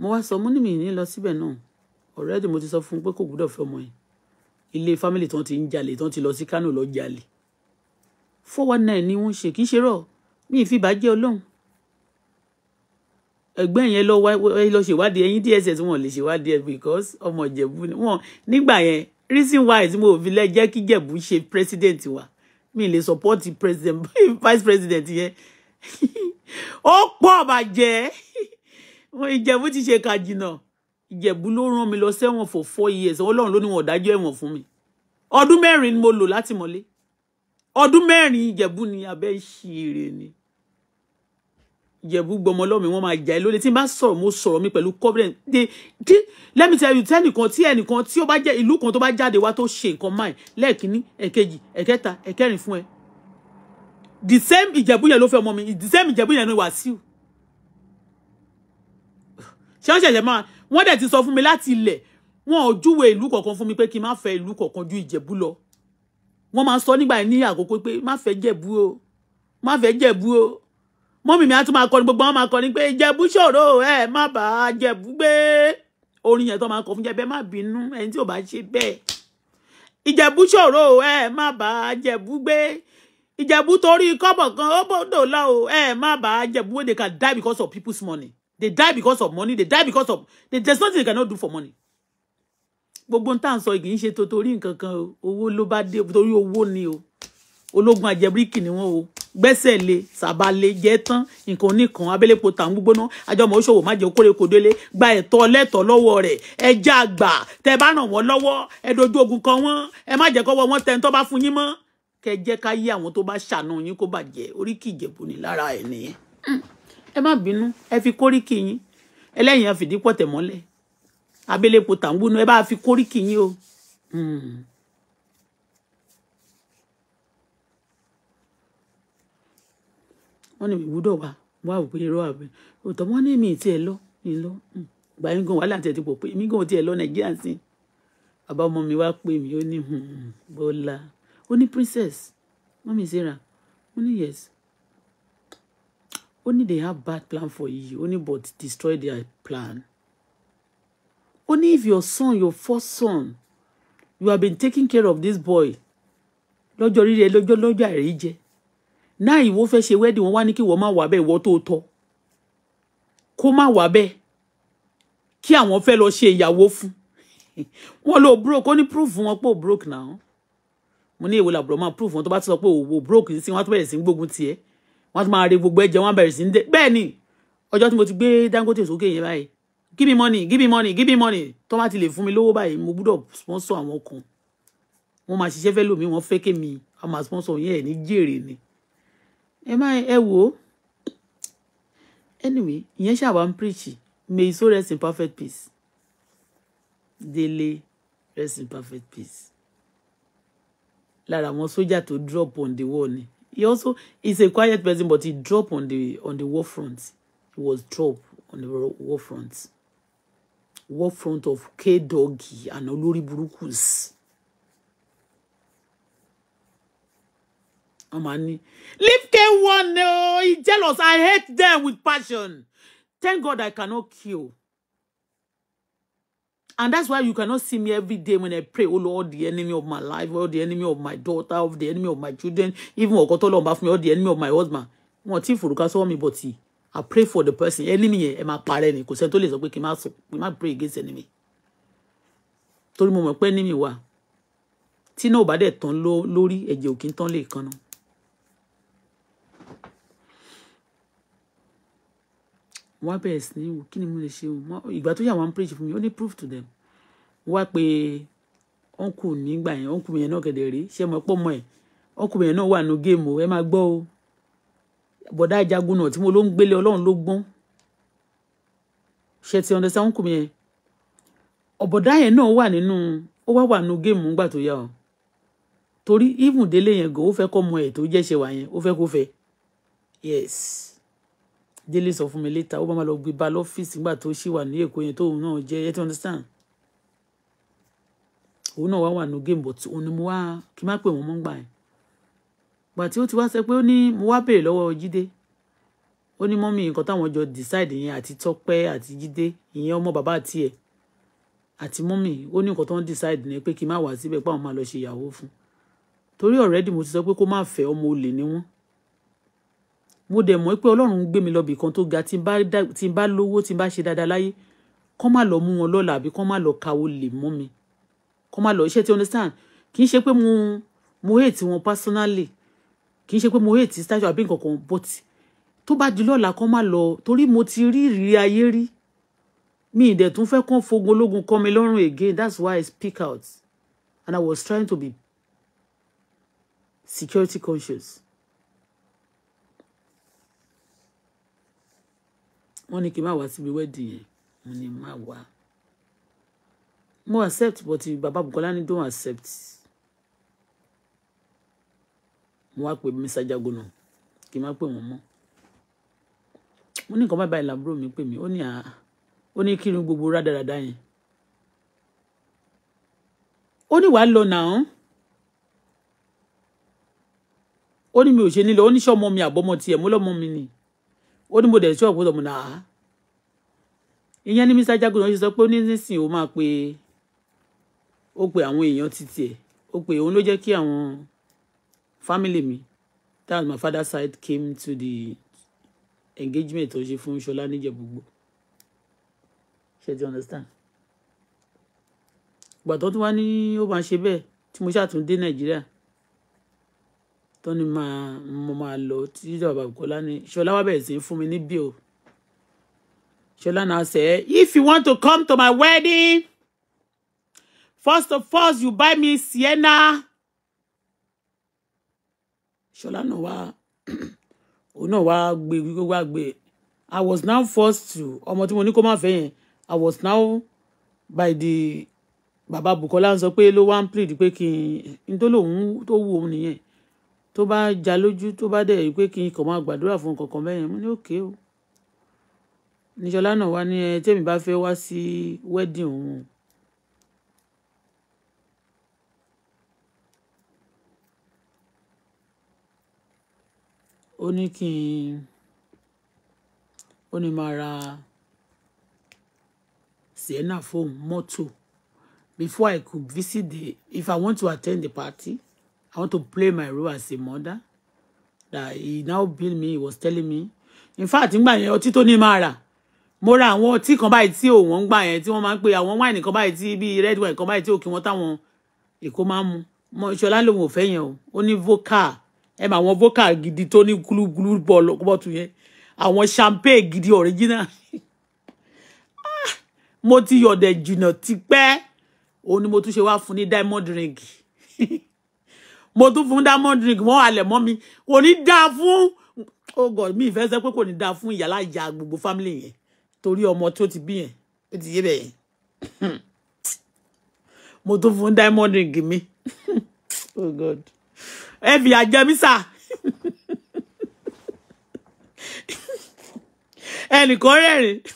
mo wá sọ mo ní mi ní lọ síbẹ̀ náà ọ̀rẹ́dì mo ti sọ fún un pé kò gbúdọ̀ fẹ́ ọmọ yìí ilé family tán ti ń jalè tán ti lọ sí Kánò lọ jalè four one nine ni wọ́n ṣe kì í ṣe rọ̀ mí ìfi ìbàjẹ́ ọlọ́run ẹgbẹ́ yẹn lọ wá lọ ṣèwádìí ẹ̀yin DSS wọn lè ṣèwádìí ẹ because ọmọ ìjẹ̀bú ni wọn nígbà yẹn reason why tí mo fi lẹ jẹ́ kí jẹ̀bú ṣe president wa mi lè support president <laughs> vice president yẹn <laughs> ó pọ̀ bàjẹ́ <laughs> ìjẹ̀bú ti ṣe kà ìjẹ̀bú ló rán mi lọ sẹ́wọ̀n for four years ọlọ́run ló ní wọn ọ̀dájọ́ ẹ̀wọ̀n fún mi ọdún mẹ́rin ni mo lò láti mọ̀lé ọdún mẹ́rin ìjẹ̀bú ni abẹ́ ìṣirè ni ìjẹ̀bú gbọmọ lọ́mí wọ́n máa jà ẹ́ lólè tí n bá sọ̀rọ̀ mo sọ̀rọ̀ mi pẹ̀lú covenant de de let me tí ẹnìkan tí ó bá jẹ́ ìlú kan tó bá jáde wá tó ṣe nǹkan máì lẹ́ẹ̀kínní ẹ̀kejì ẹ̀kẹta ẹ̀kẹrin fún ẹ the same ìjẹ̀bú yẹn ló fẹ́ ọmọ mi the same ìjẹ̀bú yẹn ni Wàsíù ṣé wọ́n ṣẹ̀ṣẹ̀ máa wọ́n dẹ̀ ti sọ fún mi láti ilẹ̀ wọn ò júwe ìlú kọ̀ọ̀kan fún mi pé kí n má fẹ́ ìlú kọ̀ọ̀kan ju ìjẹ̀bú lọ wọ́n máa sọ nígbà ní àkókò pé má fẹ́ jẹ̀bú o má fẹ́ jẹ̀bú o mọ́mì mi á tún máa kọrin gbogbo wọn máa kọrin pé ìjẹ̀bú ṣòro ẹ má bà á jẹ̀bú gbé orin yẹn tó máa kọ fún jẹ̀bẹ́ má bínú ẹni tí ò bá ṣe bẹ́ẹ̀ ìjẹ̀bú ṣòro ẹ má bà á jẹ̀bú gbé ìjẹ̀bú torí kọ́bọ̀ kan ó bòdò lọ ẹ má bà á jẹ̀bú wey they can die because of people's money They die because of money. They die because of... They, there's nothing they cannot do for money. Gbogbo n tá ń igi ń ṣe totori nǹkan kan owó ló bá dé torí owó ni o. Ológun àjẹbíríkì ni wọ́n o. Gbẹ́sẹ̀ le, sàbà le, jẹ́ tán, nǹkan oníkan, abẹ́lẹ́po tà ń gbógbóná, àjọmọ̀ oṣòwò má jẹ́ okóre kòdélé, gba ẹ̀tọ́ ọlẹ́tọ̀ lọ́wọ́ rẹ̀, ẹja àgbà, tẹ bá ràn wọ́n lọ́wọ́, ẹ dojú ogun kan wọ́n, ẹ má jẹ́ kọ́wọ́ wọn tẹ̀ ń tọ́ bá fún yín mọ́, kẹ jẹ́ ká yé àwọn tó bá ṣàánú yín kó bàjẹ́, orí kìjẹ̀bù ni lára ẹ̀ nìyẹn ẹ má bínú ẹ fi kóríkì yín ẹlẹ́yìn àfìdí pọ̀tẹ̀ mọ́lẹ̀ abẹ́lẹ́po tàǹgbùnú ẹ bá fi kóríkì yín o. Hmm. wọ́n ní ìwúdọ̀ wa wá òpin irọ́ àbẹ̀ òtọ́ wọ́n ní mi tiẹ̀ lọ mi lọ hmm. ìgbà yín gan wàhálà tiẹ̀ ti pọ̀ pé mi gan tiẹ̀ lọ nàìjíríà sí i bàbá ọmọ mi wá pè mí ó ní hmm, bọ́lá ó ní princess mọ́mí sarah ó ní yes Only they have bad plan for you Only but destroy their plan Only if your son your first son you have been taking care of this boy lọ́jọ́ rírì ẹ lọ́jọ́ lọ́jọ́ àìrí jẹ náà ìwọ fẹ́ ṣe wedding wọn wá ní kí ìwọ má wà bẹ́ẹ̀ ìwọ tó tọ́ kó má wà bẹ́ẹ̀ kí àwọn fẹ́ lọ ṣe ìyàwó fún <laughs> wọn lò broke ó ní proof wọn pé ò broke náà mo ní èwo làbúrò máa proof wọn tó bá ti sọ pé òwò broke sí wọn á tó bẹ̀rẹ̀ sí gbógun tiẹ̀ wọ́n tún máa re gbogbo ẹ̀jẹ̀ wọ́n bẹ̀rẹ̀ sí ń dé bẹ́ẹ̀ ni ọjọ́ tí mo ti gbé Dangote sókè yẹn báyìí give me money give me money give me money tó bá ti lè fún mi lówó báyìí mo gbúdọ̀ sponsor àwọn kan wọ́n máa ṣiṣẹ́ fẹ́ lómi wọ́n fẹ́ kémi a máa sponsor yẹn ní jèrè ni ẹ má ẹ wò ó anyway ìyẹn ṣàwà ń preach may so rest in perfect peace délé rest in perfect peace lára àwọn sójà tó drop on the wall ni. He also is a quiet person, but he dropped on the on the war front. He was dropped on the war front. War front of K Doggy and Olori Burukus. Amani. Leave K1, no, he jealous. I hate them with passion. Thank God I cannot kill. And that's why you cannot see me every day when I pray, oh Lord, the enemy of my life, or oh, the enemy of my daughter, of oh, the enemy of my children, even Okotolomba for me, or oh, the enemy of my husband. Wọ́n ti fòrùka sọ́wọ́ mi bọ̀tì. I pray for the person. Enemy yẹn ẹ máa parẹ́ ni. Kò sẹ́ni tó lè sọ pé pray against enemy. Torí mo mọ̀ pé enemy wà. Tí náà ò bá dẹ̀ tán lórí ẹ̀jẹ̀ òkín tán lè kan náà. wọ́n á bẹ̀rẹ̀ sí ní wò kí ni mo lè ṣe wọ́n ìgbà tó yà wọ́n preach fún mi ó ní proof to them wọ́n á uncle nígbà yẹn uncle mi yẹn náà kẹ̀dẹ̀ rí ṣé mo pọ̀ mọ́ ẹ̀ uncle mi yẹn náà wà nù géèmù ẹ máa gbọ́ o bọ̀dá ajagun náà tí mo ló ń gbélé ọlọ́run ló gbọ́n ṣe ti understand uncle mi yẹn ọ̀bọ̀dá yẹn náà wà nínú ó wá wà nù géèmù ńgbà tó yà o torí even délé yẹn gan ó fẹ́ kọ́ mọ ẹ̀ tó jẹ́ ṣe wà yẹn ó fẹ́ kó fẹ́ yes délé sọ fún mi létà ó bá máa lọ gbé ba lọ́fíìsì nígbà tó ṣì wà ní èkó yẹn tóun náà jẹ́ yẹn tí wọ́n understand òun náà wá wà ní game but òun ni mo wá kí n má pè wọ́n mọ́ gbà yẹn gbà tí ó ti wá sọ pé ó ní mo wá béèrè lọ́wọ́ jíde ó ní mọ́mí nǹkan táwọn jọ decide yẹn àti tọ́pẹ́ àti jíde ìyẹn ọmọ bàbá àti ẹ̀ àti mọ́mí ó ní nǹkan tó ń decide ni pé kí n má wá síbẹ̀ pé àwọn máa lọ ṣe ìyàwó fún torí already mo ti sọ pé kó má fẹ́ ọmọ olè ni wọ́n mo dẹ̀ mọ̀ pé ọlọ́run ń gbé mi lọ́bì kan tó ga tí n bá lówó tí n bá ṣe dáadáa láyé kọ́ má lọ mú wọn lọ́la àbí kọ́ má lọ kawó lè mú mi kọ́ má lọ iṣẹ́ tí understand kì í ṣe pé mo mo hate wọn personally kì í ṣe pé mo hate statue àbí nǹkan kan but tó bá di lọ́la kọ́ má lọ torí mo ti rí ìrírí ayé rí mi ìdẹ̀ tún fẹ́ kán fogun ológun kọ́ mi lọ́rùn again that's why I speak out and I was trying to be security conscious. wọ́n ní kí n má wá síbi wedding yẹn mo ní má wá mo accept but Baba Bukola ni don't accept mo wá pè Mr. Jagona kí n má pè wọ́n mọ́ mo ní nǹkan báyìí làbúrò mi pè mí ó ní àá ó ní kírun gbogbo rádaràda yẹn ó ní wàá lọ nàá ó ní mi ò ṣe nílò ó ní sọmọ mi àbọmọ tiẹ̀ mo lọmọ mi ni ó ní mo dẹ̀ ṣọ́ọ̀bù tó mọ̀ náà ìyẹn ní Mr. Jagodun ṣe sọ pé ó ní nísìnyí ó máa pe ó pe àwọn èèyàn títí ẹ̀ ó pe òun ló jẹ́ kí àwọn family mi that my father side came to the engagement tó ṣe fún Ṣọlá níjẹ̀bùgbò ṣe ti understand gbàtọ́ tí wọ́n ní ó máa ṣe bẹ́ẹ̀ tí mo ṣàtúndé Nàìjíríà tó ní máa mo máa lọ tí bàbá Bukola ní Ṣọlá wá bẹ̀rẹ̀ sí fún mi ní bill Ṣọlá náà ṣe if you want to come to my wedding first of all you buy me sienna Ṣọlá náà wá <clears throat> òun náà wá gbé wíwó wá gbé I was now forced to ọmọ tí mo ní kó má fẹ́ yẹn I was now by the Baba Bukola ń sọ pé ló wá ń plead pé kí n tó lòun tó wù òun nìyẹn tó bá já lójú tó bá dẹ̀ rí pé kí n kàn máa gbàdúrà fún kankan bẹ́yẹn mo ní òkè o níṣọlá náà wá ní ẹ tẹ́mi bá fẹ́ wá sí wedding òun ó ní kí n ó ní máa ra sienna fóun mọ́tò before I could visit the if I want to attend the party I want to play my role as a mother. That he now billed me, he was telling me. In fact, nígbà yẹn ọtí ni mara máa rà. Mo ra àwọn ọtí kan báyìí tí òun gbà yẹn tí wọ́n máa ń pe àwọn wáìnì kan báyìí tí bíi red wine kan báyìí tí òkè wọn táwọn Èkó máa ń mu. Mo Ṣọlá lòun ò fẹ́ yẹn o. Ó ní vocal ẹ mà àwọn vocal gidi tó ní gúlúgúlú bọ́ọ̀lù bọ́ọ̀tù yẹn. Àwọn champagne gidi original. <laughs> Ah! Mo ti yọ̀dẹ̀ jìnnà pe. Òun ni mo tún ṣe wá fún ní diamond ring. <laughs> mo tún fún diamond drink mo ale mọ́ mi kò ní dáa oh god mi ìfẹ́ sẹ́ pé kò ní dáa fún ìyá láyà gbogbo family yẹn torí ọmọ tó ti bí yẹn ó ti yé bẹ́ẹ̀ yẹn mo tún fún diamond ring mi <laughs> oh god ẹ fi àjẹ mi sà <laughs> ẹnìkan rẹ́rìn. <laughs>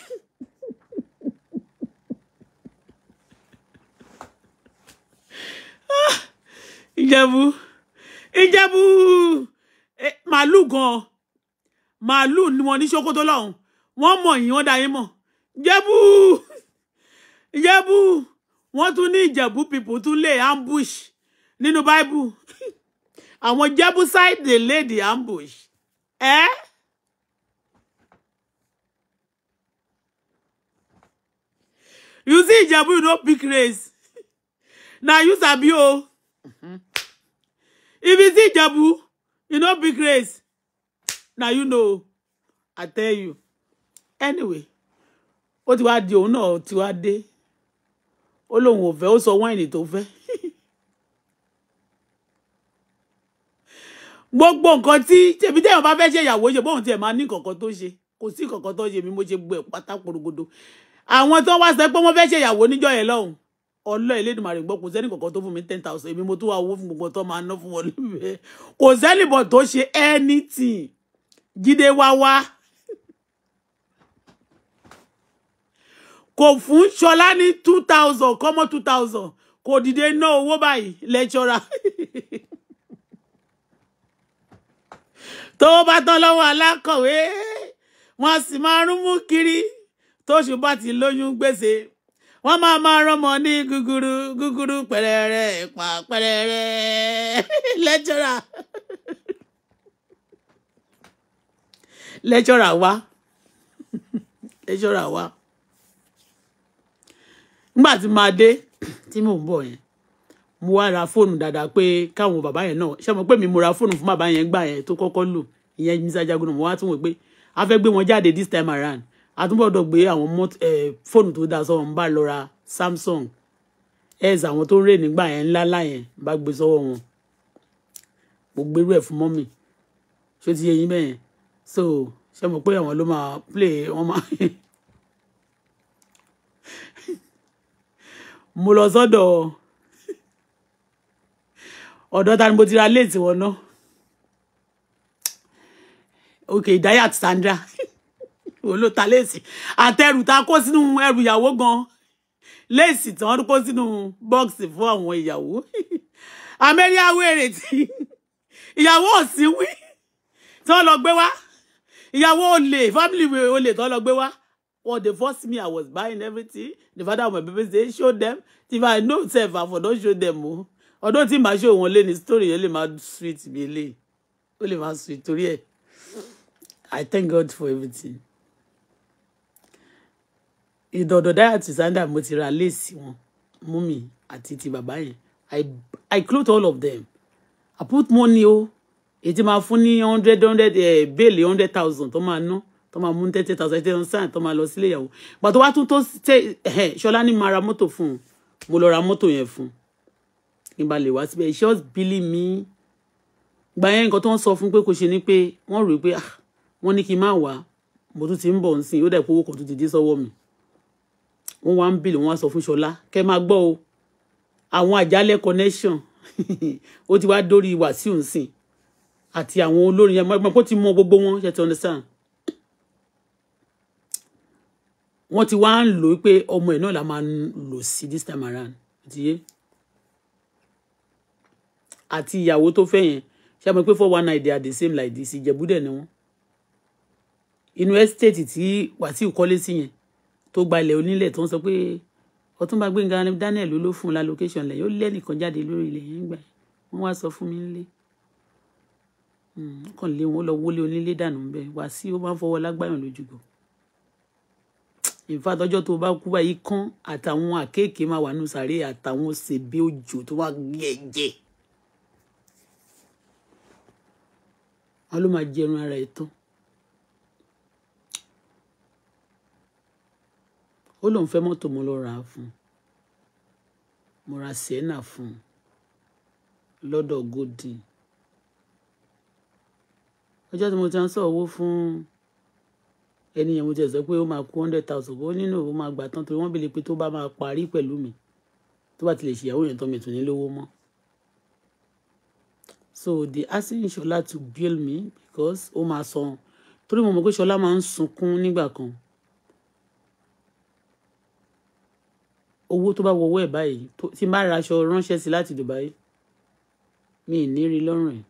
Ah! J'avoue ìjẹ̀bù màálù gan màálù ni wọn ní ṣókótó lọ́hùn wọ́n mọ̀ yìí wọ́n dá yín mọ̀ ìjẹ̀bù ìjẹ̀bù wọ́n tún ní ìjẹ̀bù people tún lè ambush nínú bible <laughs> àwọn jebusite dey lay the ambush ẹ. Eh? you see ìjẹ̀bù you no know, pick race <laughs> na you sabi o. Mm -hmm. If you see Jabu, you know big grace. Now you know. I tell you. Anyway, what ti wá di òun náà ti wá dé. Ó lóun ò fẹ́, ó sọ wáìnì tó fẹ́. <laughs> Gbogbo nǹkan tí ṣèbí téèyàn bá fẹ́ ṣe ìyàwó ṣe bóun tiẹ̀ máa ní kankan tó ṣe. Kò sí kankan tó ṣe mi mo ṣe gbọ́ ẹ̀ pátá porogodo. Àwọn tó wá sọ pé wọ́n ọlọ́ Elédùmarè gbọ́ kò sẹ́ni kankan tó fún mi ten thousand èmi mo tún wá owó fún gbogbo tó máa ná fún wọn lébẹ̀ kò sẹ́ni bọ̀ tó ṣe anything jíde wá wá kò fún ṣọlá ní two thousand kọ́mọ́ two thousand kò dìde ná owó báyìí lẹ́ṣọ́ra tó bá tán lọ́wọ́ alákọ̀wé wọn sì máa rún mú kiri tó ṣùgbọ́n ti lóyún gbèsè wọ́n máa máa rọ́mọ ní gúgúrú gúgúrú pẹ̀rẹ̀rẹ̀ ìpà pẹ̀rẹ̀rẹ̀ <laughs> lẹ́jọ́ra <laughs> lẹ́jọ́ra wá <laughs> lẹ́jọ́ra wá nígbà tí máa dé tí mò ń bọ̀ yẹn mo wá ra fóònù dáadáa pé káwọn bàbá yẹn náà ṣé mo pé mi mo ra fóònù fún bàbá yẹn gbà yẹn tó kọ́kọ́ lò ìyẹn Mr. Jagunnath mo wá tún wò pé a fẹ́ gbé wọn jáde this time around àtúbọ̀dọ̀ gbé àwọn eh, fóònù tó dáa sọ́wọ́n ń bá lọ Samsung ẹ̀ẹ́sì àwọn tó ń rè nígbà yẹn ńlá láyẹn bá gbé sọ́wọ́ wọn mo gbérú ẹ̀ fún mọ́mì ṣó ti yẹ yín so ṣe mọ̀ pé àwọn ló máa play wọ́n máa <laughs> mo lọ sọ́dọ̀ ọ̀dọ̀ ta ni mo ti ra léètì wọn náà ok Dayat Sandra olóta léèsì àtẹrù tá a kó sínú ẹrù ìyàwó gan léèsì tí wọ́n kó box bọ́ọ̀sì fún àwọn ìyàwó amẹ́ríà <laughs> wèrè tí ìyàwó òsínwí tí wọ́n lọ gbé wá ìyàwó olè family olè tí wọ́n lọ gbé wá for the first me I was buying everything the father of my babies they showed them if I know sef I for don show them o ọdún tí màá ṣe òun lé ní story yẹn lè máa sweet mi lé ó lè máa sweet torí ẹ I thank God for everything ìdọ̀dọ̀ dáyà tí sandra mo ti ra léèsì wọn mú mi ti bàbá yẹn i i clothe all of them i put money o èyí tí máa fún ní hundred hundred eh, bẹ́ẹ̀lì hundred thousand tó máa ná tó máa mú thirty thousand thirty thousand tó máa lọ sílé ìyàwó gbàtó wá tún tó ṣọlá ní máa ra mọ́tò fún mo lọ ra mọ́tò yẹn fún un ba lè wá síbẹ̀ she just believe me gba yẹn nǹkan tó ń sọ fún pé kò ṣe ni pé wọ́n rò pé ah, wọ́n ní kí n má wá mo tún ti ń bọ̀ nsìn ó dẹ̀ pé kan tún ti dé sọ́wọ́ mi wọ́n wá ń bìlì wọ́n á sọ fún ṣọlá kẹ́ máa gbọ́ o àwọn àjálẹ̀ connection <laughs> ó ti wá dórí wàsíù nsìn àti àwọn olórin yẹn mọ̀ kó ti mọ gbogbo wọn ṣe ti understand wọ́n ti wá ń lò ó pé ọmọ ẹ̀ náà la máa lò sí this time around ti yé àti ìyàwó tó fẹ́ yẹn ṣe mọ̀ pé four one nine they are the same like this ìjẹ̀bú dẹ̀ ni wọ́n inú ẹ́sítéètì tí wàsíù kọ́lé sí yẹn tó gbalẹ̀ onílẹ̀ tó ń sọ pé Ọ̀túnba Gbẹ́ngà Daniel ló ló fún un lálòkéṣàn lẹ̀ yóò lẹ́nìkan jáde lórí ilẹ̀ yẹn gbà wọ́n wá sọ fún mi nílé hmm, kàn lé wọn lọ wọlé onílé dànù bẹ́ẹ̀ wá sí ó máa ń fọwọ́ lágbáyàn lójúgbò ìfà tọjọ́ tó bá kú báyìí kán àtàwọn àkéèké máa wà nù sàárè àtàwọn sèbí òjò tó wá gẹ̀ẹ́jẹ wọn ló máa jẹun ara ẹ̀ tán ó lóun fẹ́ mọ́tò mo lọ ra fún un mo ra sienna fún un lọ́dọ̀ godi ọjọ́ tí mo ti ń sọ owó fún ẹnìyẹn mo ti sọ pé ó máa kú hundred thousand ó nínú òun máa gbà tán torí wọ́n bèèrè pé tó bá máa parí pẹ̀lú mi tó bá ti ṣèyàwó yẹn tán mi tún ní lówó mọ́ so the asking Ṣọlá to bail me because ó máa san torí mo mọ̀ pé Ṣọlá máa ń sunkún nígbà kan. owó tó bá wọwọ́ ẹ̀ báyìí tí n bá ra aṣọ ránṣẹ́ sí láti Dubai mi ì ní rí lọ́rùn ẹ̀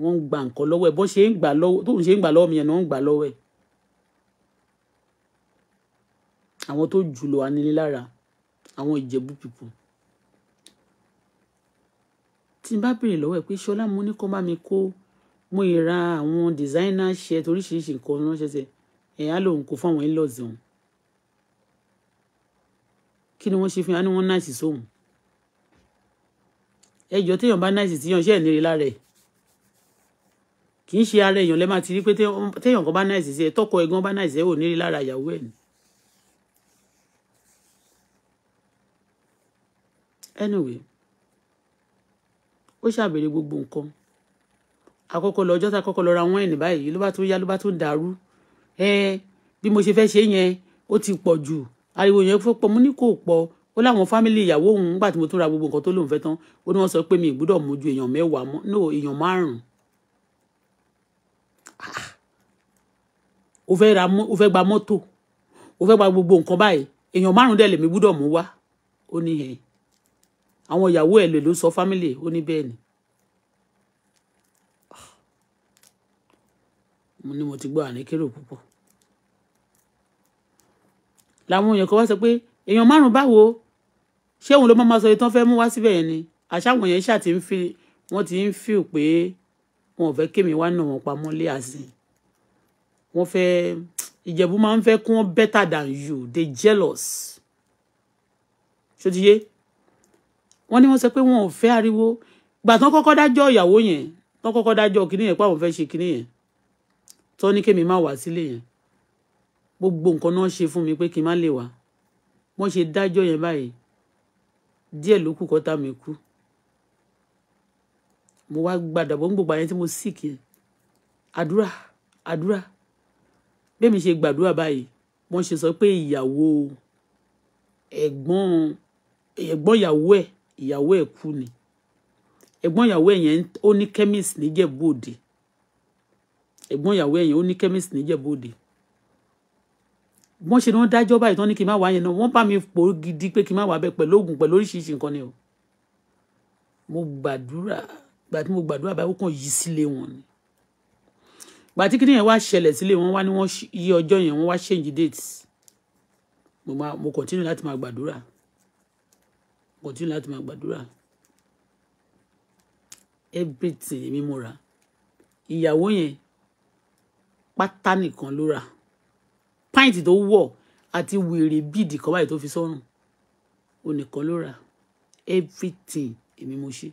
wọ́n ń gba nǹkan lọ́wọ́ ẹ̀ bó ṣe ń gbà lọ́wọ́ tóun ṣe ń gbà lọ́wọ́ mi yẹn ni wọ́n ń gbà lọ́wọ́ ẹ̀ àwọn tó jùlọ anilára àwọn ìjẹ̀bú pípọ̀ tí n bá béèrè lọ́wọ́ ẹ̀ pé ṣọlá mo ní kó bá mi kó mo ì ra àwọn designer shirt oríṣiríṣi nǹkan ránṣẹ́ sí ẹ̀ ẹ̀ á lòun kó fún àwọn in-laws kí ni wọ́n ṣe fún yà ni wọ́n náìsì sóhun ẹjọ́ téèyàn bá náìsì tíyàn ṣe ìnírí lára ẹ̀ kì í ṣe ara èèyàn lẹ́ẹ̀ máa ti rí pé téèyàn kan bá náìsì sí ẹ tọkọ ẹ̀gbọ́n bá náìsì ẹ ò nírí lára ìyàwó ẹ̀ ni. anyway ó ṣàbẹ̀rẹ̀ gbogbo nǹkan àkọ́kọ́ lọ ọjọ́ tá àkọ́kọ́ lọ ra wọ́n ẹ̀nì báyìí ló bá tún yá ló bá tún dàrú ẹ bí mo ṣe fẹ́ ṣe yẹn ó ti pọ̀ jù ariwo yẹn fọ́ pọ̀ mo ní kò pọ̀ ó láwọn fámìlì ìyàwó òun nígbà tí mo tún ra gbogbo nǹkan tó lóun fẹ́ tán ó ní wọ́n sọ pé mi ìgbúdọ̀ mú ju èèyàn mẹ́wàá mọ́ no èèyàn márùn-ún ah, ó fẹ́ ra ó fẹ́ gba mọ́tò ó fẹ́ gba gbogbo nǹkan báyìí èèyàn márùn-ún dẹ̀ lèmi gbúdọ̀ mú wá ó ní yẹn àwọn ìyàwó ẹ̀ lè ló sọ fámìlì ó ní bẹ́ẹ̀ ni ah, mo ní mo ti gbọ́ àníkérò púpọ̀ làwọn èèyàn kan wá sọ pé èèyàn márùn báwo ṣé òun ló máa máa sọ èyí tán fẹ́ mú wá síbẹ̀ yẹn ni àṣàwọn yẹn ṣáà ti ń fi wọ́n ti ń fíw pé wọn ò fẹ́ kémi wá nà wọ́n pamọ́ lé àsìn wọ́n fẹ́ ìjẹ̀bú máa ń fẹ́ kí wọ́n better than you they jealous ṣòtíyé wọ́n ní wọ́n sọ pé wọn ò fẹ́ ariwo gbà tán kọ́kọ́ dájọ́ ìyàwó yẹn tán kọ́kọ́ dájọ́ kinní yẹn pé àwọn fẹ́ ṣe kinní yẹn tán ní kémi má wá sílé yẹn gbogbo nǹkan náà ṣe fún mi pé kí n má lè wá wọ́n ṣe dájọ́ yẹn báyìí díẹ̀ ló kù kọ́ta mi kú mo wá gbàdà bó ń gbogbo àyẹn tí mo sì kí àdúrà àdúrà bẹ́ẹ̀ mi ṣe gbàdúrà báyìí wọ́n ṣe sọ pé ìyàwó ẹ̀gbọ́n ẹ̀gbọ́n ìyàwó ẹ̀ ìyàwó ẹ̀ kú ni ẹ̀gbọ́n ìyàwó ẹ̀ yẹn ó ní chemist níjẹ̀bú òde ẹ̀gbọ́n ìyàwó ẹ̀ yẹn ó ní chemist níjẹ̀bú òde wọ́n ṣe ni wọ́n dájọ́ báyìí tán ní kí n má wá yẹn náà wọ́n bá mi pò gidi pé kí n má wá bẹ́ẹ̀ pẹ̀lú oògùn pẹ̀lú oríṣiríṣi nǹkan ni o mo gbàdúrà gbà tí mo gbàdúrà báyìí ó kàn yí sílé wọn ni gbà tí kíni yẹn wá ṣẹlẹ̀ sílé wọn wá ní wọ́n yí ọjọ́ yẹn wọ́n wá change date mo máa mo continue láti máa gbàdúrà continue láti máa gbàdúrà everything èmi mo ìyàwó yẹn pátá nìkan ló rà pint tó wọ̀ àti wèrè bíìdì kan báyìí tó fi sọ́rùn onìkan ló ra everything èmi mo ṣe.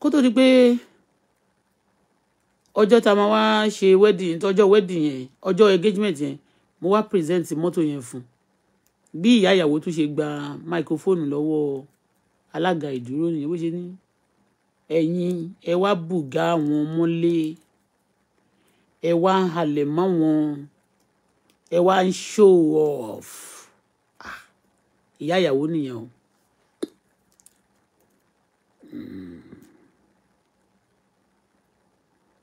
kó tó di pé ọjọ́ tá a máa wá ṣe wedding tọ́jọ́ wedding yẹn ọjọ́ engagement yẹn mo wá present mọ́tò yẹn fún bí ìyá ìyàwó tún ṣe gba máikrófóònù lọ́wọ́ alága ìdúró nìyẹn bó ṣe ní ẹ̀yin ẹ wá bùgá àwọn mọ́lé ẹ wá ń halẹ̀ mọ́ wọn ẹ wá ń show off ìyá ìyàwó nìyẹn o.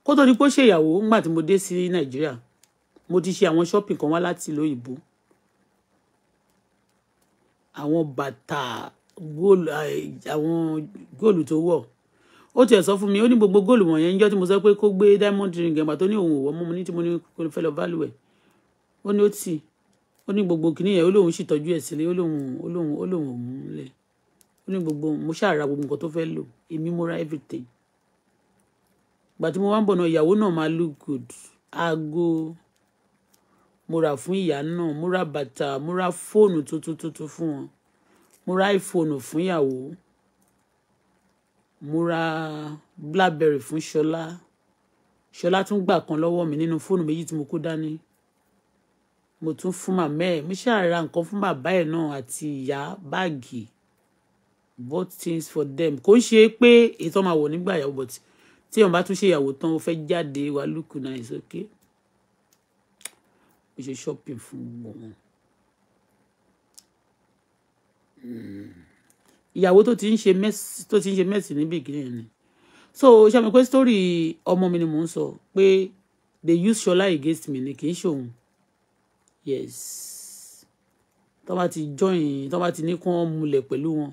kó tó di pé ó ṣe ìyàwó nígbà tí mo dé sí nàìjíríà mo ti ṣe àwọn shopping kan wá láti ìlú òyìnbó àwọn bàtà góòlù àwọn góòlù tó wọ̀ ó tiẹ̀ sọ fún mi ó ní gbogbo góòlù wọ̀nyẹn níjọ́ tí mo sọ pé kó gbé diamond ring ẹ̀gbà tó ní òun òwò ọmọ mi ní tí mo ní kó fẹ́ lọ value ẹ̀ ó ní ó tì ó ní gbogbo kìíní yẹn ó lóun sì tọ́jú ẹ̀ sílé ó lóun ó lóun ó lóun ò lẹ̀ ó ní gbogbo mo ṣàrà gbogbo nǹkan tó fẹ́ lò èmi mo ra everything ìgbà tí mo wá ń bọ̀ náà ìyàwó náà máa look good aago mo rà fún ìyá náà mo ra bàtà mo ra fóònù tuntun tuntun fún wọn mo ra iphone fún ìyàwó mo ra blackberry fún ṣọlá ṣọlá tún gbà kan lọ́wọ́ mi nínú fóònù méjì tí mo kó dání mo tún fún màmá ẹ̀ mo ṣáà ra nǹkan fún bàbá ẹ̀ náà àti ìyá báàgì bought things for them kò ń ṣe pé ètò máa wọ̀ nígbà ìyàwó but tí èèyàn bá tún ṣe ìyàwó tán ó fẹ́ jáde wá lùkù náà ẹ̀ sókè mo ṣe shopping fún gbogbo wọn. Hmm ìyàwó tó ti ń ṣe mẹ́sì tó ti ń ṣe mẹ́sì níbi ìgbìyànjú ni so ṣe mi pé sítórì ọmọ mi ni mò ń sọ pé they use Ṣọlá against me ni kì í ṣòun yes tó bá ti join tó bá ti ní kí wọ́n múlẹ̀ pẹ̀lú wọn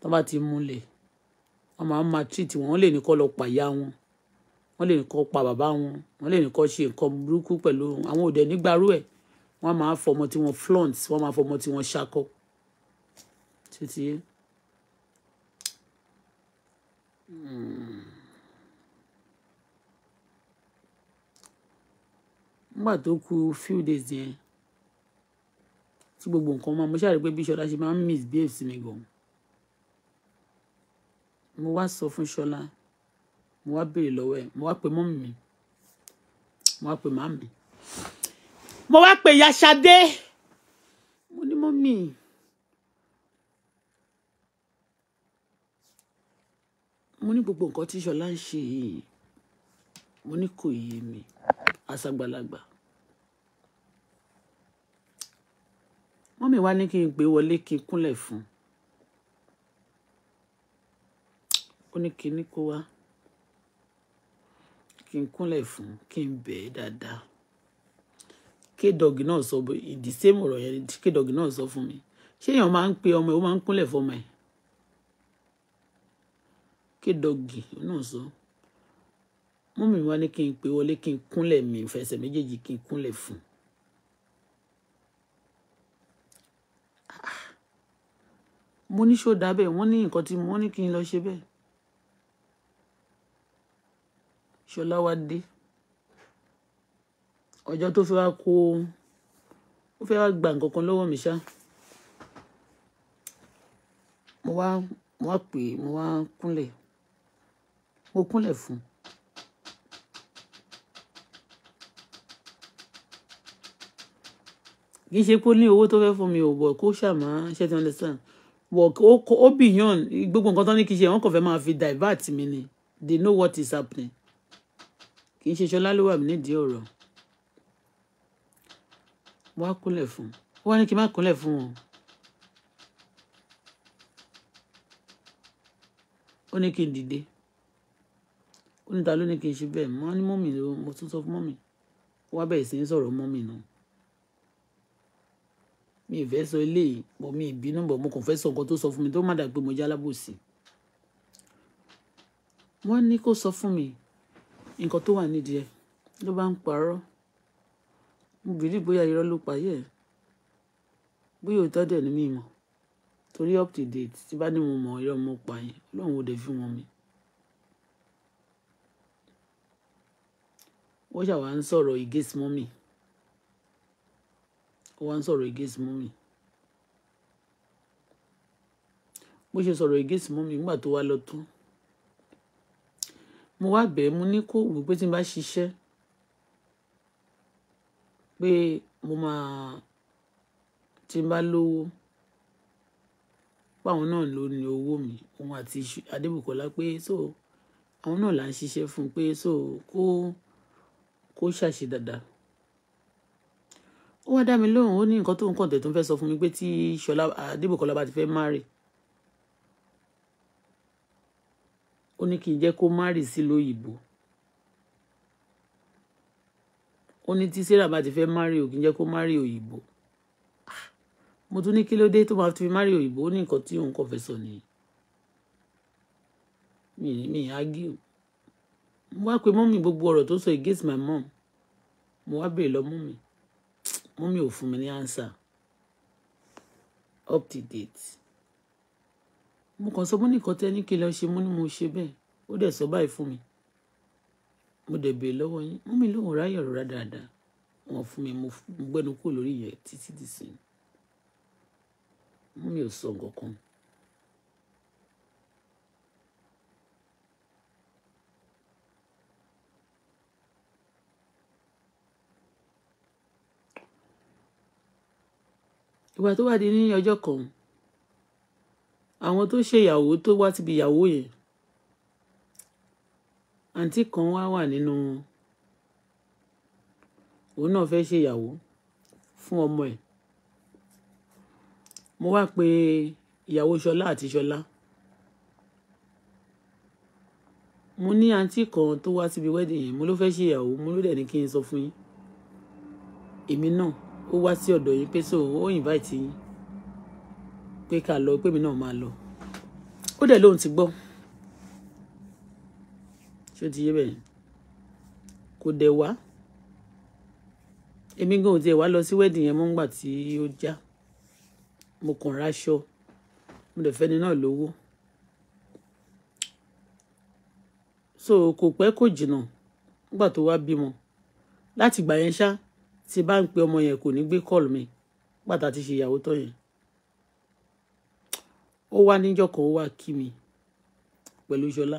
tó bá ti múlẹ̀ wọ́n máa ń máa treat wọn wọ́n lè ní kó lọ pàyà wọn wọ́n lè ní kó pa bàbá wọn wọ́n lè ní kó ṣe nǹkan burúkú pẹ̀lú àwọn òde nígbàrú ẹ̀ wọ́n máa fọmọ tí wọ́n flaunt wọ́n máa fọmọ tí wọ́n ṣakọ títí yẹn. Hmm. nígbà tó kù few days yẹn tí gbogbo nǹkan máa mo ṣàrí pé bí ṣọlá ṣe máa ń misbehave sí mi gan mo wá sọ fún ṣọlá mo wá béèrè lọ́wọ́ ẹ̀ mo wá pe mọ́mì mi mo wá pe màmí mo wá pe ìyá mo ní mọ́mì. mo ní gbogbo nǹkan tí ṣọlá ń ṣe yìí mo ní kò yé mi àṣàgbàlagbà mọ́mì wá ní kí n gbé wọlé kí n kúnlẹ̀ fún ó ní kí ní kó wá kí n kúnlẹ̀ fún kí n bẹ̀ẹ́ dáadáa kédọ̀gì náà sọ ìdí sẹ́mù yẹn kédọ̀gì náà sọ fún mi ṣé èèyàn máa ń pe ọmọ ẹ̀ ó máa ń kúnlẹ̀ fọmọ ẹ̀ kédọgì náà sọ mú mi wá ní kí n pè wọlé kí n kúnlẹ̀ mi fẹsẹ̀ méjèèjì kí n kúnlẹ̀ fún mo ní ṣó dá bẹ́ẹ̀ wọ́n ní nǹkan tí wọ́n ní kí n lọ ṣe bẹ́ẹ̀ ṣọlá wá dé ọjọ́ tó fẹ́ wá kó ó fẹ́ wá gba nǹkan kan lọ́wọ́ mi ṣá mo wá mo wá pè mo wá kúnlẹ̀ mo kúnlẹ̀ fún un. kì í ṣe pé ó ní owó tó fẹ́ fún mi ò wọ̀ kó ṣàmá ṣe ti understand wọ̀ ó bìyàn gbogbo nǹkan tó ní kì í ṣe wọ́n kàn fẹ́ máa fi divert mi ni they know what is happening kì í ṣe ṣọlá ló wà mí nídìí ọ̀rọ̀ wá kúnlẹ̀ fún un wá ní kí n má kúnlẹ̀ fún wọn. ó ní kí n dìde ó ní ta ló ní kí n ṣe bẹ́ẹ̀ mo ní mọ́mì ló mo tún sọ fún mọ́mì wá bẹ̀rẹ̀ sí ń sọ̀rọ̀ mọ́mì náà mi ì fẹ́ sọ eléyìí bọ̀ mi ì bínú bọ̀ mo kàn fẹ́ sọ nǹkan tó sọ fún mi tó má dà pé mo jẹ́ wọ́n ní kó sọ fún mi nǹkan tó wà nídìí ẹ̀ ló bá ń parọ́ mo bìrì bóyá irọ́ ló payé ẹ̀ bóyá òótọ́ dẹ̀ ni mi mọ̀ torí up to date tí bá ní mo mọ̀ irọ́ mo pa yẹn ọlọ́run ò dẹ̀ fi wọn mi wọ́n ṣàwà ń sọ̀rọ̀ against mummy wọ́n ń sọ̀rọ̀ against mummy bó ṣe sọ̀rọ̀ against mummy nígbà tó wá lọ tún mo wá bẹ̀ẹ́ mo ní kó wò pé tí n bá ṣiṣẹ́ pé mo máa tí n bá lówó páwọn náà ló ní owó mi òun àti Adébùkọ́lá pé so àwọn náà là ń ṣiṣẹ́ fún un pé so kó. Cool kó ṣàṣe dáadáa ó wá dá mi lóhùn ó ní nǹkan tó ń kàn tẹ̀tún fẹ́ sọ fún mi pé tí Ṣọlá Adébòkọ́lá bá ti fẹ́ márì ó ní kí n jẹ́ kó márì sí lóyìnbó ó ní tí Sarah bá ti fẹ́ márì ò kí n jẹ́ kó márì òyìnbó ah, mo tún ní kí ló dé tó máa fi márì òyìnbó ó ní nǹkan tí òun kàn fẹ́ sọ nìyí mi mi ágíù mo wá pe mọ́mì gbogbo ọ̀rọ̀ tó sọ against my mom mo wá béèrè lọ mọ́mì mọ́mì ò fún mi ní answer up to date mo kàn sọ mo ní nǹkan tẹ́ ní kí lọ ṣe mo ní mo ṣe bẹ́ẹ̀ ó dẹ̀ sọ báyìí fún mi mo dẹ̀ béèrè lọ́wọ́ yín mọ́mì lóun ráyè ọ̀rọ̀ dáadáa wọn fún mi mo gbẹnu kúrò lórí yẹn títí dìsìn mọ́mì ò sọ nǹkan kan. ìgbà tó wá di ní ọjọ́ kan àwọn tó ṣe ìyàwó tó wá ti bi ìyàwó yẹn àǹtí kan wá wà nínú wọn òun náà fẹ́ ṣe ìyàwó fún ọmọ ẹ̀ mo wá pe ìyàwó ṣọlá àti ṣọlá mo ní àǹtí kan tó wá síbi wẹ́dìn yẹn mo ló fẹ́ ṣe ìyàwó mo ló dẹ̀ ní kí n sọ fún yín èmi náà ó wá sí ọ̀dọ̀ yín pé so ó invite yín pé ká lọ pé mi náà máa lọ ó dẹ̀ lóun ti gbọ́ ṣé ó ti yé bẹ́ẹ̀ kò dẹ̀ wá èmi gan ò tiẹ̀ wá lọ sí wedding yẹn mọ́ ńgbà tí ó já mo kàn ráṣọ mo dẹ̀ fẹ́ni náà lówó so kò pẹ́ kò jìnnà nígbà tó wá bímọ láti gbà yẹn ṣá tí bá ń pe ọmọ yẹn kò ní gbé kọ́ọ̀lù mi pàtà ti ṣe ìyàwó tọ́ yẹn ó wá níjọ́ kan ó wá kí mi pẹ̀lú ṣọlá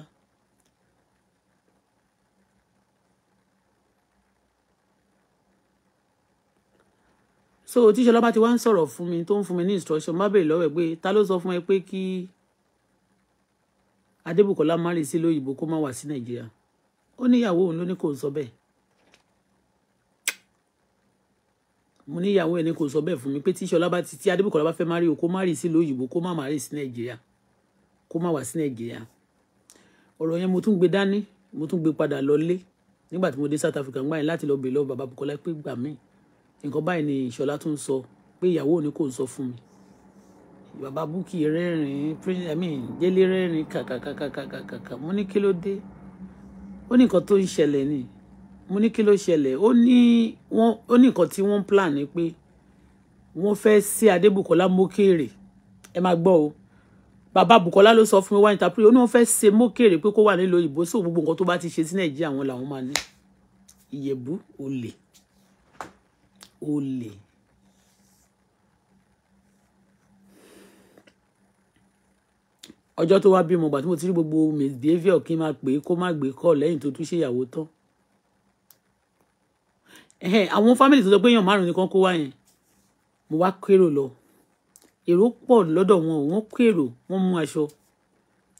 so tí ṣọlá bá ti wá ń sọ̀rọ̀ fún mi tó ń fún mi ní instruction má bèrè lọ́wọ́ ẹ̀ pé ta ló sọ fún ẹ pé kí adébùkọ́lá má rìn sí lóyìnbó kó má wá sí nàìjíríà ó níyàwó òun ló ní kò ń sọ bẹ́ẹ̀ mo ní ìyàwó ẹ̀ ní kò sọ bẹ́ẹ̀ fún mi pé tí Ṣọlá bá ti tí Adébùkọ́lá bá fẹ́ má rí o kó má rí sílùú òyìnbó kó má má rí sí Nàìjíríà kó má wá sí Nàìjíríà ọ̀rọ̀ yẹn mo tún gbé dání mo tún gbé padà lọlé nígbà tí mo dé South Africa gbáyìn láti lọ bèè lọ bàbá Bùkọ́lá pé gbà mí nǹkan báyìí ni Ṣọlá tún sọ pé ìyàwó ò ní kò sọ fún mi bàbá Búkì rẹ́rìn prince i mean Délé rẹ́rìn-ín kàkàkàkàkàkàkà mo ní kí ló dé ó ní nǹkan tó ń ṣẹlẹ̀ ni mo ní kí ló ṣẹlẹ̀ ó ní wọ́n ó ní nǹkan tí wọ́n ń plan ni pé wọ́n fẹ́ sí Adébùkọ́lá Mókèrè ẹ máa gbọ́ o bàbá Bùkọ́lá ló sọ fún mi wá ìtàpé ó ní wọ́n fẹ́ ṣe Mókèrè pé kó wà nílò ìbò sí gbogbo nǹkan tó bá ti ṣe sí Nàìjíríà àwọn làwọn máa ní Ìyẹ̀bú olè olè. ọjọ́ tó wá bímọ gbà tí mo ti rí gbogbo misbehaviour kí n máa pè é kó má gbé kọ́ lẹ́yìn tó tún ṣèyàwó tán àwọn family tó sọ pé èèyàn márùn nìkan kó wá yẹn mo wá kérò lọ èrò pọ̀ lọ́dọ̀ wọn ò wọ́n kérò wọ́n mú aṣọ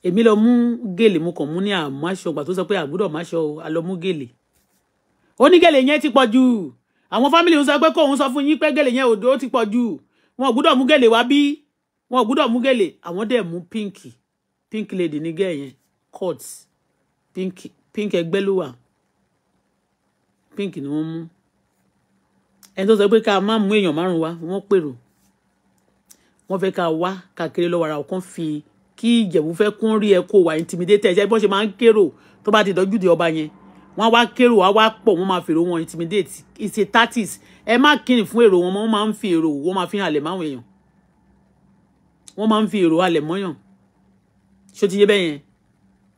èmi lọ mú gèlè mo kàn mú ní àmọ́ aṣọ gbà tó sọ pé àgbúdọ̀ má aṣọ alọ mú gèlè ó ní gèlè yẹn ti pọ̀ jù àwọn family ń sọ pé kóun sọ fún yín pé gèlè yẹn òdo ti pọ̀ jù wọn ò gbúdọ̀ mú gèlè wá bí wọn ò gbúdọ̀ mú gèlè àwọn dẹ̀ mú pínkì pink lady ní gẹ́ yẹn court pink pink ẹgbẹ́ ló wà pink ni wọ́n mú ẹni tó sọ pé ká má mú èèyàn márùn wá wọ́n pèrò wọ́n fẹ́ ká wá káàkiri lọ́wọ́ ara ọ̀kan fi kí ìjẹ̀bú fẹ́ kún rí ẹ kó wà intimidated ṣe bọ́n ṣe máa ń kérò tó bá ti dọ́jú de ọba yẹn wọ́n wá kérò á wá pọ̀ wọ́n máa fèrò wọn intimidate it's a tactics ẹ má kíni fún èrò wọn wọ́n máa ń fi èrò wọ́n máa fi halẹ̀ máwọn èèyàn wọ́n máa ń fi èrò halẹ̀ mọ́yàn ṣó ti yé bẹ́yẹn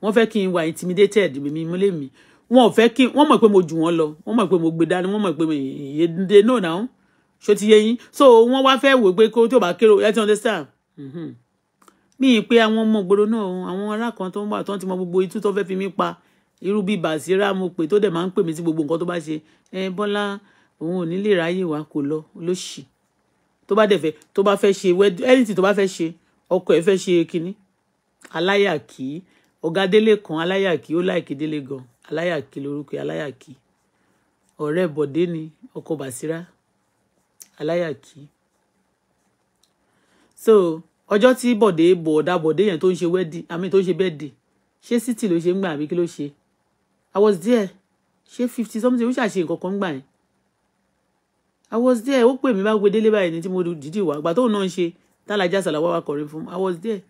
wọ́n fẹ́ kí n wà intimidated mímú lémi wọn ò fẹ́ kí wọ́n mọ̀ pé mo jù wọ́n lọ wọ́n mọ̀ pé mo gbé dání wọ́n mọ̀ pé èdè náà náà ṣó ti yé yín so wọ́n wá fẹ́ wò pé kó tó bá kérò ẹ ti understand mí mm-hmm. pé àwọn ọmọ ògbóró náà àwọn ará kan tó ń wà tó ń ti mọ gbogbo itú tó fẹ́ fi mí pa irú bíi bàṣírà mo pè tó dẹ̀ máa ń pè mí sí gbogbo nǹkan tó bá ṣe ẹ bọ́lá òun ò ní lè ráyè wá kó lọ lóṣì tó bá dẹ̀ fẹ́ tó bá fẹ́ ṣe anything tó bá fẹ́ ṣe ọkọ ẹ̀ fẹ́ ṣe kinní aláyàkí ọ̀gá délé kan aláyàkí ó láìkí délé gan-an aláyàkí lórúkọ aláyàkí ọ̀rẹ́ bọ̀dé ni ọkọ bàṣírá aláyàkí so ọjọ́ tí bọ̀dé bọ̀ọ̀dà bọ̀dé yẹn tó ń ṣe wẹ́dì àmì tó ń ṣe bẹ́ẹ̀dì ṣé sítì ló ṣe ń gbà àbí kí ló ṣe i was there ṣé fifty something ó ṣàṣe nǹkan kan gbà yẹn i was there ó pè mí bá gbé délé báyìí ní tí mo dìde wá àgbà tóun náà ń ṣe tálájà sàlàwà wa kọrin fún i was there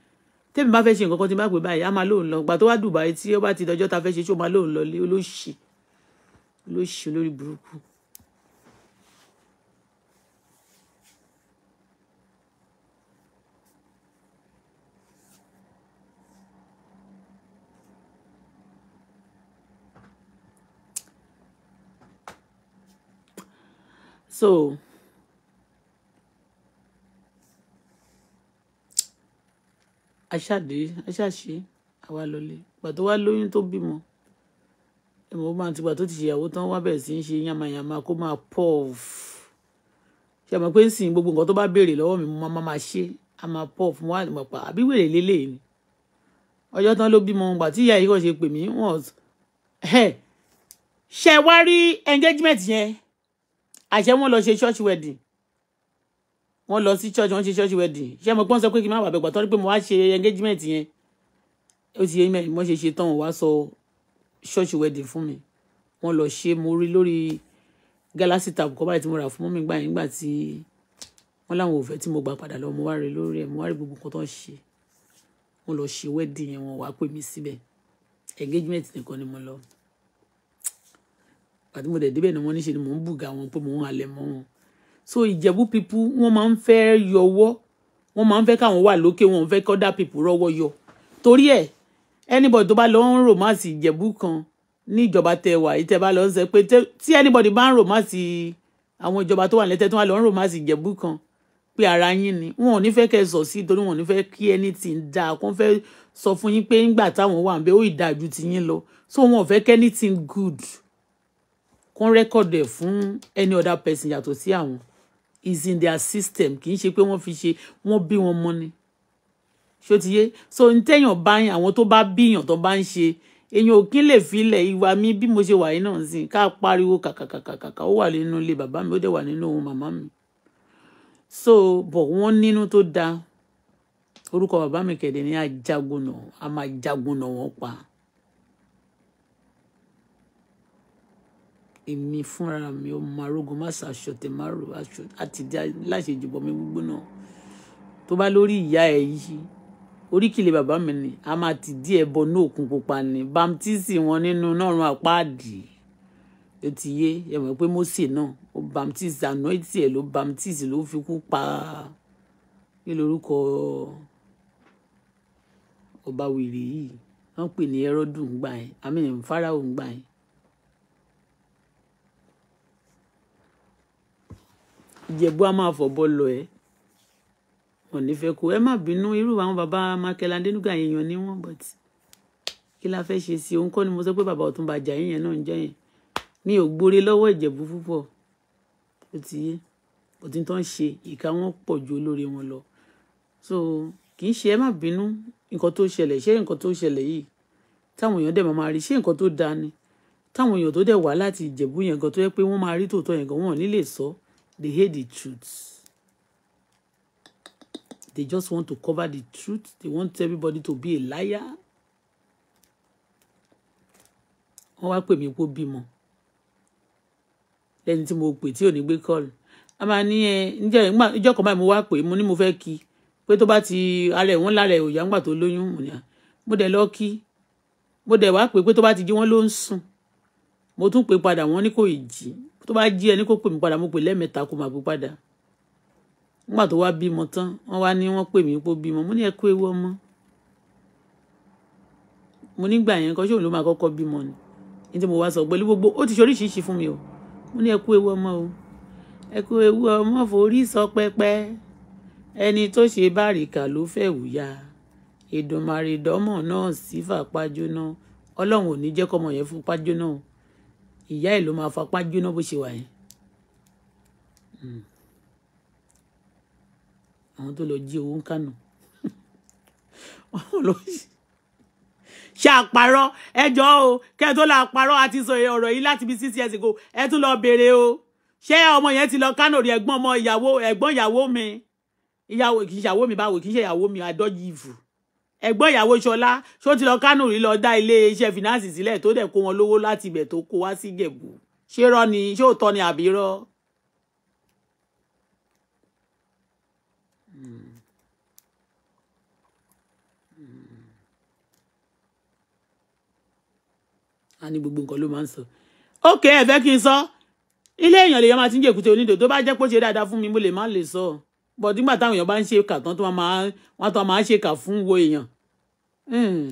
tẹ́mi bá fẹ́ ṣe nǹkan kan tí n bá pè báyìí á máa lóun lọ gbà tó wá Dubai tí ó bá ti dọjọ́ ta fẹ́ ṣe tí ó máa lóun lọ lé olóṣì olóṣì olórí burúkú. so aṣáde aṣáṣe àwa lọlé ìgbà tó wá lóyún tó bímọ ẹ̀mọ́ máa ti gbà tó ti ṣèyàwó tán wá bẹ̀rẹ̀ sí í ṣe yamayama kó máa puff ṣe àmọ́ pé ń sìn gbogbo nǹkan tó bá béèrè lọ́wọ́ mi mo máa máa ṣe a máa puff mo wà nípa pa àbí wèrè lélẹ́yìn ni ọjọ́ tán ló bímọ ìgbà tí ìyá yìí kàn ṣe pè mí wọ́n ṣe wá rí engagement yẹn àṣẹ wọn lọ ṣe church wedding wọ́n lọ sí church wọ́n ṣe church wedding ṣé mo gbọ́n sọ pé kí n má wà bẹ̀gbà pé mo wá ṣe engagement yẹn ó ti yé mi mo ṣe ṣe tán wá sọ church wedding fún mi wọ́n lọ ṣe mo rí lórí galaxy tab kọ́ báyìí tí mo rà fún mọ́mí gbà yẹn nígbà tí wọ́n láwọn ò tí mo gbà padà lọ mo wá rí lórí ẹ̀ mo wá rí gbogbo nǹkan tó ń ṣe wọ́n lọ ṣe wedding yẹn wọ́n wá pè mí síbẹ̀ engagement nìkan ni mo lọ àti mo dẹ̀ débẹ̀ ni wọ́n níṣe ni mò ń bùgà wọn pé mò ń halẹ̀ mọ́ wọn so ìjẹ̀bú pipu wọ́n máa ń fẹ́ yọwọ́ wọ́n máa ń fẹ́ káwọn wà lókè wọn fẹ́ kọ́dà pipu rọ́wọ́ yọ torí ẹ̀ anybody tó bá lọ ń romance ìjẹ̀bú kan ní ìjọba tẹ wà yìí tẹ bá lọ ń sọ pé tí anybody bá ń romance àwọn ìjọba tó wà lẹ́tẹ̀ tó wà lọ ń romance ìjẹ̀bú kan pé ara yín ni wọn ò ní fẹ́ kẹ́ sọ sí torí wọn ò ní fẹ́ kí anything dáa kó fẹ́ sọ fún yín pé ńgbà táwọn wà ń bẹ ó ìdájú ti yín lọ so wọn ò fẹ́ kẹ́ anything good kó rẹ́kọ̀dù ẹ̀ fún any other person yàtọ̀ sí àwọn is in their system kì í ṣe pé wọ́n fi ṣe wọ́n bí wọn mọ́ ni ṣó ti yé so n tẹ̀yàn bá yàn àwọn tó bá bíyàn tó bá ń ṣe èyàn ò kí lè filẹ̀ ìwà mi bí mo ṣe wà yìí náà sìn ká pariwo kàkàkàkàkà ó wà nínú ilé bàbá mi ó dẹ̀ wà nínú ohun màmá mi so bọ̀ wọ́n nínú tó da. orúkọ bàbá mi kẹ̀dẹ̀ ní ajagunà a wọn pa èmi fúnra mi ọmọ arógun má ṣaṣọ tẹmárò aṣọ àtìdí aláṣejùbọ mi gbígbóná tó bá lórí ìyá ẹ yìí oríkìlẹ̀ bàbá mi ni a máa ti dí bọ ní òkun pupa ni bamtisi wọn nínú nọrùn àpáàdì ó ti yé ẹ mọ̀ pé Mósè náà ó bamtisi anointing ẹ ló bamtisi ló fi kú pa kí lorúkọ ọba wèrè yìí wọ́n pè ní ẹrọdùn gbà yẹn àmì fáráò gbà yẹn ìjẹ̀bú a máa fọ̀bọ lọ ẹ́ wọn ní fẹ́ kó ẹ má bínú irú àwọn bàbá Michael Adenuga èèyàn ni wọ́n but kí la fẹ́ ṣe sí òun kọ́ ni mo sọ pé bàbá Ọ̀túnba Àjàyí yẹn náà ń jẹ́ yẹn mi ò gbóre lọ́wọ́ ìjẹ̀bú púpọ̀ ó ti yé ó ti tán ṣe ìka wọn pọ̀ ju olóore wọn lọ so kì í ṣe ẹ má bínú nǹkan tó ṣẹlẹ̀ ṣé nǹkan tó ṣẹlẹ̀ yìí táwọn èèyàn dẹ̀ máa rí ṣé nǹkan tó dáa ni táwọn èèyàn tó dẹ̀ wá láti ìjẹ̀bú yẹn gan tó yẹ pé wọ́n máa rí tòótọ́ yẹn gan wọn ò ní lè sọ so. They hate the truth. They just want to cover the truth. They want everybody to be a liar. Wọ́n wá pè mí pé bímọ. Lẹ́ni tí mo pè on ò ní gbé kọ́ọ̀lù. A máa ní ẹ níjẹ́ ìjọ kan báyìí mo wá pè mo ní mo fẹ́ kí pé tó bá ti ara ẹ̀ wọ́n lára ẹ̀ òyà ńgbà tó But mò ní à. Mo dẹ̀ lọ kí. Mo dẹ̀ wá pè pé tó bá ti jí wọ́n ló ń tó bá jí ẹni kó pè mí padà mo pè lẹ́ẹ̀mẹ́ta kó máa bú padà nígbà tó wá bímọ tán wọ́n wá ní wọ́n pè mí kó bímọ mo ní ẹ kó ewu ọmọ mo nígbà yẹn kọ́ ṣóun ló máa kọ́kọ́ bímọ ni ní tí mo wá sọ pẹ̀lú gbogbo ó ti ṣe oríṣiríṣi fún mi o mo ní ẹ kó ewu ọmọ o ẹ kó ewu ọmọ forí sọ pẹpẹ ẹni tó ṣe báríkà ló fẹ́ wùyà Èdùmàrè náà sí fàpájọ́ náà ọlọ́run ò ní jẹ́ kọ́mọ yẹn fún pájọ́ náà ìyá ẹ̀ ló máa fapá jóná bó ṣe wà yẹn hmm. àwọn tó lọ jí owó ń kánò wọn lọ ṣe àparọ ẹjọ o kẹ tó lọ àparọ àti sọ ọ̀rọ̀ yìí láti bí six years ago ẹ tún lọ béèrè o ṣé ọmọ yẹn ti lọ kánò rí ẹ̀gbọ́n ọmọ ìyàwó ẹ̀gbọ́n ìyàwó mi ìyàwó kì í ṣe ìyàwó mi báwo kì í ṣe ìyàwó mi adọjì ìfù ẹ̀gbọ́n ìyàwó ṣọlá ṣó ti lọ kánò rí lọ dá iléeṣẹ́ fìnáǹsì sílẹ̀ tó dẹ̀ kó wọn lówó láti ibẹ̀ tó kó wá sí ìjẹ̀bù ṣé rọ ni ṣé òótọ́ ni àbí rọ. a ní gbogbo nǹkan ló máa ń sọ ókè ẹ fẹ́ kí n sọ ilé èèyàn lèèyàn máa ti ń jèkúté onídò tó bá jẹ́ pé ó ṣe dáadáa fún mi mo lè má lè sọ. So but nígbà táwọn èèyàn bá ń ṣe kà tán tó máa wọn tó máa ṣe kà fún wo èèyàn hmm.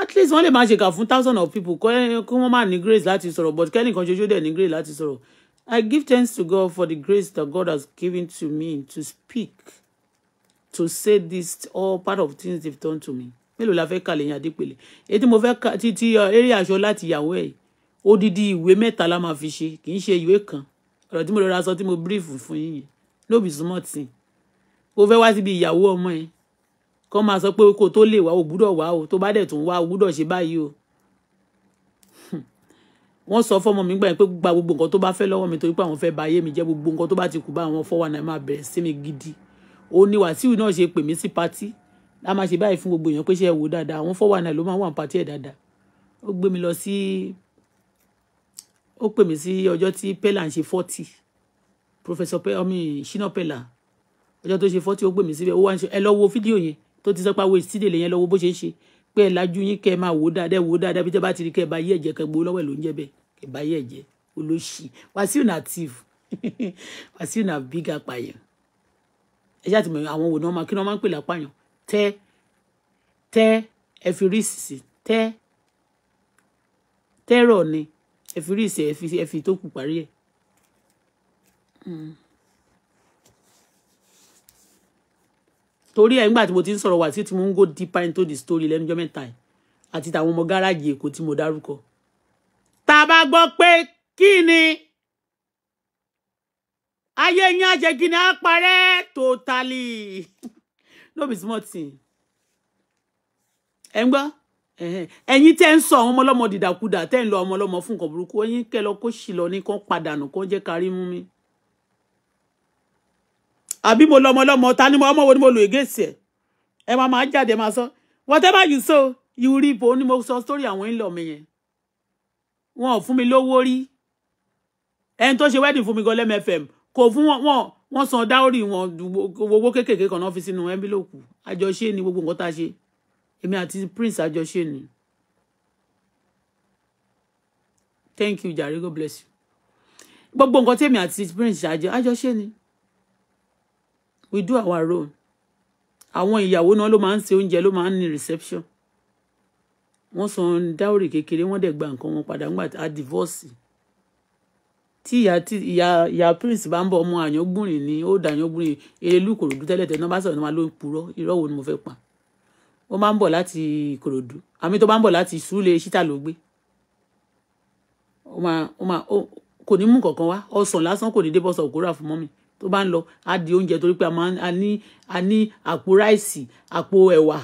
at least wọ́n lè máa ṣe kà fún thousand of people kí wọ́n má ní grace láti sọ̀rọ̀ but kẹ́nìkan ṣoṣo dẹ̀ ní grace láti sọ̀rọ̀ I give thanks to God for the grace that God has given to me to speak to say this all part of things they've done to me mélòó la fẹ́ kà lẹ́yìn adépele èyí mo fẹ́ kà ti ti uh, eré aṣọ láti ìyàwó ẹ̀ odidi ìwé mẹ́ta la máa fi ṣe kì í ṣe ìwé kan ọ̀rọ̀ tí mo lọ ra sọ tí mo brief fún yín yẹn ló be smart thing ó fẹ́ wá síbi ìyàwó ọmọ ẹ̀ kó máa sọ pé kó tó lè wá o gbúdọ̀ wá o tó bá dẹ̀ tún wá o gbúdọ̀ ṣe báyìí o <laughs> wọ́n sọ fọ́mọ mi gbà yẹn pé gba gbogbo nǹkan tó bá fẹ́ lọ́wọ́ mi torí pé àwọn fẹ́ ba ayé mi jẹ́ gbogbo nǹkan tó bá ti kù bá àwọn fọwọ́ náà máa bẹ̀rẹ̀ sí mi gidi ó ní Wàsíù náà ṣe pè mí sí patí a máa ṣe báyìí fún gbogbo èèyàn pé ṣe é wò dáadáa àwọn fọwọ́ náà ló máa wà ní patí ẹ̀ dáadáa ó gbé mi lọ sí ó pè mí sí ọjọ́ tí pẹ́lá ń ṣe fọ́tì professor pe omi shina pela ọjọ́ tó ṣe fọ́tí ó gbé mi síbẹ̀ ó wá ń ṣe ẹ lọ wo fídíò yẹn tó ti sọ pé àwọn èsì dèlè yẹn lọ wo bo ṣe ń ṣe pé ẹ lajú yín kẹ máa wò dáadáa wò dáadáa ba tẹ bá ti rí kẹ bá yí ẹ̀jẹ̀ kẹ gbowó lọ́wọ́ ẹ̀ ló ń jẹ́ bẹ́ẹ̀ kẹ bá yí ẹ̀jẹ̀ olóṣì Wasiu na thief <laughs> Wasiu na big apààyàn e ṣáà ti mọ̀ àwọn wò ni wọ́n máa kí ni wọ́n máa ń pè lápàyàn tẹ́ fi rí ìsìsì tẹ́ ni ẹ fi rí ìsì ẹ fi tó kù parí ẹ̀ torí ẹ̀ ńgbà tí mo ti ń sọ̀rọ̀ wá sí tí mo ń go deeper into the story lẹ́nujọ́ mẹ́ta yìí àti tàwọn ọmọ gáràjì èkó tí mo dárúkọ tá a bá gbọ́ pé kí ni ayé yín á kí ni á parẹ́ totally <laughs> no be small thing ẹ ń gbọ́ ẹ̀yin tẹ́ ń sọ àwọn ọmọlọ́mọ dìdàkudà tẹ́ ń lọ ọmọlọ́mọ fún nǹkan burúkú ẹ̀yin kẹ́ lọ kó ṣì lọ ní kán padànù kán jẹ́ kárí mú mi àbí mo lọmọ lọmọ ta ni mo ọmọ wo ni mo lò ègèsì ẹ ẹ máa máa jáde máa sọ whatever you sow you reap ó ní mo sọ story àwọn ìlọ mi yẹn wọn ò fún mi lówó rí ẹni tó ṣe wedding fún mi gan lẹ́mẹ̀ fm kò fún wọn wọn wọn san dáórì wọn owó kéékèèké kan náà fi sínú ẹnbílòkù àjọṣe ni gbogbo nǹkan tá a ṣe èmi àti prince àjọṣe ni thank you jare god bless you gbogbo nǹkan tèmi àti prince àjọṣe ni we do our own àwọn ìyàwó náà ló máa ń se oúnjẹ ló máa ń ní reception wọ́n san dáwòrì kékeré wọ́n dẹ̀ gba nǹkan wọn padà ńgbà á divorce tí ìyá tí ìyá ìyá prince bá ń bọ ọmọ àyángúnrin ní ó dà àyángúnrin erelú ìkòròdú tẹ́lẹ̀ tẹ́lẹ̀ náà bá sọ̀rọ̀ náà ló ń purọ́ irọ́ wo ni mo fẹ́ pa ó máa ń bọ̀ láti ìkòròdú àmì tó bá ń bọ̀ láti ìsúlé ṣítà ló gbé ó máa ó máa kò ní mú kankan wá ọsàn lásán kò ní dé bọ́sọ̀ òkúra fún mọ́mì tó bá ń lọ á di oúnjẹ torí pé a ní a ní àpò ráìsì àpò ẹ̀wà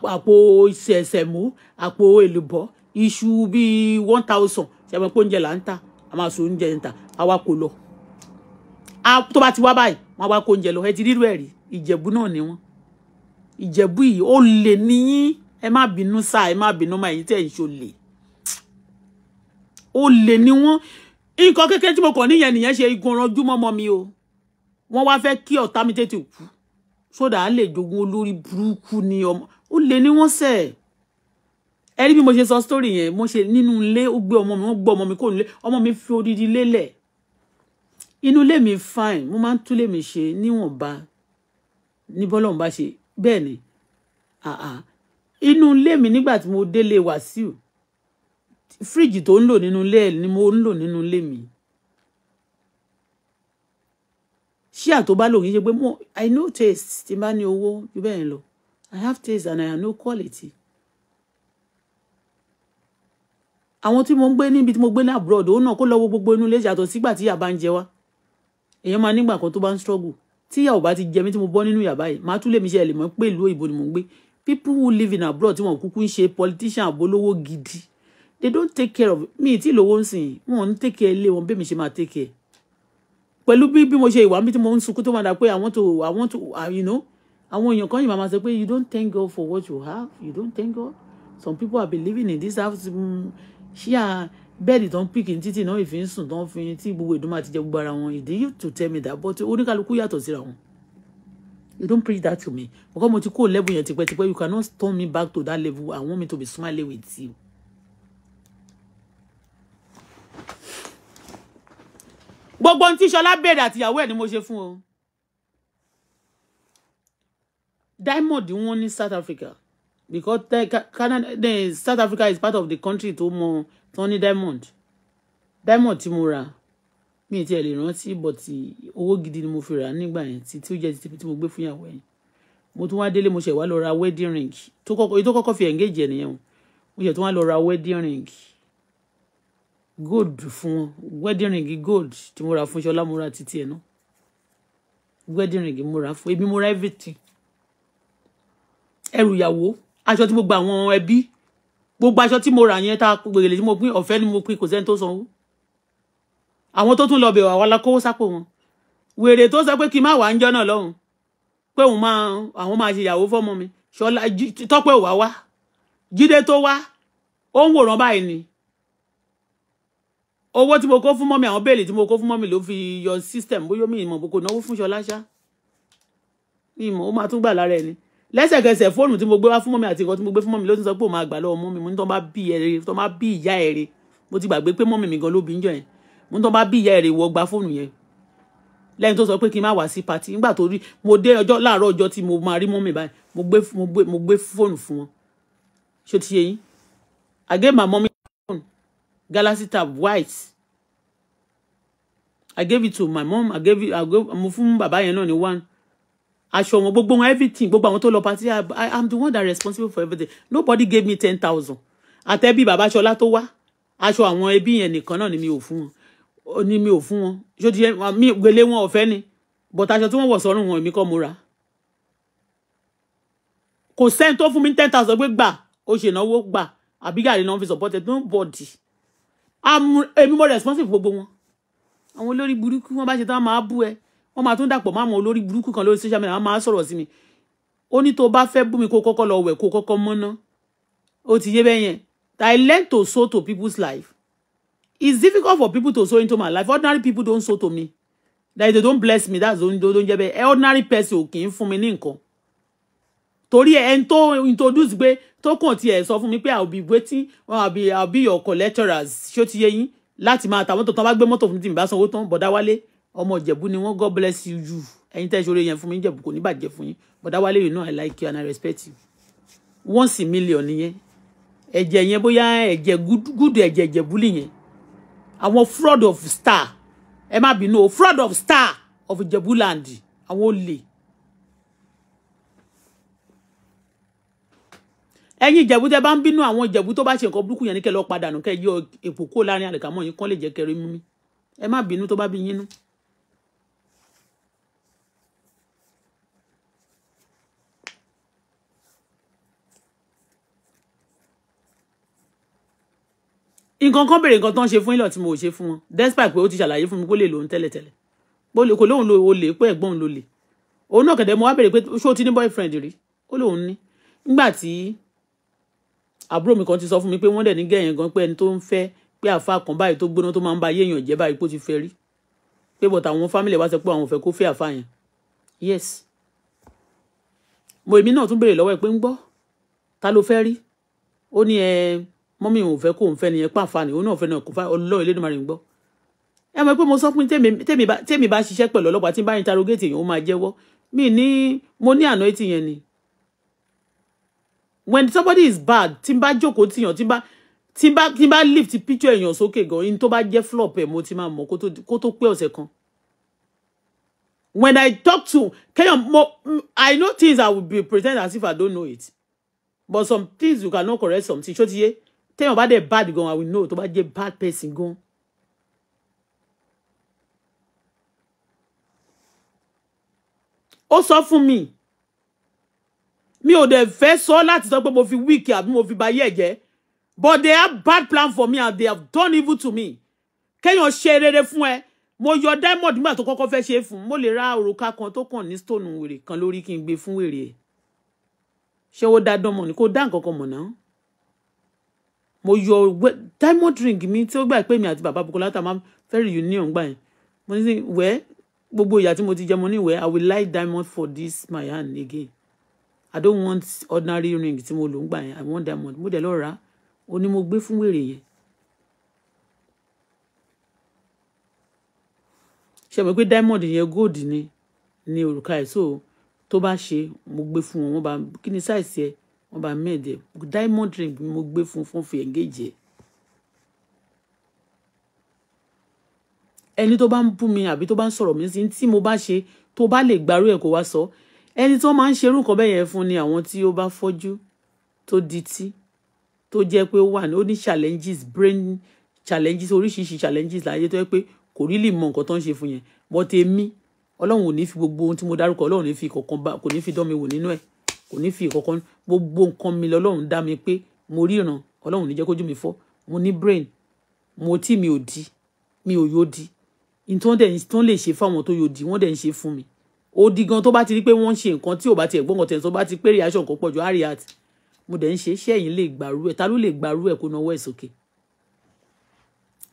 àpò ṣẹ̀ṣẹ̀mú àpò èlùbọ́ iṣu bíi one thousand ṣe àwọn oúnjẹ là ń ta a máa so oúnjẹ ń ta a wá kó lọ tó bá ti wá báyìí wọn wá kó oúnjẹ lọ ẹ ti rírú ẹ̀ rí ìjẹ̀bú náà ni wọ́n ìjẹ̀bú yìí ó lè níyín ẹ má bínú sáà ẹ má bínú máa yín tẹ̀ ń ṣo ó lè ní wọ́n nǹkan kékeré tí mo kàn níyẹn nìyẹn ṣe igun ranjú mọ́mọ́ mi o wọ́n wá fẹ́ kí ọ̀tá mi tètè kú sódà á lè jogún olórí burúkú ni ọmọ ó lè ní wọ́n sẹ̀ ẹ rí bí mo ṣe sọ sítórì yẹn mo ṣe nínú ilé ó gbé ọmọ mi wọ́n gbọ́ ọmọ mi kò nílé ọmọ mi fi odidi lélẹ̀ inú ilé mi fine mo máa ń tún ilé mi ṣe níwọ̀nba ní bọ́lọ́run bá ṣe bẹ́ẹ̀ ni inú ilé mi nígbà tí mo délé Wàsíù fíríjì tó ń lò nínú ilé ẹ̀ ni mo ń lò nínú ilé mi ṣíà tó bá lò ṣe pé mo i know taste tí n bá ní owó ju bẹ́ẹ̀ lọ i have taste and i have no quality. àwọn tí mo ń gbé níbi tí mo gbé ní abroad òun náà kó lọ́wọ́ gbogbo inú ilé yàtọ̀ sígbà tí ìyà bá ń jẹ wá èèyàn máa nígbà kan tó bá ń struggle tí ìyà ò bá ti jẹ mí tí mo bọ́ nínú ìyà báyìí máa tún lè mi ṣe ẹ̀ pé ìlú òyìnbó ni mo ń gbé people who live in abroad tí wọn kúkú ń ṣe politician àbólówó gidi they don't take care of me tí ìlówó ń sìn wọn ò ní take care ilé wọn bẹ́ẹ̀ mi ṣe máa take care pẹ̀lú bí bí mo ṣe ìwà mi tí mo ń sunkún tó máa dà pé àwọn tó àwọn tó you know àwọn èèyàn kan yìí máa ma sọ pé you don't thank God for what you have you don't thank God some people are been in this house ṣíà bẹ́ẹ̀dì tó ń pìkì títì náà ìfi ń sùn tó ń fi tí gbogbo ìdún máa ti jẹ gbogbo ara wọn ìdí yóò tó tẹ́ mi dà bọ́ tí oníkálukú yàtọ̀ síra wọn you don't preach that to me because mo ti kó level yẹn tipẹ́tipẹ́ you cannot turn me back to that level I want me to be smiling with you gbogbo ohun tí Ṣọlá béèrè àtìyàwó ẹ̀ ni mo ṣe fún o diamond wọ́n ní South Africa because Canada South Africa is part of the country tó mọ tó ní diamond diamond tí mo rà mi ì tiẹ̀ lè rántí but owó gidi ni mo fi rà nígbà yẹn tí tí ó jẹ́ tí mo gbé fún ìyàwó yẹn mo tún wá délé mo ṣẹ̀ wá lọ ra wedding ring tó kọ́kọ́ fi engage ẹ̀ nìyẹn o mo ṣẹ̀ tún wá lọ ra wedding ring gold fún wọn wedding ring gold tí mo ra fún ṣọlá mo ra títí ẹ̀ náà wedding ring mo ra fún ebi mo ra everything ẹrù ìyàwó aṣọ tí mo gba àwọn ẹbí gbogbo aṣọ tí mo rà yẹn tá gbèrèlè tí mo pín ọ̀fẹ́ ni mo pín kò sẹ́ni tó sanwó àwọn tó tún lọ bẹ̀wò àwọn alákòwò sápò wọn wèrè tó sọ pé kí n má wà ń jọ́nà lọ́hùn pé òun máa àwọn máa ṣe ìyàwó fọ́mọ mi ṣọlá tọ́pẹ́ ò wá wá jíde tó wá ó ń wòran báyìí ni owó tí mo kó fún mọ́mí àwọn bẹ́ẹ̀lì tí mo kó fún mọ́mí ló fi yọ system bóyá mi ìmọ̀ kò náwó fún ṣọlá ṣá mi ìmọ̀ ó máa tún gbà lára ẹni lẹ́sẹ̀kẹsẹ̀ fóònù tí mo gbé wá fún mọ́mí àti nǹkan tí mo gbé fún mọ́mí ló ti sọ pé òun máa gbà lọ́wọ́ mọ́mí mo ní tán bá bí ẹ̀rẹ̀ tán bá bí ìyá ẹ̀rẹ̀ mo ti gbàgbé pé mọ́mí mi gan ló bí ń jọ yẹn mo ní tán bá bí ìyá ẹ̀rẹ̀ wọ gba fóònù yẹn lẹ́yìn tó sọ pé kí n má wá sí pati nígbà tó rí mo dé ọjọ́ láàárọ̀ ọjọ́ tí mo máa rí mọ́mí báyìí mo gbé fóònù fún wọn ṣó ti yẹ yín I gave my mommy galaxy tab white i gave it to my mom i gave it i gave mo fún bàbá yẹn náà ní one aṣọ wọn gbogbo wọn everything gbogbo àwọn tó lọ party i am the one that responsible for everything nobody gave me ten thousand àtẹbí bàbá aṣọlá tó wá aṣọ àwọn ẹbí yẹn nìkan náà ni mi ò fún wọn ni mi ò fún wọn ṣó ti mi gbélé wọn ọ̀fẹ́ ni but aṣọ tí wọ́n wọ̀ sọ́rùn wọn èmi kọ́ mo ra kò sẹ́ni tó fún mi ten thousand gbé gbà ó ṣèlówó gbà àbí gàrí náà fi support nobody èmi mo responsible gbogbo wọn àwọn olórí burúkú wọn bá ṣe tán máa bú ẹ wọn máa tún dàpọ̀ mọ́ àwọn olórí burúkú kan lórí social media wọn máa sọ̀rọ̀ sí mi ó ní tó bá fẹ́ bú mi kó kọ́kọ́ lọ wẹ̀ kó kọ́kọ́ mọ́ná ó ti yé bẹ́ẹ̀ yẹn I learn to sow to people's life it's difficult for people to sow into my life ordinary people don't sow to me that they don't bless me that's don't don't jẹ́ bẹ́ẹ̀ ordinary person ò kì í fún mi ní nǹkan torí ẹni tó introduce pé tó kàn tiẹ̀ sọ fún mi pé i'll be waiting or uh, i'll be i'll be your collectors. ṣé ó ti yé yín láti máa ta mọ́tò tán bá gbé mọ́tò fún mi tí mi bá sanwó tán bọ̀dá wálé ọmọ ìjẹ̀bú ni wọ́n god bless you you ẹ̀yin tẹ́ ṣoore yẹn fún mi ìjẹ̀bú kò ní bàjẹ́ fún yín bọ̀dá wálé you know i like you and i respect you once in million nìyẹn ẹ̀jẹ̀ yẹn bóyá ẹ̀jẹ̀ gúdù ẹ̀jẹ̀ ìjẹ̀bú nìyẹn àwọn fraud of star ẹ má bínú o fraud of star of ìjẹ̀bú land àwọn olè ẹ̀yin ìjẹ̀bú tẹ́ bá ń bínú àwọn ìjẹ̀bú tó bá ṣe nǹkan burúkú yẹn ní kẹ́ lọ padà nù kẹ́ yọ èpò kó láàrin àlìkámọ́ yín kán lè jẹ́ kẹrin mú mi ẹ má bínú tó bá bí yín nú. nǹkan kan béèrè nǹkan tó ń ṣe fún ilọ̀ tí mo ò ṣe fún wọn despite pé ó ti ṣàlàyé fún mi kó lè lòun tẹ́lẹ̀tẹ́lẹ̀ kò lóun lo olè pé ẹ̀gbọ́n lo lè òun náà kẹ̀dẹ̀ mo wá béèrè pé ṣó o ti ní boyfriend rí ó lóun ní nígbà tí àbúrò mi kan ti sọ fún mi pé wọ́n dẹ̀ ní gẹ̀yìn gan pé ẹni tó ń fẹ́ pé àáfàá kan báyìí tó gbóná tó máa ń ba ayé èèyàn jẹ́ báyìí pé ó ti fẹ́ rí pé bọ̀tà àwọn fámìlì wa sọ pé àwọn ò fẹ́ kó fẹ́ àáfàá yẹn yes mo èmi náà tún béèrè lọ́wọ́ ẹ pé ń gbọ́ ta ló fẹ́ rí ó ní ẹ mọ́mí òun fẹ́ kóun fẹ́ nìyẹn pàfàní òun náà fẹ́ náà kó fà ọlọ́ Elédùmarè ń gbọ́ ẹ mọ̀ pé mo sọ fún tèmi bá ṣiṣẹ́ pẹ̀lú ọlọ́pàá tí bá interrogate èèyàn ó máa jẹ́wọ́ mi ní mo ní àná etí yẹn ni when somebody is bad tí n bá jókòó tìyàn tí n bá tí n bá tí n lift picture èèyàn sókè gan in tó bá jẹ́ flop ẹ̀ mo ti máa mọ̀ kó tó kó tó pé ọ̀sẹ̀ kan when i talk to kéèyàn mo i know things i will be pretend as if i don't know it but some things you cannot correct something ṣó ti yé téèyàn bá dẹ̀ bad gan i will know tó bá jẹ́ bad person gan. ó sọ fún mi mi o dẹ̀ fẹ́ so láti sọ pé mo fi weak àbí mo fi bayé ẹ̀jẹ̀ but they have bad plan for me and they have done evil to me kéèyàn ṣe rere fún ẹ mo yọ diamond nígbà tó kọ́kọ́ fẹ́ ṣe fún mo le ra òrùka kan tó kàn ní stone wèrè kan lori kí n gbé fún wèrè ẹ̀ ṣé ó dá dánmọ̀ ni kò dá nǹkan kan mọ̀ mo yọ diamond ring mi tí ó gbà pé mi àti bàbá Bukola ta máa fẹ́ reunion gbà yẹn mo ní wẹ́ gbogbo ìyà tí mo ti jẹ mo ní wẹ́ I will lie diamond for this my hand again i don't want ordinary ring tí mo lò ń gbà i want diamond mo dẹ̀ lọ rà á ó ní mo gbé fún wèrè yẹn ṣe mọ̀ pé diamond yẹn gold ni ni òrùka ẹ̀ so tó bá ṣe mo gbé fún wọn wọ́n bá size ẹ wọ́n bá mẹ́ẹ̀dẹ̀ diamond ring mo gbé fun fun fi engage ẹ̀. ẹni tó bá ń bú mi àbí tó bá ń sọ̀rọ̀ mi sí mo bá ṣe tó bá lè gbarú ẹ̀ kó wá sọ ẹni tó máa ń ṣerú nǹkan bẹ́ẹ̀ yẹn fún ni àwọn tí ó bá fọ́jú tó dití tó jẹ́ pé ó wà ní ó ní challenges brain challenges oríṣiríṣi challenges láyé tó yẹ pé kò rí lè mọ nǹkan tó ń ṣe fún yẹn but èmi ọlọ́run ò ní fi gbogbo ohun tí mo dárúkọ ọlọ́run ò ní fi kọ̀ọ̀kan bá kò ní fi dán mi wò nínú ẹ̀ kò ní fi kọ̀ọ̀kan gbogbo nǹkan mi lọ́lọ́run dá mi pé mo ríran ọlọ́run ní jẹ́ kójú mi fọ́ mo ní brain mo tí mi ò di mi ò yóò di ìtàn dẹ̀ ìtàn lè ṣe fáwọn tó yóò di wọ́n dẹ̀ ń ṣe fún mi ó di gan tó bá ti rí pé wọ́n ń ṣe nǹkan tí ò bá ti ẹ̀gbọ́n kan tẹ̀sán bá ti pé reaction kan pọ̀jù harry hart mo dẹ̀ ń ṣe iṣẹ́ yìí lè gbàrú ẹ̀ ta ló lè gbàrú ẹ̀ kó nawọ́ ẹ̀ sókè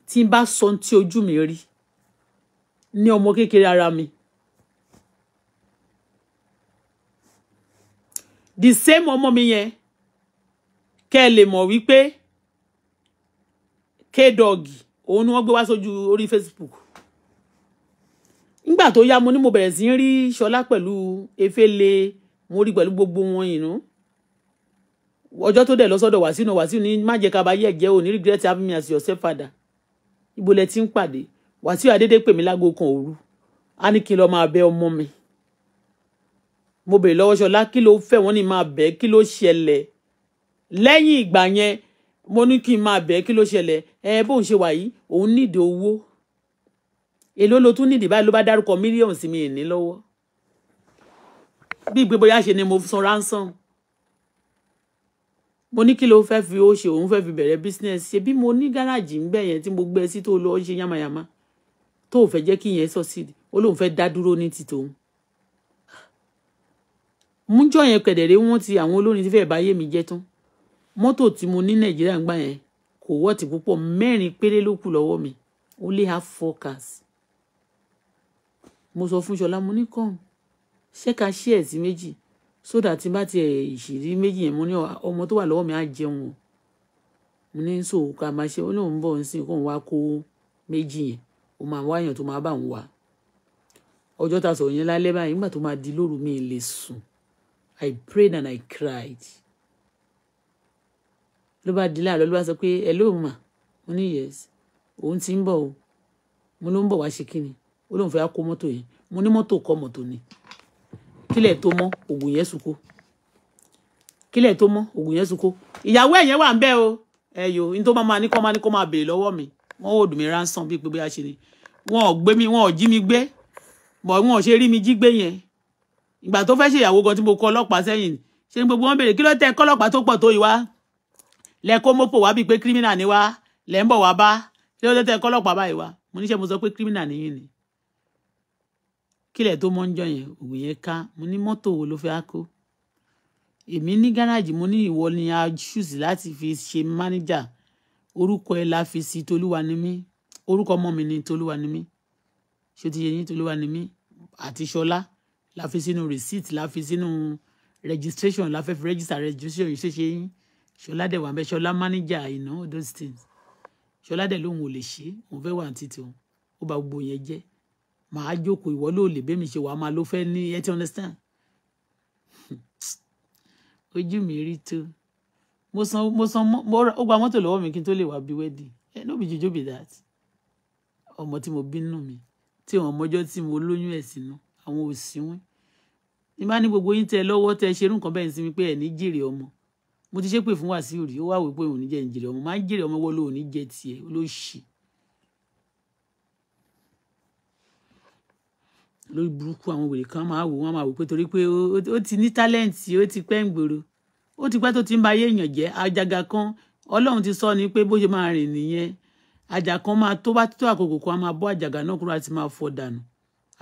tí n bá sọ tí ojú mi rí ní ọmọ kékeré ara mi the same ọmọ mi yẹn kẹ́ ẹ lè mọ̀ wípé k òun ni wọ́n gbé wá sójú orí Facebook nígbà tó yá mo ní mo bẹ̀rẹ̀ sí rí ṣọlá pẹ̀lú efele mo rí pẹ̀lú gbogbo wọn yìí nù ọjọ́ tó dẹ̀ lọ sọ́dọ̀ wàsíù náà ni ní má jẹ́ ká bá yẹ̀ jẹ́ òní regret having me as your stepfather ibo lẹ ti ń pàdé wàsíù àdédé pè mí kan òru á ní kí n lọ máa mi mo bèrè lọ́wọ́ ṣọlá kí ló fẹ́ wọ́n ní máa bẹ̀ kí ló ṣẹlẹ̀ lẹ́yìn ìgbà yẹn mo ní kí n máa bẹ̀ kí ló ṣẹlẹ̀ ẹ bóun ṣe wà yìí òun nídìí owó èló ló tún nídìí báyìí ló bá dárúkọ mílíọ̀nù sí mi ìní lọ́wọ́ bí gbogbo yá ṣe ni mo san ransom mo ní kí ló fẹ́ fi ó ṣe òun fẹ́ fi bẹ̀rẹ̀ business ṣe bí mo ní gáràjì ń bẹ̀ yẹn tí mo gbé sí tó lọ ṣe yamayama tó ò fẹ́ jẹ́ kí yẹn succeed ó lóun fẹ́ dá dúró ní ti tòun mújọ yẹn kẹ̀dẹ̀rẹ́ wọ́n ti àwọn olórin tí fẹ́ẹ̀ bá yé mi jẹ́ tán mọ́tò tí mo ní nàìjíríà ń gbà yẹn kò wọ́ọ̀tì púpọ̀ mẹ́rin péré ló kù lọ́wọ́ mi only have four cars mo sọ fún ṣọlá mo ní kàn ṣé ká ṣí ẹ̀ sí méjì sódà tí bá tiẹ̀ ìṣìírí méjì yẹn mo ní ọmọ tó wà lọ́wọ́ mi á jẹun o mo ní sòwò ká máa ṣe ó ní òun bọ̀ ń sìn kóun wá kó méjì yẹn ó máa wá èèyàn tó máa bá òun wá ọjọ́ ta sọ̀rọ̀ yẹn lálẹ́ báyìí nígbà tó máa di lóru mi lè sùn I prayed and I cried ló bá di láàárọ̀ ló bá sọ pé hello ma mo ní yes òun ti ń bọ̀ o mo ló ń bọ̀ wá ṣe kí ni ó lóun fẹ́ kó mọ́tò yẹn mo ní mọ́tò kọ́ mọ́tò ni kílẹ̀ tó mọ́ ògùn yẹn sunko kílẹ̀ tó mọ́ ògùn yẹn sunko ìyàwó ẹ̀yẹn wà ń bẹ́ o ẹ̀yọ́ ní tó máa ní kó máa ní kó máa béèrè lọ́wọ́ mi wọ́n ò dùn mí ránṣán bíi pé bóyá ni wọn ò gbé mi wọn ò jí mi gbé mọ̀ wọn ò ṣe rí mi jí gbé yẹn ìgbà tó fẹ́ ṣe ìyàwó gan tí mo kọ ọlọ́pàá sẹ́yìn ṣe ni gbogbo wọn béèrè kí ló tẹ kọ́lọ́pàá tó pọ̀ tó yìí wá lẹ kó mọ́pò wá bíi pé kírímìnà ni wá lẹ ń bọ̀ wá bá kí ló tẹ kọ́lọ́pàá báyìí wá mo níṣẹ́ mo sọ pé kírímìnà nìyí ni kílẹ̀ tó mọ́ ń jọ yẹn òwò yẹn ká mo ní mọ́tò wo ló fẹ́ kó èmi ní gáràjì mo ní ìwọ ni a ṣùsì láti fi ṣe mánéjà orúkọ ẹ la fi sí tolúwa ni mí orúkọ ọmọ mi ni tolúwa ni mí ṣé ti yẹ yín tolúwa ni mí àti ṣọlá la fi sínú receipt la fi sínú registration la fẹ́ fi register registration yìí ṣe ṣe yín ṣọlá dẹ̀ wà ń ṣọlá mánéjà you know those things ṣọlá dẹ̀ lóun ò lè ṣe òun fẹ́ wà ní títì òun ó bà gbogbo yẹn jẹ́ màá jókòó ìwọ ló lè bẹ́mi ṣe wàá máa ló fẹ́ ní ẹ understand <laughs> ojú mi rí tó mo san mo san ó gba mọ́tò lọ́wọ́ mi kí n tó lè wá bí wẹ́dì ẹ eh, no be jojo be that ọmọ tí mo bínú mi tí àwọn ọmọjọ́ tí mo lóyún ẹ̀ sínú àwọn òsínwín ní bá ní gbogbo yín tẹ lọ́wọ́ tẹ ṣerú nǹkan bẹ́ẹ̀ sí mi pé ẹ̀ ní jèrè ọmọ mo ti ṣépè fún Wàsíù rí ó wà wípé òun ní jẹ́ ìjèrè ọmọ máa ń jèrè ọmọ wọ́n lóun ní jẹ́ tiẹ̀ olóṣì lórí burúkú àwọn wèrè kan máa wò wọ́n máa wò pé torí pé ó ti ní tálẹ́ǹtì ó ti pẹ́ ń gbòòrò ó ti pẹ́ tó ti ń ba ayé èèyàn jẹ́ àjàgà kan ọlọ́run ti sọ ni pé bó ṣe máa rìn nìyẹn àjà kan máa tó bá tó àkókò kan a máa bọ́ àjàgà náà kúrò àti máa fọ́ dànù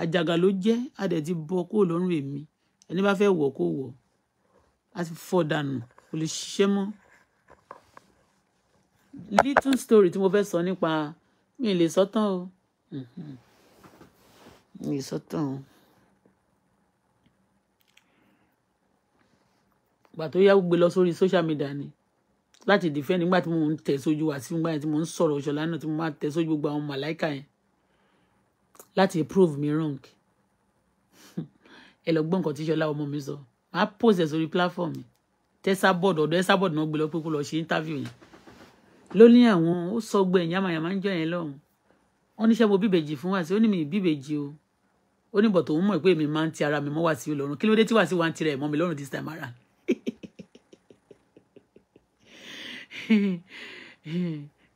àjàgà ló jẹ́ a ti bọ́ kó lọ́rùn èmi ẹni bá fẹ́ wọ̀ kó wọ̀ a ti fọ́ dànù kò lè ṣiṣẹ́ mọ́. little story tí mo fẹ́ sọ nípa mi ì lè sọ tán o mi ì sọ́tàn o. ìgbà tó yá social media ni láti defend nígbà tí mo ń tẹ̀ sójú wá sí nígbà tí mo ń sọ̀rọ̀ ṣọ̀lá náà tí mo máa tẹ̀ sójú gbogbo àwọn màláìka yẹn láti prove me wrong <laughs> ẹ lọ gbọ́ nǹkan tí ṣọlá ọmọ mi sọ màá post ẹ̀ sórí platform mi tẹ́sà board ọ̀dọ̀ ẹ̀sà board náà gbé lọ pé kó lọ ṣe interview yẹn ló ní àwọn ó sọ gbẹ̀yìn yamayama ń jọ yẹn lọ́hùn-ún ó níṣẹ́ mo bíbèjì fún wá sí ó ní mi bíbèjì o ó ní bọ̀tò òun mọ̀ pé èmi máa ń ti ara mi mọ́ Wàsíù lọ́rùn kí ló dé tí Wàsíù wá ń tirẹ̀ mọ́ mi lọ́rùn this time around.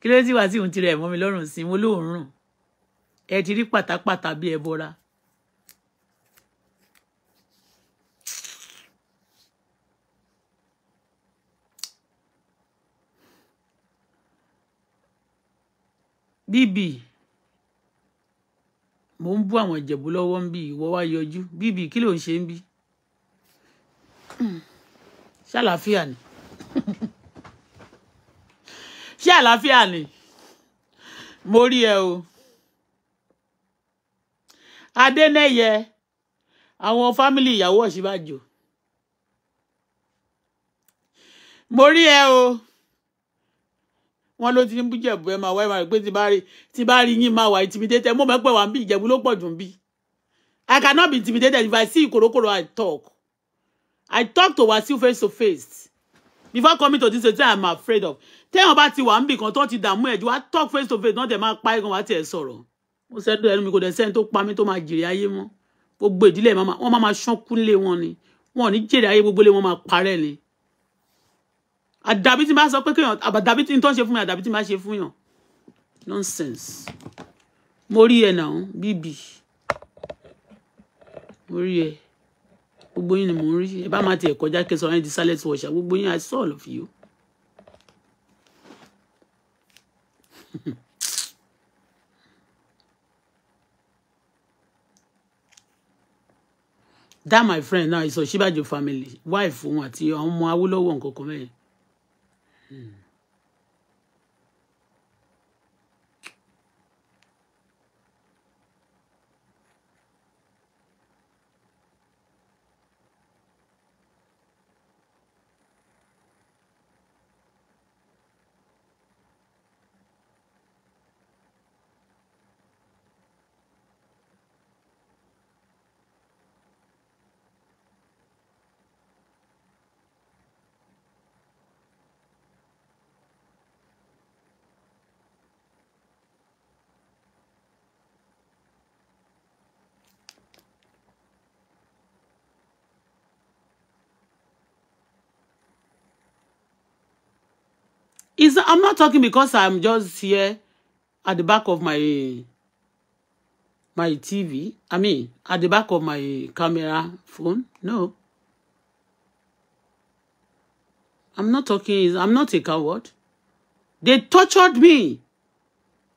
<laughs> kí ló dé tí Wàsíù ń tirẹ̀ mọ́ mi lọ́rùn sí mo lóòórùn ẹ ti rí pátápátá bí ẹ bọ́ra. bíbí mò ń bú àwọn ìjẹ̀bú lọ́wọ́ ń bí ìwọ wá yọjú bíbí kí ló ń ṣe ń bí <clears throat> ṣé àlàáfíà ni <clears throat> ṣé àlàáfíà ni mo rí ẹ o adẹ́nẹ́yẹ àwọn fámìlì ìyàwó Ọ̀ṣínbàjò mo rí ẹ o wọn ló ti ń bú jẹ̀bú ẹ máa wá ẹ máa pé tí bá rí yín máa wà intimidated mo mọ̀ pé wà ń bí ìjẹ̀bú ló pọ̀ jù ń bí I cannot be intimidated if I see Ikorokoro I talk I talk to Wasiu face to face before coming to this thing I'm afraid of téèyàn bá ti wà ń bì kan tó ti dààmú ẹ̀ wá talk face to face náà tẹ̀ máa pa ẹ̀kan wá tiẹ̀ sọ̀rọ̀ mo sẹ́dọ̀ ẹnu mi kò dẹ̀ sẹ́ni tó pa mí tó máa jèrè ayé mọ́ gbogbo ìdílé wọn máa ṣán kúnlé wọn ni wọn ò ní jèrè ayé gbogbo lé wọn máa parẹ́ ni àdàbí tí n bá sọ pé kéèyàn àdàbí tí n tó ń ṣe fún mi àdàbí tí n bá ṣe fún yàn nonsense mo rí ẹ náà bíbì mo rí ẹ gbogbo yín ni mo ń rí ẹ bá máa tiẹ̀ kọjá kẹsàn án di silent watcher gbogbo yín I saw all of you. <laughs> that my friend now is Ọ̀ṣínbàjò family wife òun àti àwọn ọmọ Awólọ́wọ̀ nǹkan mẹ́rin Mm. It's, I'm not talking because I'm just here at the back of my my TV. I mean, at the back of my camera phone. No. I'm not talking. I'm not a coward. They tortured me.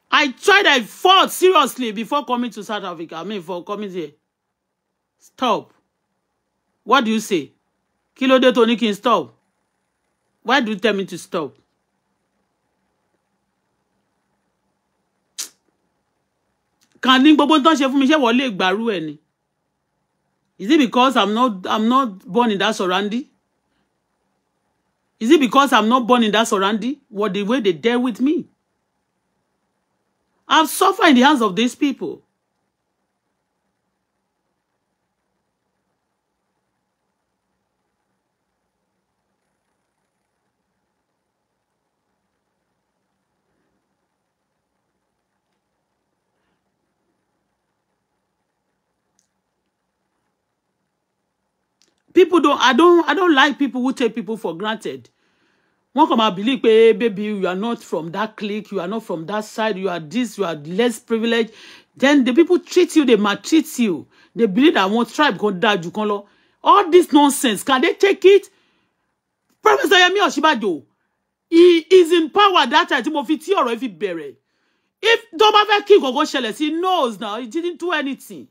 I tried, I fought seriously before coming to South Africa. I mean, for coming here. Stop. What do you say? Kí ló Tony tó stop. Why do you tell me to stop? kan ní gbogbo tó ń ṣe fún mi ṣé wọ́n lè gbàrú ẹ̀ ni is it because i'm not i'm not born in that surrounding is it because i'm not born in that surrounding what the way they dare with me i've suffered in the hands of these people people don't i don't i don't like people who take people for granted wọn kàn máa believe pé eh, baby you are not from that clique you are not from that side you are this you are less privileged then the people treat you they maltreat you they believe that one tribe kan dájú kan lọ all this nonsense can they take it Professor Yemi Osinbajo he is in power that time tí mo fi tí ọ̀rọ̀ yìí fi bẹ̀rẹ̀ if tó bá fẹ́ kí nǹkan kan sí he knows now he didn't do anything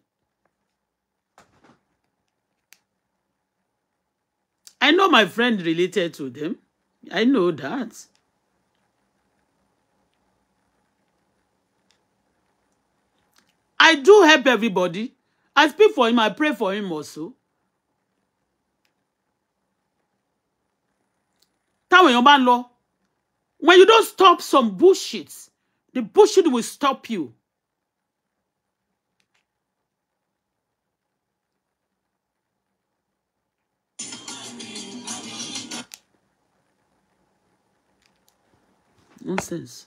I know my friend related to them. I know that. I do help everybody. I speak for him. I pray for him also. Táwọn èèyàn bá ń lọ. When you don't stop some bullshit, the bullshit will stop you. nonsense.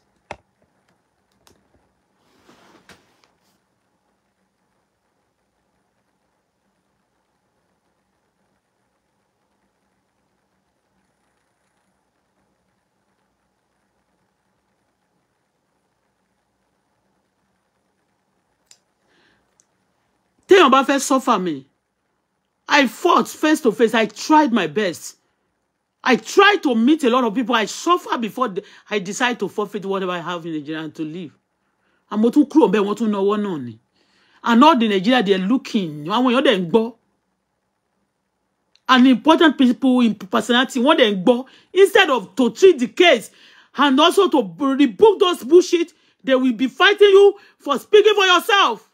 téèyàn bá fẹ́ suffer me I fought face to face I tried my best I try to meet a lot of people. I suffer before I decide to forfeit whatever I have in Nigeria and to leave. And too cruel, but I want to know one only. And all the Nigeria they're are looking. Àwọn èèyàn you ń go. And important people in personality want them go Instead of to treat the case and also to rebuke those bullshit, they will be fighting you for speaking for yourself.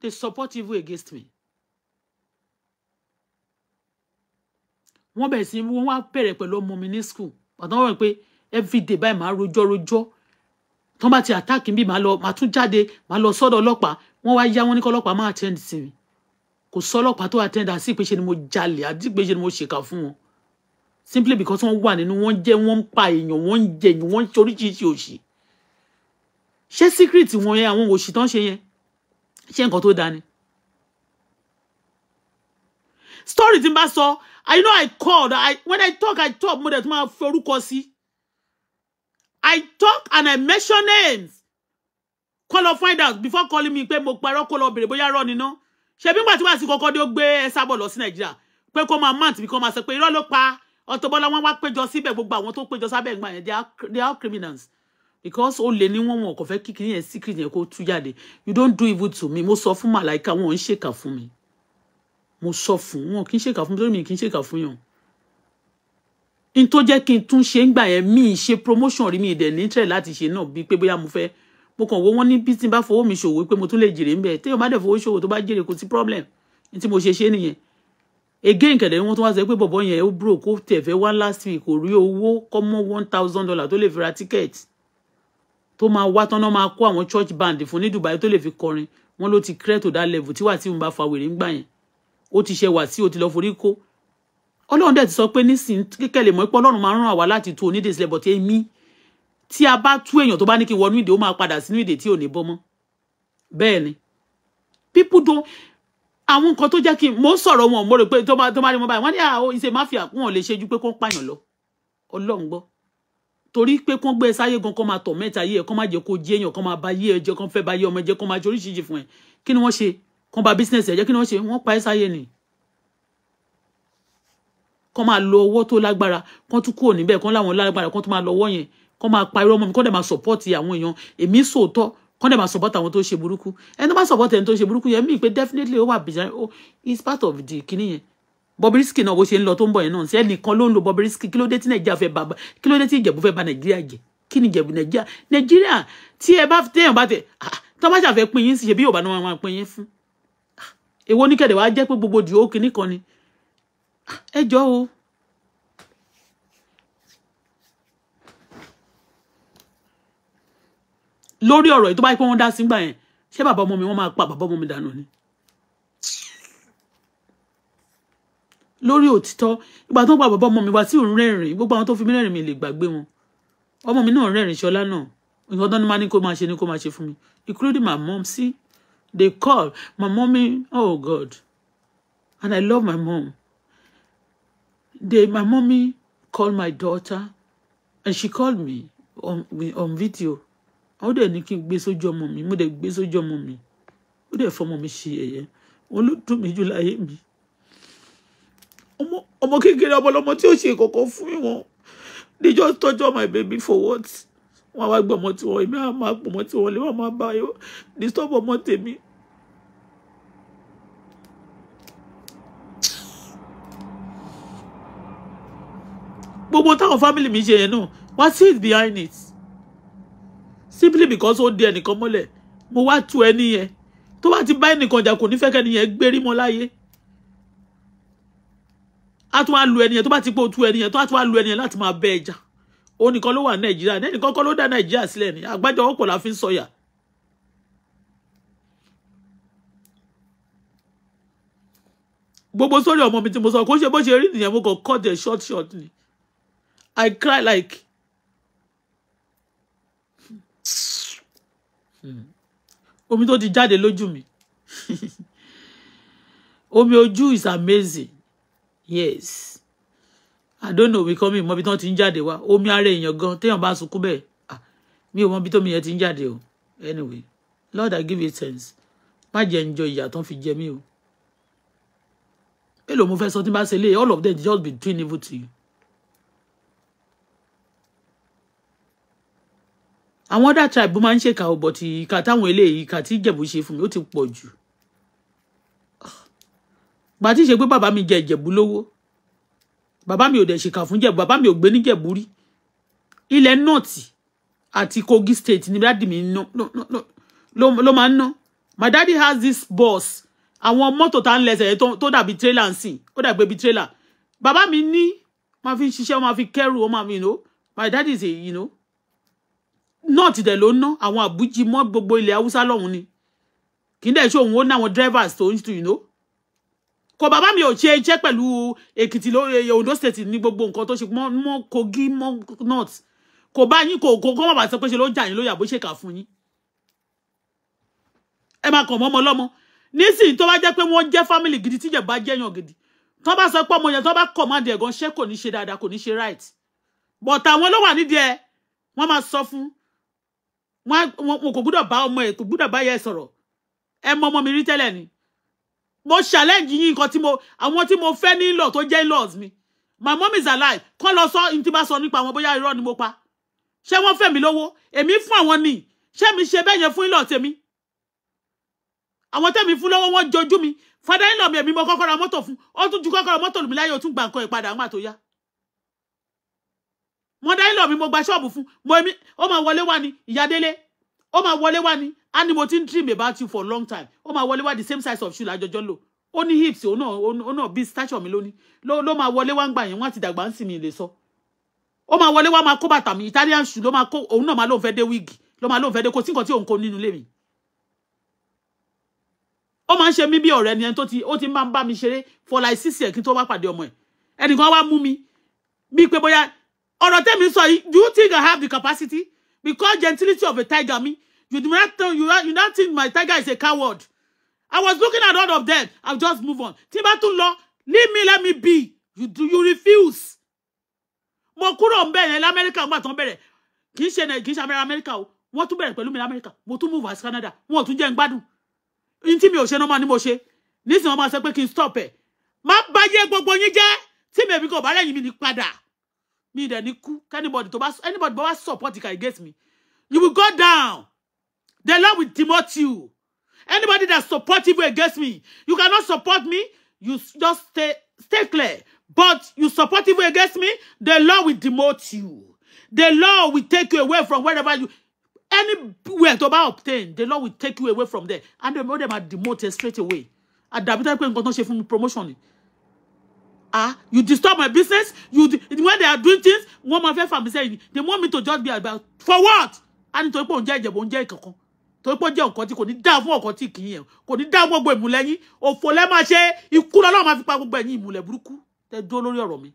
They support evil against me. wọ́n bẹ̀rẹ̀ sí wọ́n wá bẹ̀rẹ̀ pẹ̀lú ọmọ mi ní school ọ̀dọ́ wọn pé everyday báyìí máa rojọ́ rojọ́ tó bá ti attack bí màá lọ màá tún jáde màá lọ sọ́dọ̀ ọlọ́pàá wọ́n wá yá wọn ní kọ́ ọlọ́pàá máa attend sí mi kò sọ ọlọ́pàá tó attend àti ìpèsè ni mo jalè àti ìpèsè ni mo ṣèkà fún wọn simply because wọ́n wà nínú wọ́n jẹ́ wọ́n ń pa èèyàn wọ́n ń jẹyìn wọ́n ń ṣe oríṣiríṣi òṣì ṣé secret wọn yẹn àwọn òṣì tán ṣe yẹn ṣé nǹkan tó dáa ni story tí n bá sọ I know I called. I when I talk, I talk more than my forúkọ I talk and I mention names. Call or find before calling me pé mo parọ́ kó lọ bèrè bóyá rọ́ ni been watching us. tí go call the dé ó gbé Esabod lọ sí Nàìjíríà pé kó máa mount bí kó máa sọ pé irọ́ ló pa Auto Bola wọ́n wá péjọ síbẹ̀ gbogbo àwọn tó péjọ sábẹ́ ìgbà yẹn they are, they are criminals because all ni one more. kò fẹ́ kíkiri secret yẹn go to yard. you don't do evil to me Most of them are like I want. Shake up for me mo sọ fún wọn kì í ṣèkà fún mi kì í ṣèkà fún yàn n tó jẹ́ kí n tún ṣe ń gbà yẹn mi ṣe promotion rí mi ìdẹ̀ nítrẹ̀ láti ṣe náà bíi pé bóyá mo fẹ́ mo kàn wo wọ́n ní bí tí n bá fowó mi ṣòwò pé mo tún lè jèrè ń bẹ̀ téèyàn bá dẹ̀ fowó ṣòwò tó bá jèrè kò sí problem ní tí mo ṣe ṣe nìyẹn again kẹ̀dẹ̀ wọ́n tún wá sọ pé bọ̀bọ̀ yẹn ó bro kó tẹ̀ fẹ́ wá last week kò rí owó kọ́ mọ́ one thousand dollar tó lè fi ra ticket tó máa wá tán náà máa kó àwọn church band fún ní Dubai tó lè fi kọrin wọ́n ló ti clear to that level tí wà tí mo bá fa wèrè ń gbà yẹn ó ti ṣe wà sí o ti lọ forí kó ọlọ́run dẹ̀ ti sọ pé nísìnyí kíkẹ́ lè mọ̀ pé ọlọ́run máa ń ràn wá láti tú onídè sílẹ̀ bọ̀tí èmi tí a bá tú èèyàn tó bá ní kí wọnú ìdè ó máa padà sínú ìdè tí ò ní bọ́ bẹ́ẹ̀ ni people don àwọn nǹkan tó jẹ́ kí n mò ń sọ̀rọ̀ wọn mo rò pé tó máa tó máa rí wọn báyìí wọ́n ní àwọn ah, ìṣe máfíà wọn lè ṣe ju pé kó ń pààyàn lọ ọlọ́run gbọ́ torí pé kó ń gbé e sáyé gan kó máa tọ̀ mẹ́ta yé ẹ̀ kó máa jẹ́ kó jẹ́ èèyàn kó máa ba yé ẹ jẹ́ kó fẹ́ ba yé ọmọ jẹ́ kó máa ṣe oríṣiríṣi fún ẹ kí ni wọ́n ṣe kan ba business ẹ jẹ́ kí ni wọ́n ṣe wọ́n pa ẹ́ sáyé ni kan máa lo owó tó lágbára kan tún kúrò níbẹ̀ kan láwọn lágbára kan tún máa lọ ọwọ́ yẹn kan máa pa irọ́ mọ́ mi kan dẹ̀ máa support àwọn èèyàn èmi sòótọ́ kan dẹ̀ máa support àwọn tó ṣe burúkú ẹni tó bá support ẹni tó ṣe burúkú yẹn mí pé definitely ó wà behind ó is part of the kinní yẹn Bobrisky náà bó ṣe ń lọ tó ń bọ̀ yẹn náà ṣe ẹnìkan ló ń lo Bobrisky kí ló dé tí nàìjíríà fẹ́ bá kí ló dé tí ìjẹ̀bú fẹ́ bà nàìjíríà jẹ́ kí ni ìjẹ̀bú nàìjíríà nàìjíríà tí ẹ bá téèyàn bá tẹ tó bá ṣàfẹ́ pín yín sí ṣe bí yorùbá náà máa pín yín fún èwo ní kẹ̀dẹ̀ wá jẹ́ pé gbogbo dìó kìíní kan ni ah, ẹ jọ o. lórí ọ̀rọ̀ yìí tó bá yẹ pé wọ́n dá sí gbà yẹn ṣé bàbá ọmọ mi wọ́n máa pa bàbá ọmọ mi dànù ni. lórí òtítọ́ ìgbà tó ń pa bàbá ọmọ mi wá sí òun rẹ́rìn gbogbo àwọn tó fi mí rẹ́rìn mi lè gbàgbé wọn ọmọ mi náà rẹ́rìn ṣọlá náà nǹkan tó ní máa ní kó máa ṣe ni kó máa ṣe fún mi including my mom sí They call my mommy, oh God. And I love my mom. They, my mommy called my daughter and she called me on, on video. How dẹ̀ ní kí n gbé sójú ọmọ mi, mo dẹ̀ gbé sójú ọmọ mi. Ó dẹ̀ fọmọ mi ṣe ẹ̀yẹ. Wọ́n ló dùn mí jù láyé mi. Ọmọ ọmọ kékeré ọmọlọmọ tí ó ṣe kọ̀kọ̀ fún mi wọn. They just torture my baby for what? wọn wá gbọ́ ọmọ tiwọn èmi àwọn máa pọ̀ ọmọ tiwọn lé wọn máa bá yọ disturb ọmọ tèmi. gbogbo táwọn family mi ṣe yẹn náà what is behind it simply because ó di ẹnìkan mọ́lẹ̀ mo wá tu ẹni yẹn tó bá ti bá ẹnìkan jà kò ní fẹ́ kẹ́ni yẹn gbérí mọ́ láyé a tún wá lu ẹni yẹn tó bá ti pé o tu ẹni yẹn tó a tún wá lu ẹni yẹn láti máa bẹ́ ẹ jà òun nìkan ló wà ní nàìjíríà ní ẹnìkan kọ́ ló dá nàìjíríà sílẹ̀ ní àgbájọ ọ̀pọ̀ la fi ń sọ̀yà. gbogbo sórí ọmọ mi tí mo sọ kó ṣe bó ṣe rí nìyẹn mo kàn cut the short short ni I cry like. omi tó ti jáde lójú mi <laughs> omi ojú is amazing yes àdónò omi kan mi mọbi tán ti ń jáde wá omi ara èèyàn gan téèyàn bá sunkún bẹ́ẹ̀ mi ò mọbi tómi yẹn ti ń jáde o anyway lord i give you thanks má jẹ́ ń jọ ìyà tán fi jẹ mí o èlò mo fẹ́ sọ tí n bá ṣe lé all of them just be doing evil to you. àwọn ọ̀dà tribe máa ń ṣèkà ò bọ̀tì ìka táwọn eléyìí ìka tí ìjẹ̀bù ṣe fún mi ó ti pọ̀ jù ah. gbà tí ṣe pé bàbá mi jẹ ìjẹ̀bù lówó bàbá mi ò dẹ̀ ṣèkà fún jẹ̀bú mi ò gbé ní jẹ̀bú rí ilẹ̀ nọ́ọ̀tì àti kogi state ni dádì mi ná ló máa ń ná my daddy has this boss, bus àwọn mọ́tò tá ń lẹsẹ̀ tó dàbí trailer ń sìn ó dàgbé bí trailer Baba, mi ni. máa fi ṣiṣẹ́ ó máa fi kẹ́rù ó máa fi you know my daddy is a you know Not dẹ̀ ló ná àwọn àbújí mọ́ gbogbo ilẹ̀ haúsá lọ́hùn ni kì í dẹ̀ ṣe òun ó ná àwọn drivers tó you know kò bàbá mi ò ṣe jẹ́ pẹ̀lú èkìtì lórí eh, ondo state ní gbogbo nǹkan tó ṣe mọ́ kogi mọ́ north kò bá yín kò kò kọ́ bàbá sọ pé ṣe ló jà yín lóyà bó ṣe kà fún yín ẹ máa kàn mọ́mọ lọ́mọ nísìnyí tó bá jẹ́ pé wọ́n jẹ́ family gidi tíjẹ̀ bá jẹ́yàn gidi tó bá sọ pé ọmọ yẹn tó bá command ẹ̀ gan ṣé kò ní ṣe dáadáa kò ní ṣe right but àwọn ló wà nídìí ẹ wọ́n máa sọ fún wọn kò gbúdọ̀ bá ọmọ ẹ̀ kò gbúdọ̀ bá yẹ sọ̀rọ̀ ẹ mọ ọmọ mi rí tẹ́lẹ̀ ni mo challenge yín nǹkan tí mo àwọn tí mo fẹ́ ní law tó jẹ́ laws mi my mom is alive kọ́ lọ sọ n tí bá sọ nípa àwọn bóyá irọ́ ni mo pa ṣé wọ́n fẹ́ mi lówó èmi fún àwọn ni ṣé mi ṣe bẹ́ẹ̀ yẹn fún ìlọ̀ tèmi àwọn tẹ́mi fún lọ́wọ́ wọn jọjú mi fada ìlọ̀ mi èmi mo kọ́kọ́ ra mọ́tò fún ó tún ju kọ́kọ́ ra mọ́tò lùmí láyé ó tún gba nǹkan ìpadà àwọn àtòyá mọ́dá ìlọ̀ mi mo gba ṣọ́ọ̀bù fún mo èmi ó máa wọlé wá ní ìyá délé ó máa wọlé wá ni á mo ti dream about you for a long time ó máa wọlé wá the same size of shoe lájọjọ́ lò ó ní hips òun náà òun náà big stature mi lónìí ló ló máa wọlé wá ń gbà yẹn wọ́n ti dàgbà ń sì mí lè sọ ó máa wọlé wá máa kó mi italian shoe ló máa kó òun náà máa lóun fẹ́ dé wíìgì ló máa lóun fẹ́ dé kò sí nǹkan tí òun kó nínú ilé mi ó máa ń ṣe mí bí ni ẹni tó ti ó ti máa ń mi ṣeré for like six years kí n tó wá pàdé ọmọ ẹ̀ ẹnìkan wá mú mi bíi pé bóyá ọ̀rọ̀ tẹ́mi sọ do you think I have the capacity because gentility of a tiger me you do not think you, you not think my tiger is a coward i was looking at all of them i'll just move on tí bá tún leave me let me be you do you refuse mo kúrò ń bẹ̀rẹ̀ lamẹ́ríkà nígbà tó ń bẹ̀rẹ̀ kì í ṣe kì í ṣe amẹ́ríkà o wọ́n tún bẹ̀rẹ̀ pẹ̀lú mi lamẹ́ríkà mo tún move as Canada wọn ò tún jẹ́ ń gbádùn ní tí mi ò ṣe normal ni mo ṣe nísìnyí wọn máa sọ pé kí n stop ẹ̀ má báyé gbogbo yín jẹ́ tí mi èmi kò bá lẹ́yìn mi ní padà Me dẹ̀ ní anybody to bá anybody bá support you against me you will go down the Lord will demote you anybody that support you against me you cannot support me you just stay stay clear but you support evil against me the Lord will demote you the Lord will take you away from wherever you anywhere to buy obtain the Lord will take you away from there and the them ma demoted straight away àdàbí tó time pè nǹkan tó ń promotion ah you disturb my business you when they are doing things wọ́n máa fẹ́ fàmì sẹ́yìn they want me to just be about for what a ní torí pé òun jẹ́ ìjẹ̀bù òun jẹ́ ìkankan torí pé ó jẹ́ nǹkan tí kò ní dáa fún ọ̀kan tí kì í yẹn kò ní dáa gbogbo ìmùlẹ̀ yín òfò lẹ́ ṣe ikú lọ́lọ́run máa fi pa gbogbo ẹ̀yin ìmùlẹ̀ burúkú tẹ́ dúró lórí ọ̀rọ̀ mi.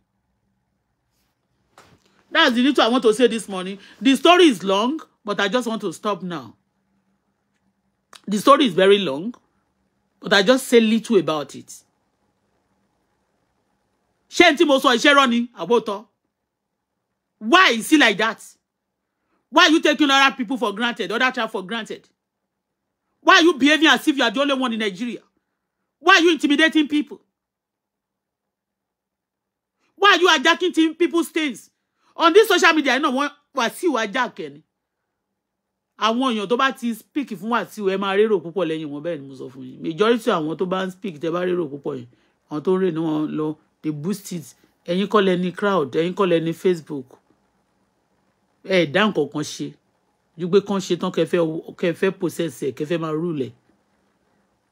that's the little i want to say this morning the story is long but i just want to stop now the story is very long but i just say little about it ṣé tí mo sọ iṣẹ́ rọ́ ni àbótọ́ why is it like that why you taking other people for granted other tribe for granted why you behaving as if you are the only one in Nigeria why you intimidating people why you hijacking people's things on this social media i know wọn Wàsíù hijack ẹni àwọn èèyàn tó bá ti speak fún Wàsíù ẹ máa rérò púpọ̀ lẹ́yìn wọn bẹ́ẹ̀ ni mo sọ fún yín majority àwọn tó bá ń speak tẹ bá rérò púpọ̀ yẹn àwọn tó ń rè ní wọn lọ they boost it ẹ̀yin kọ́ lẹni crowd ẹ̀yin kọ́ lẹni facebook ẹ̀ dá nǹkan kan ṣe ju pé kán ṣe tán kẹfẹ́ kẹfẹ́ process ẹ̀ kẹfẹ́ máa rule ẹ̀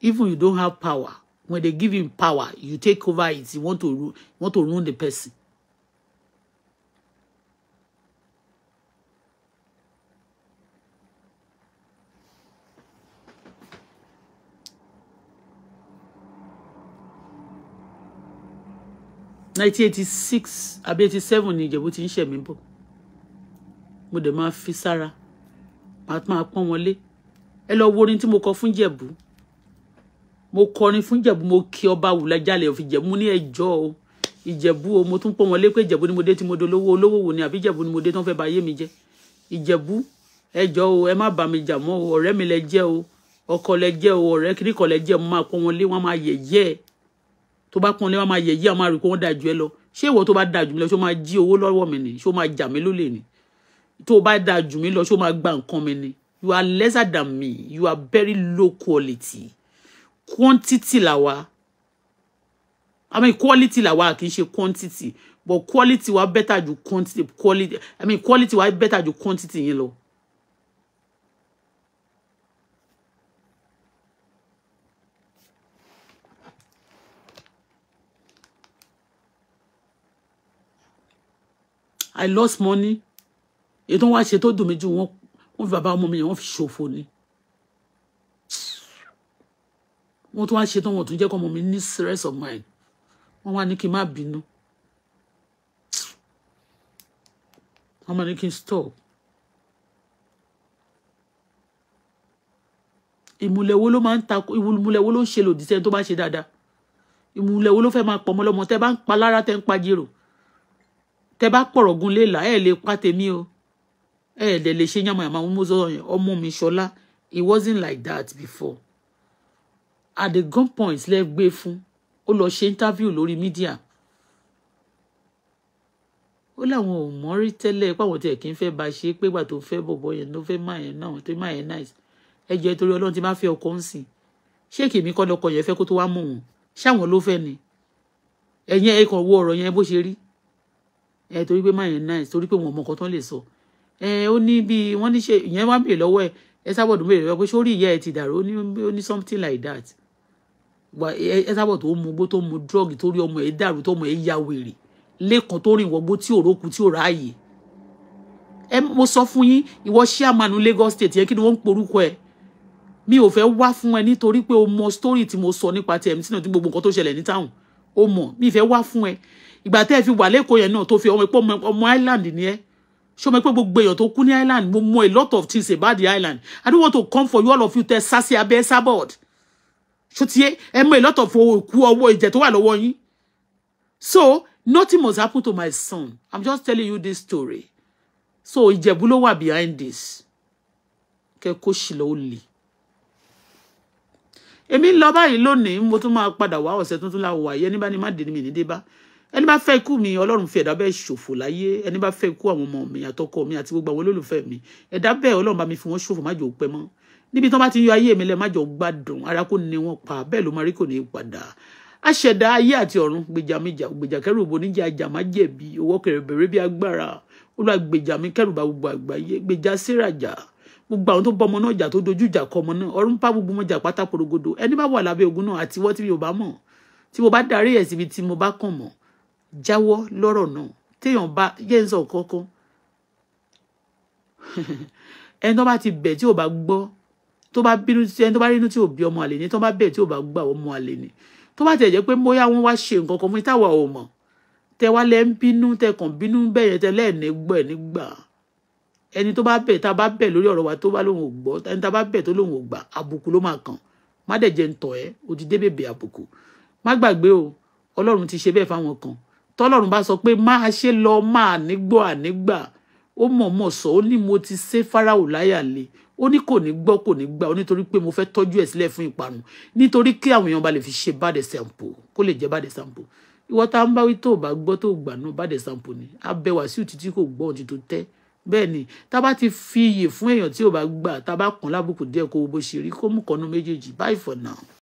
even you don't have power when they give him power you take over it you want to you want to ruin the person 1986, eighty àbí eighty ni ìjẹ̀bú ti ń ṣẹ̀mí bọ̀ mo dẹ̀ máa fi sára màá máa pọ́n wọn lé ẹ lọ wo tí mo kọ fún jẹ̀bú mo kọrin fún jẹ̀bú mo kí ọba wùlẹ̀ jálẹ̀ òfin jẹ̀bú mo ní ẹjọ́ o ìjẹ̀bú o mo tún pọ́n wọn pé ìjẹ̀bú ni mo dé tí mo dolówó olówó wò ni àbí ìjẹ̀bú ni mo dé tí wọ́n fẹ́ bà ayé mi jẹ́ ìjẹ̀bú ẹjọ́ o ẹ má bà mí jà mọ́ o ọ̀rẹ́ mi lẹ jẹ́ o ọkọ lẹ jẹ́ o ọ̀rẹ́ kíríkọ̀ lẹ jẹ́ o mo máa pọ́n wọn wọ́n máa yẹ̀yẹ́ ẹ̀ tó bá pọ́n lé wọ́n máa yẹ̀yẹ́ àwọn àrùkọ́ wọn dájú ẹ lọ ṣé ìwọ tó bá dájú mi lọ ṣó máa jí owó lọ́wọ́ mi ni ṣó máa jà mí lólè ni tó bá dájú mi lọ ṣó máa gba nǹkan mi ni you are lesser than me you are very low quality quantity làwa i mean quality làwa kì í ṣe quantity but quality wa better ju quantity quality i mean quality wa better ju quantity yẹn lọ i lost money èyí tó ń wá ṣe tó dùn mí jù wọ́n wọ́n fi bàbá ọmọ mi yẹn wọ́n fi ṣòfò ni wọ́n tún wá ṣe tán wọ́n tún jẹ́ kọ́ ọmọ mi ní stress of mind wọ́n wá ní kí n má bínú wọ́n má ní kí n stop ìmùlẹ̀wó ló máa ń ta ìmùlẹ̀wó ló ń ṣe lòdì sẹ́ni tó bá ṣe dáadáa ìmùlẹ̀wó ló fẹ́ máa pọ̀ mọ́ lọ́mọ tẹ́ bá ń pa lára tẹ́ ń pa jèrò tẹ bá pọ̀rọ̀ gun léèlà ẹ̀ lè pa tèmi o ẹ̀ dẹ̀ lè ṣe yànmọ̀ yànmọ̀ àwọn mọ́sọ̀ yẹn ọmọ mi ṣọlá it wasn't like that before at the gunpoint lẹ gbé fún ó lọ ṣe interview lórí media. ó láwọn ò mọ̀ rí tẹ́lẹ̀ páwọn tiẹ̀ kì í fẹ́ ba ṣe pé gbà tó fẹ́ bọ̀bọ̀ yẹn ló fẹ́ máa yẹn náà tó máa yẹn náà ẹ jẹ́ torí ọlọ́run ti máa fẹ́ ọkọ ń sìn ṣé kèmí kọ́ lọkọ yẹn fẹ́ kó tó wá mọ̀ wọ́n ṣáwọn ló fẹ́ ni ẹ̀yin ẹ kàn wo ọ̀rọ̀ yẹn bó ṣe rí ẹ eh, torí pé máa yẹn nice torí pé wọn ò mọ nǹkan tó ń lè sọ ẹ eh, ó ní bí wọn ní ṣe ìyẹn wá bèèrè lọ́wọ́ ẹ ẹ sábọ̀dù bèèrè lọ́wọ́ pé sórí ìyá ẹ ti dàrú ó ní something like that ẹ sábọ̀ tó mu gbó tó mu drug torí ọmọ ẹ dàrú tó ọmọ ẹ ya wèrè lẹ́kàn tó rìn wọgbó tí òrókù tí ò ráàyè ẹ mo sọ fún yín ìwọ ṣíàmánu Lagos State yẹn kí ni wọ́n ń porúkọ ẹ mi ò fẹ́ wá fún ẹ nítorí pé o mọ story tí mo sọ nípa tẹ̀mí sínú tí gbogbo nǹkan tó ṣẹlẹ̀ ní táwọn o mọ̀ mi fẹ́ wá fún ẹ ìgbà tẹ́ ẹ fi wà lẹ́kọ̀ọ́ yẹn náà tó fi ọmọ ọmọ island ni ẹ́ ṣé ọmọ ìpọ́ gbogbo èèyàn tó kú ní island mo mọ a lot of things about the island i don't want to come for you all of you tẹ sá sí abẹ́ sábọ̀d ṣó tiẹ́ ẹ mọ a lot of òkú ọwọ́ ìjẹ̀ tó wà lọ́wọ́ yín so nothing must happen to my son i'm just telling you this story so ìjẹ̀bú ló wà behind this kẹ́ kó ṣì lọ́ọ́ lè èmi ń lọ báyìí lónìí mo tún máa padà wá ọ̀sẹ̀ tuntun láwọ̀ wáyé ní bá ní má dé mi ní dé bá ẹni bá fẹ́ ikú mi ọlọ́run fi ẹ̀dá bẹ́ẹ̀ ṣòfò láyé ẹni bá fẹ́ ikú àwọn ọmọ mi àtọkọ mi àti gbogbo àwọn olólùfẹ́ mi ẹ̀dá bẹ́ẹ̀ ọlọ́run bá mi fi wọ́n ṣòfò má jò pẹ́ mọ́ níbi tí wọ́n bá ti yọ ayé mi lẹ́ má jọ gbádùn ara kò ní wọn pa bẹ́ẹ̀ ló máa rí kò ní í padà aṣẹ̀dá ayé àti ọ̀run gbèjà mi jà gbèjà kẹrù òbò níjà àjà má jẹ̀bi owó kẹrẹ̀bẹ̀rẹ̀ bí agbára olúwa gbèjà mi kẹrù bá gbogbo àgbáyé gbèjà sírajà gbogbo àwọn tó bọ ọmọ náà jà tó dojú ìjà kọ ọmọ náà ọ̀run pa gbogbo ọmọ jà pátá porogodo ẹni bá wà lábẹ́ ogun náà àtiwọ́ tí mi ò bá mọ̀ tí mo bá darí ẹ̀ síbi tí mo bá kàn mọ́ jáwọ́ lọ́rọ̀ náà téèyàn bá yé ń sọ kankan <laughs> ẹni tó bá ti bẹ̀ tí ò bá gbọ́ tó bá bínú ẹni tó bá rínú tí ò bí ọmọ àlè ní tó bá bẹ̀ tí ò bá gbà ọmọ àlè ní tó bá tẹ̀ jẹ́ pé bóyá wọ́n wá ṣe nǹkan kan fún táwa ò mọ̀ tẹ wá lẹ́ ń bínú tẹ kàn bínú bẹ̀yẹn tẹ lẹ́ẹ̀ní gbọ́ ẹ̀ nígbà ẹni tó bá bẹ̀ tá a bá bẹ̀ lórí ọ̀rọ̀ wa tó bá lóun ò gbọ́ ẹni tá a bá bẹ̀ tó lóun ò gbà àbùkù ló máa kàn má dẹ̀ jẹ́ ń tọ̀ ẹ́ o ti dé bèbè àbùkù má gbàgbé o ọlọ́run ti ṣe bẹ́ẹ̀ fáwọn kan tọ́lọ́run bá sọ pé máa ṣe lọ máa nígbọ́ ànígbà ó mọ̀ọ́mọ̀ sọ ó ní mo ti ṣe Fáráò láyà ó ní kò ní gbọ́ kò ní gbà ó nítorí pé mo fẹ́ tọ́jú ẹ̀ sílẹ̀ fún ìparun nítorí kí àwọn èèyàn bá lè fi ṣe bad example kó lè jẹ́ bad example ìwọ tá ń bá wí tó o bá gbọ́ tó o gbà náà bad example ni abẹ Wàsíù títí kò gbọ́ ohun ti tó tẹ́ bẹ́ẹ̀ ni tá a bá ti fi iyè fún èèyàn tí o bá gbà tá a bá kàn lábùkù díẹ̀ kó o bó ṣe rí kó mú kọ́nú méjèèjì bye for now.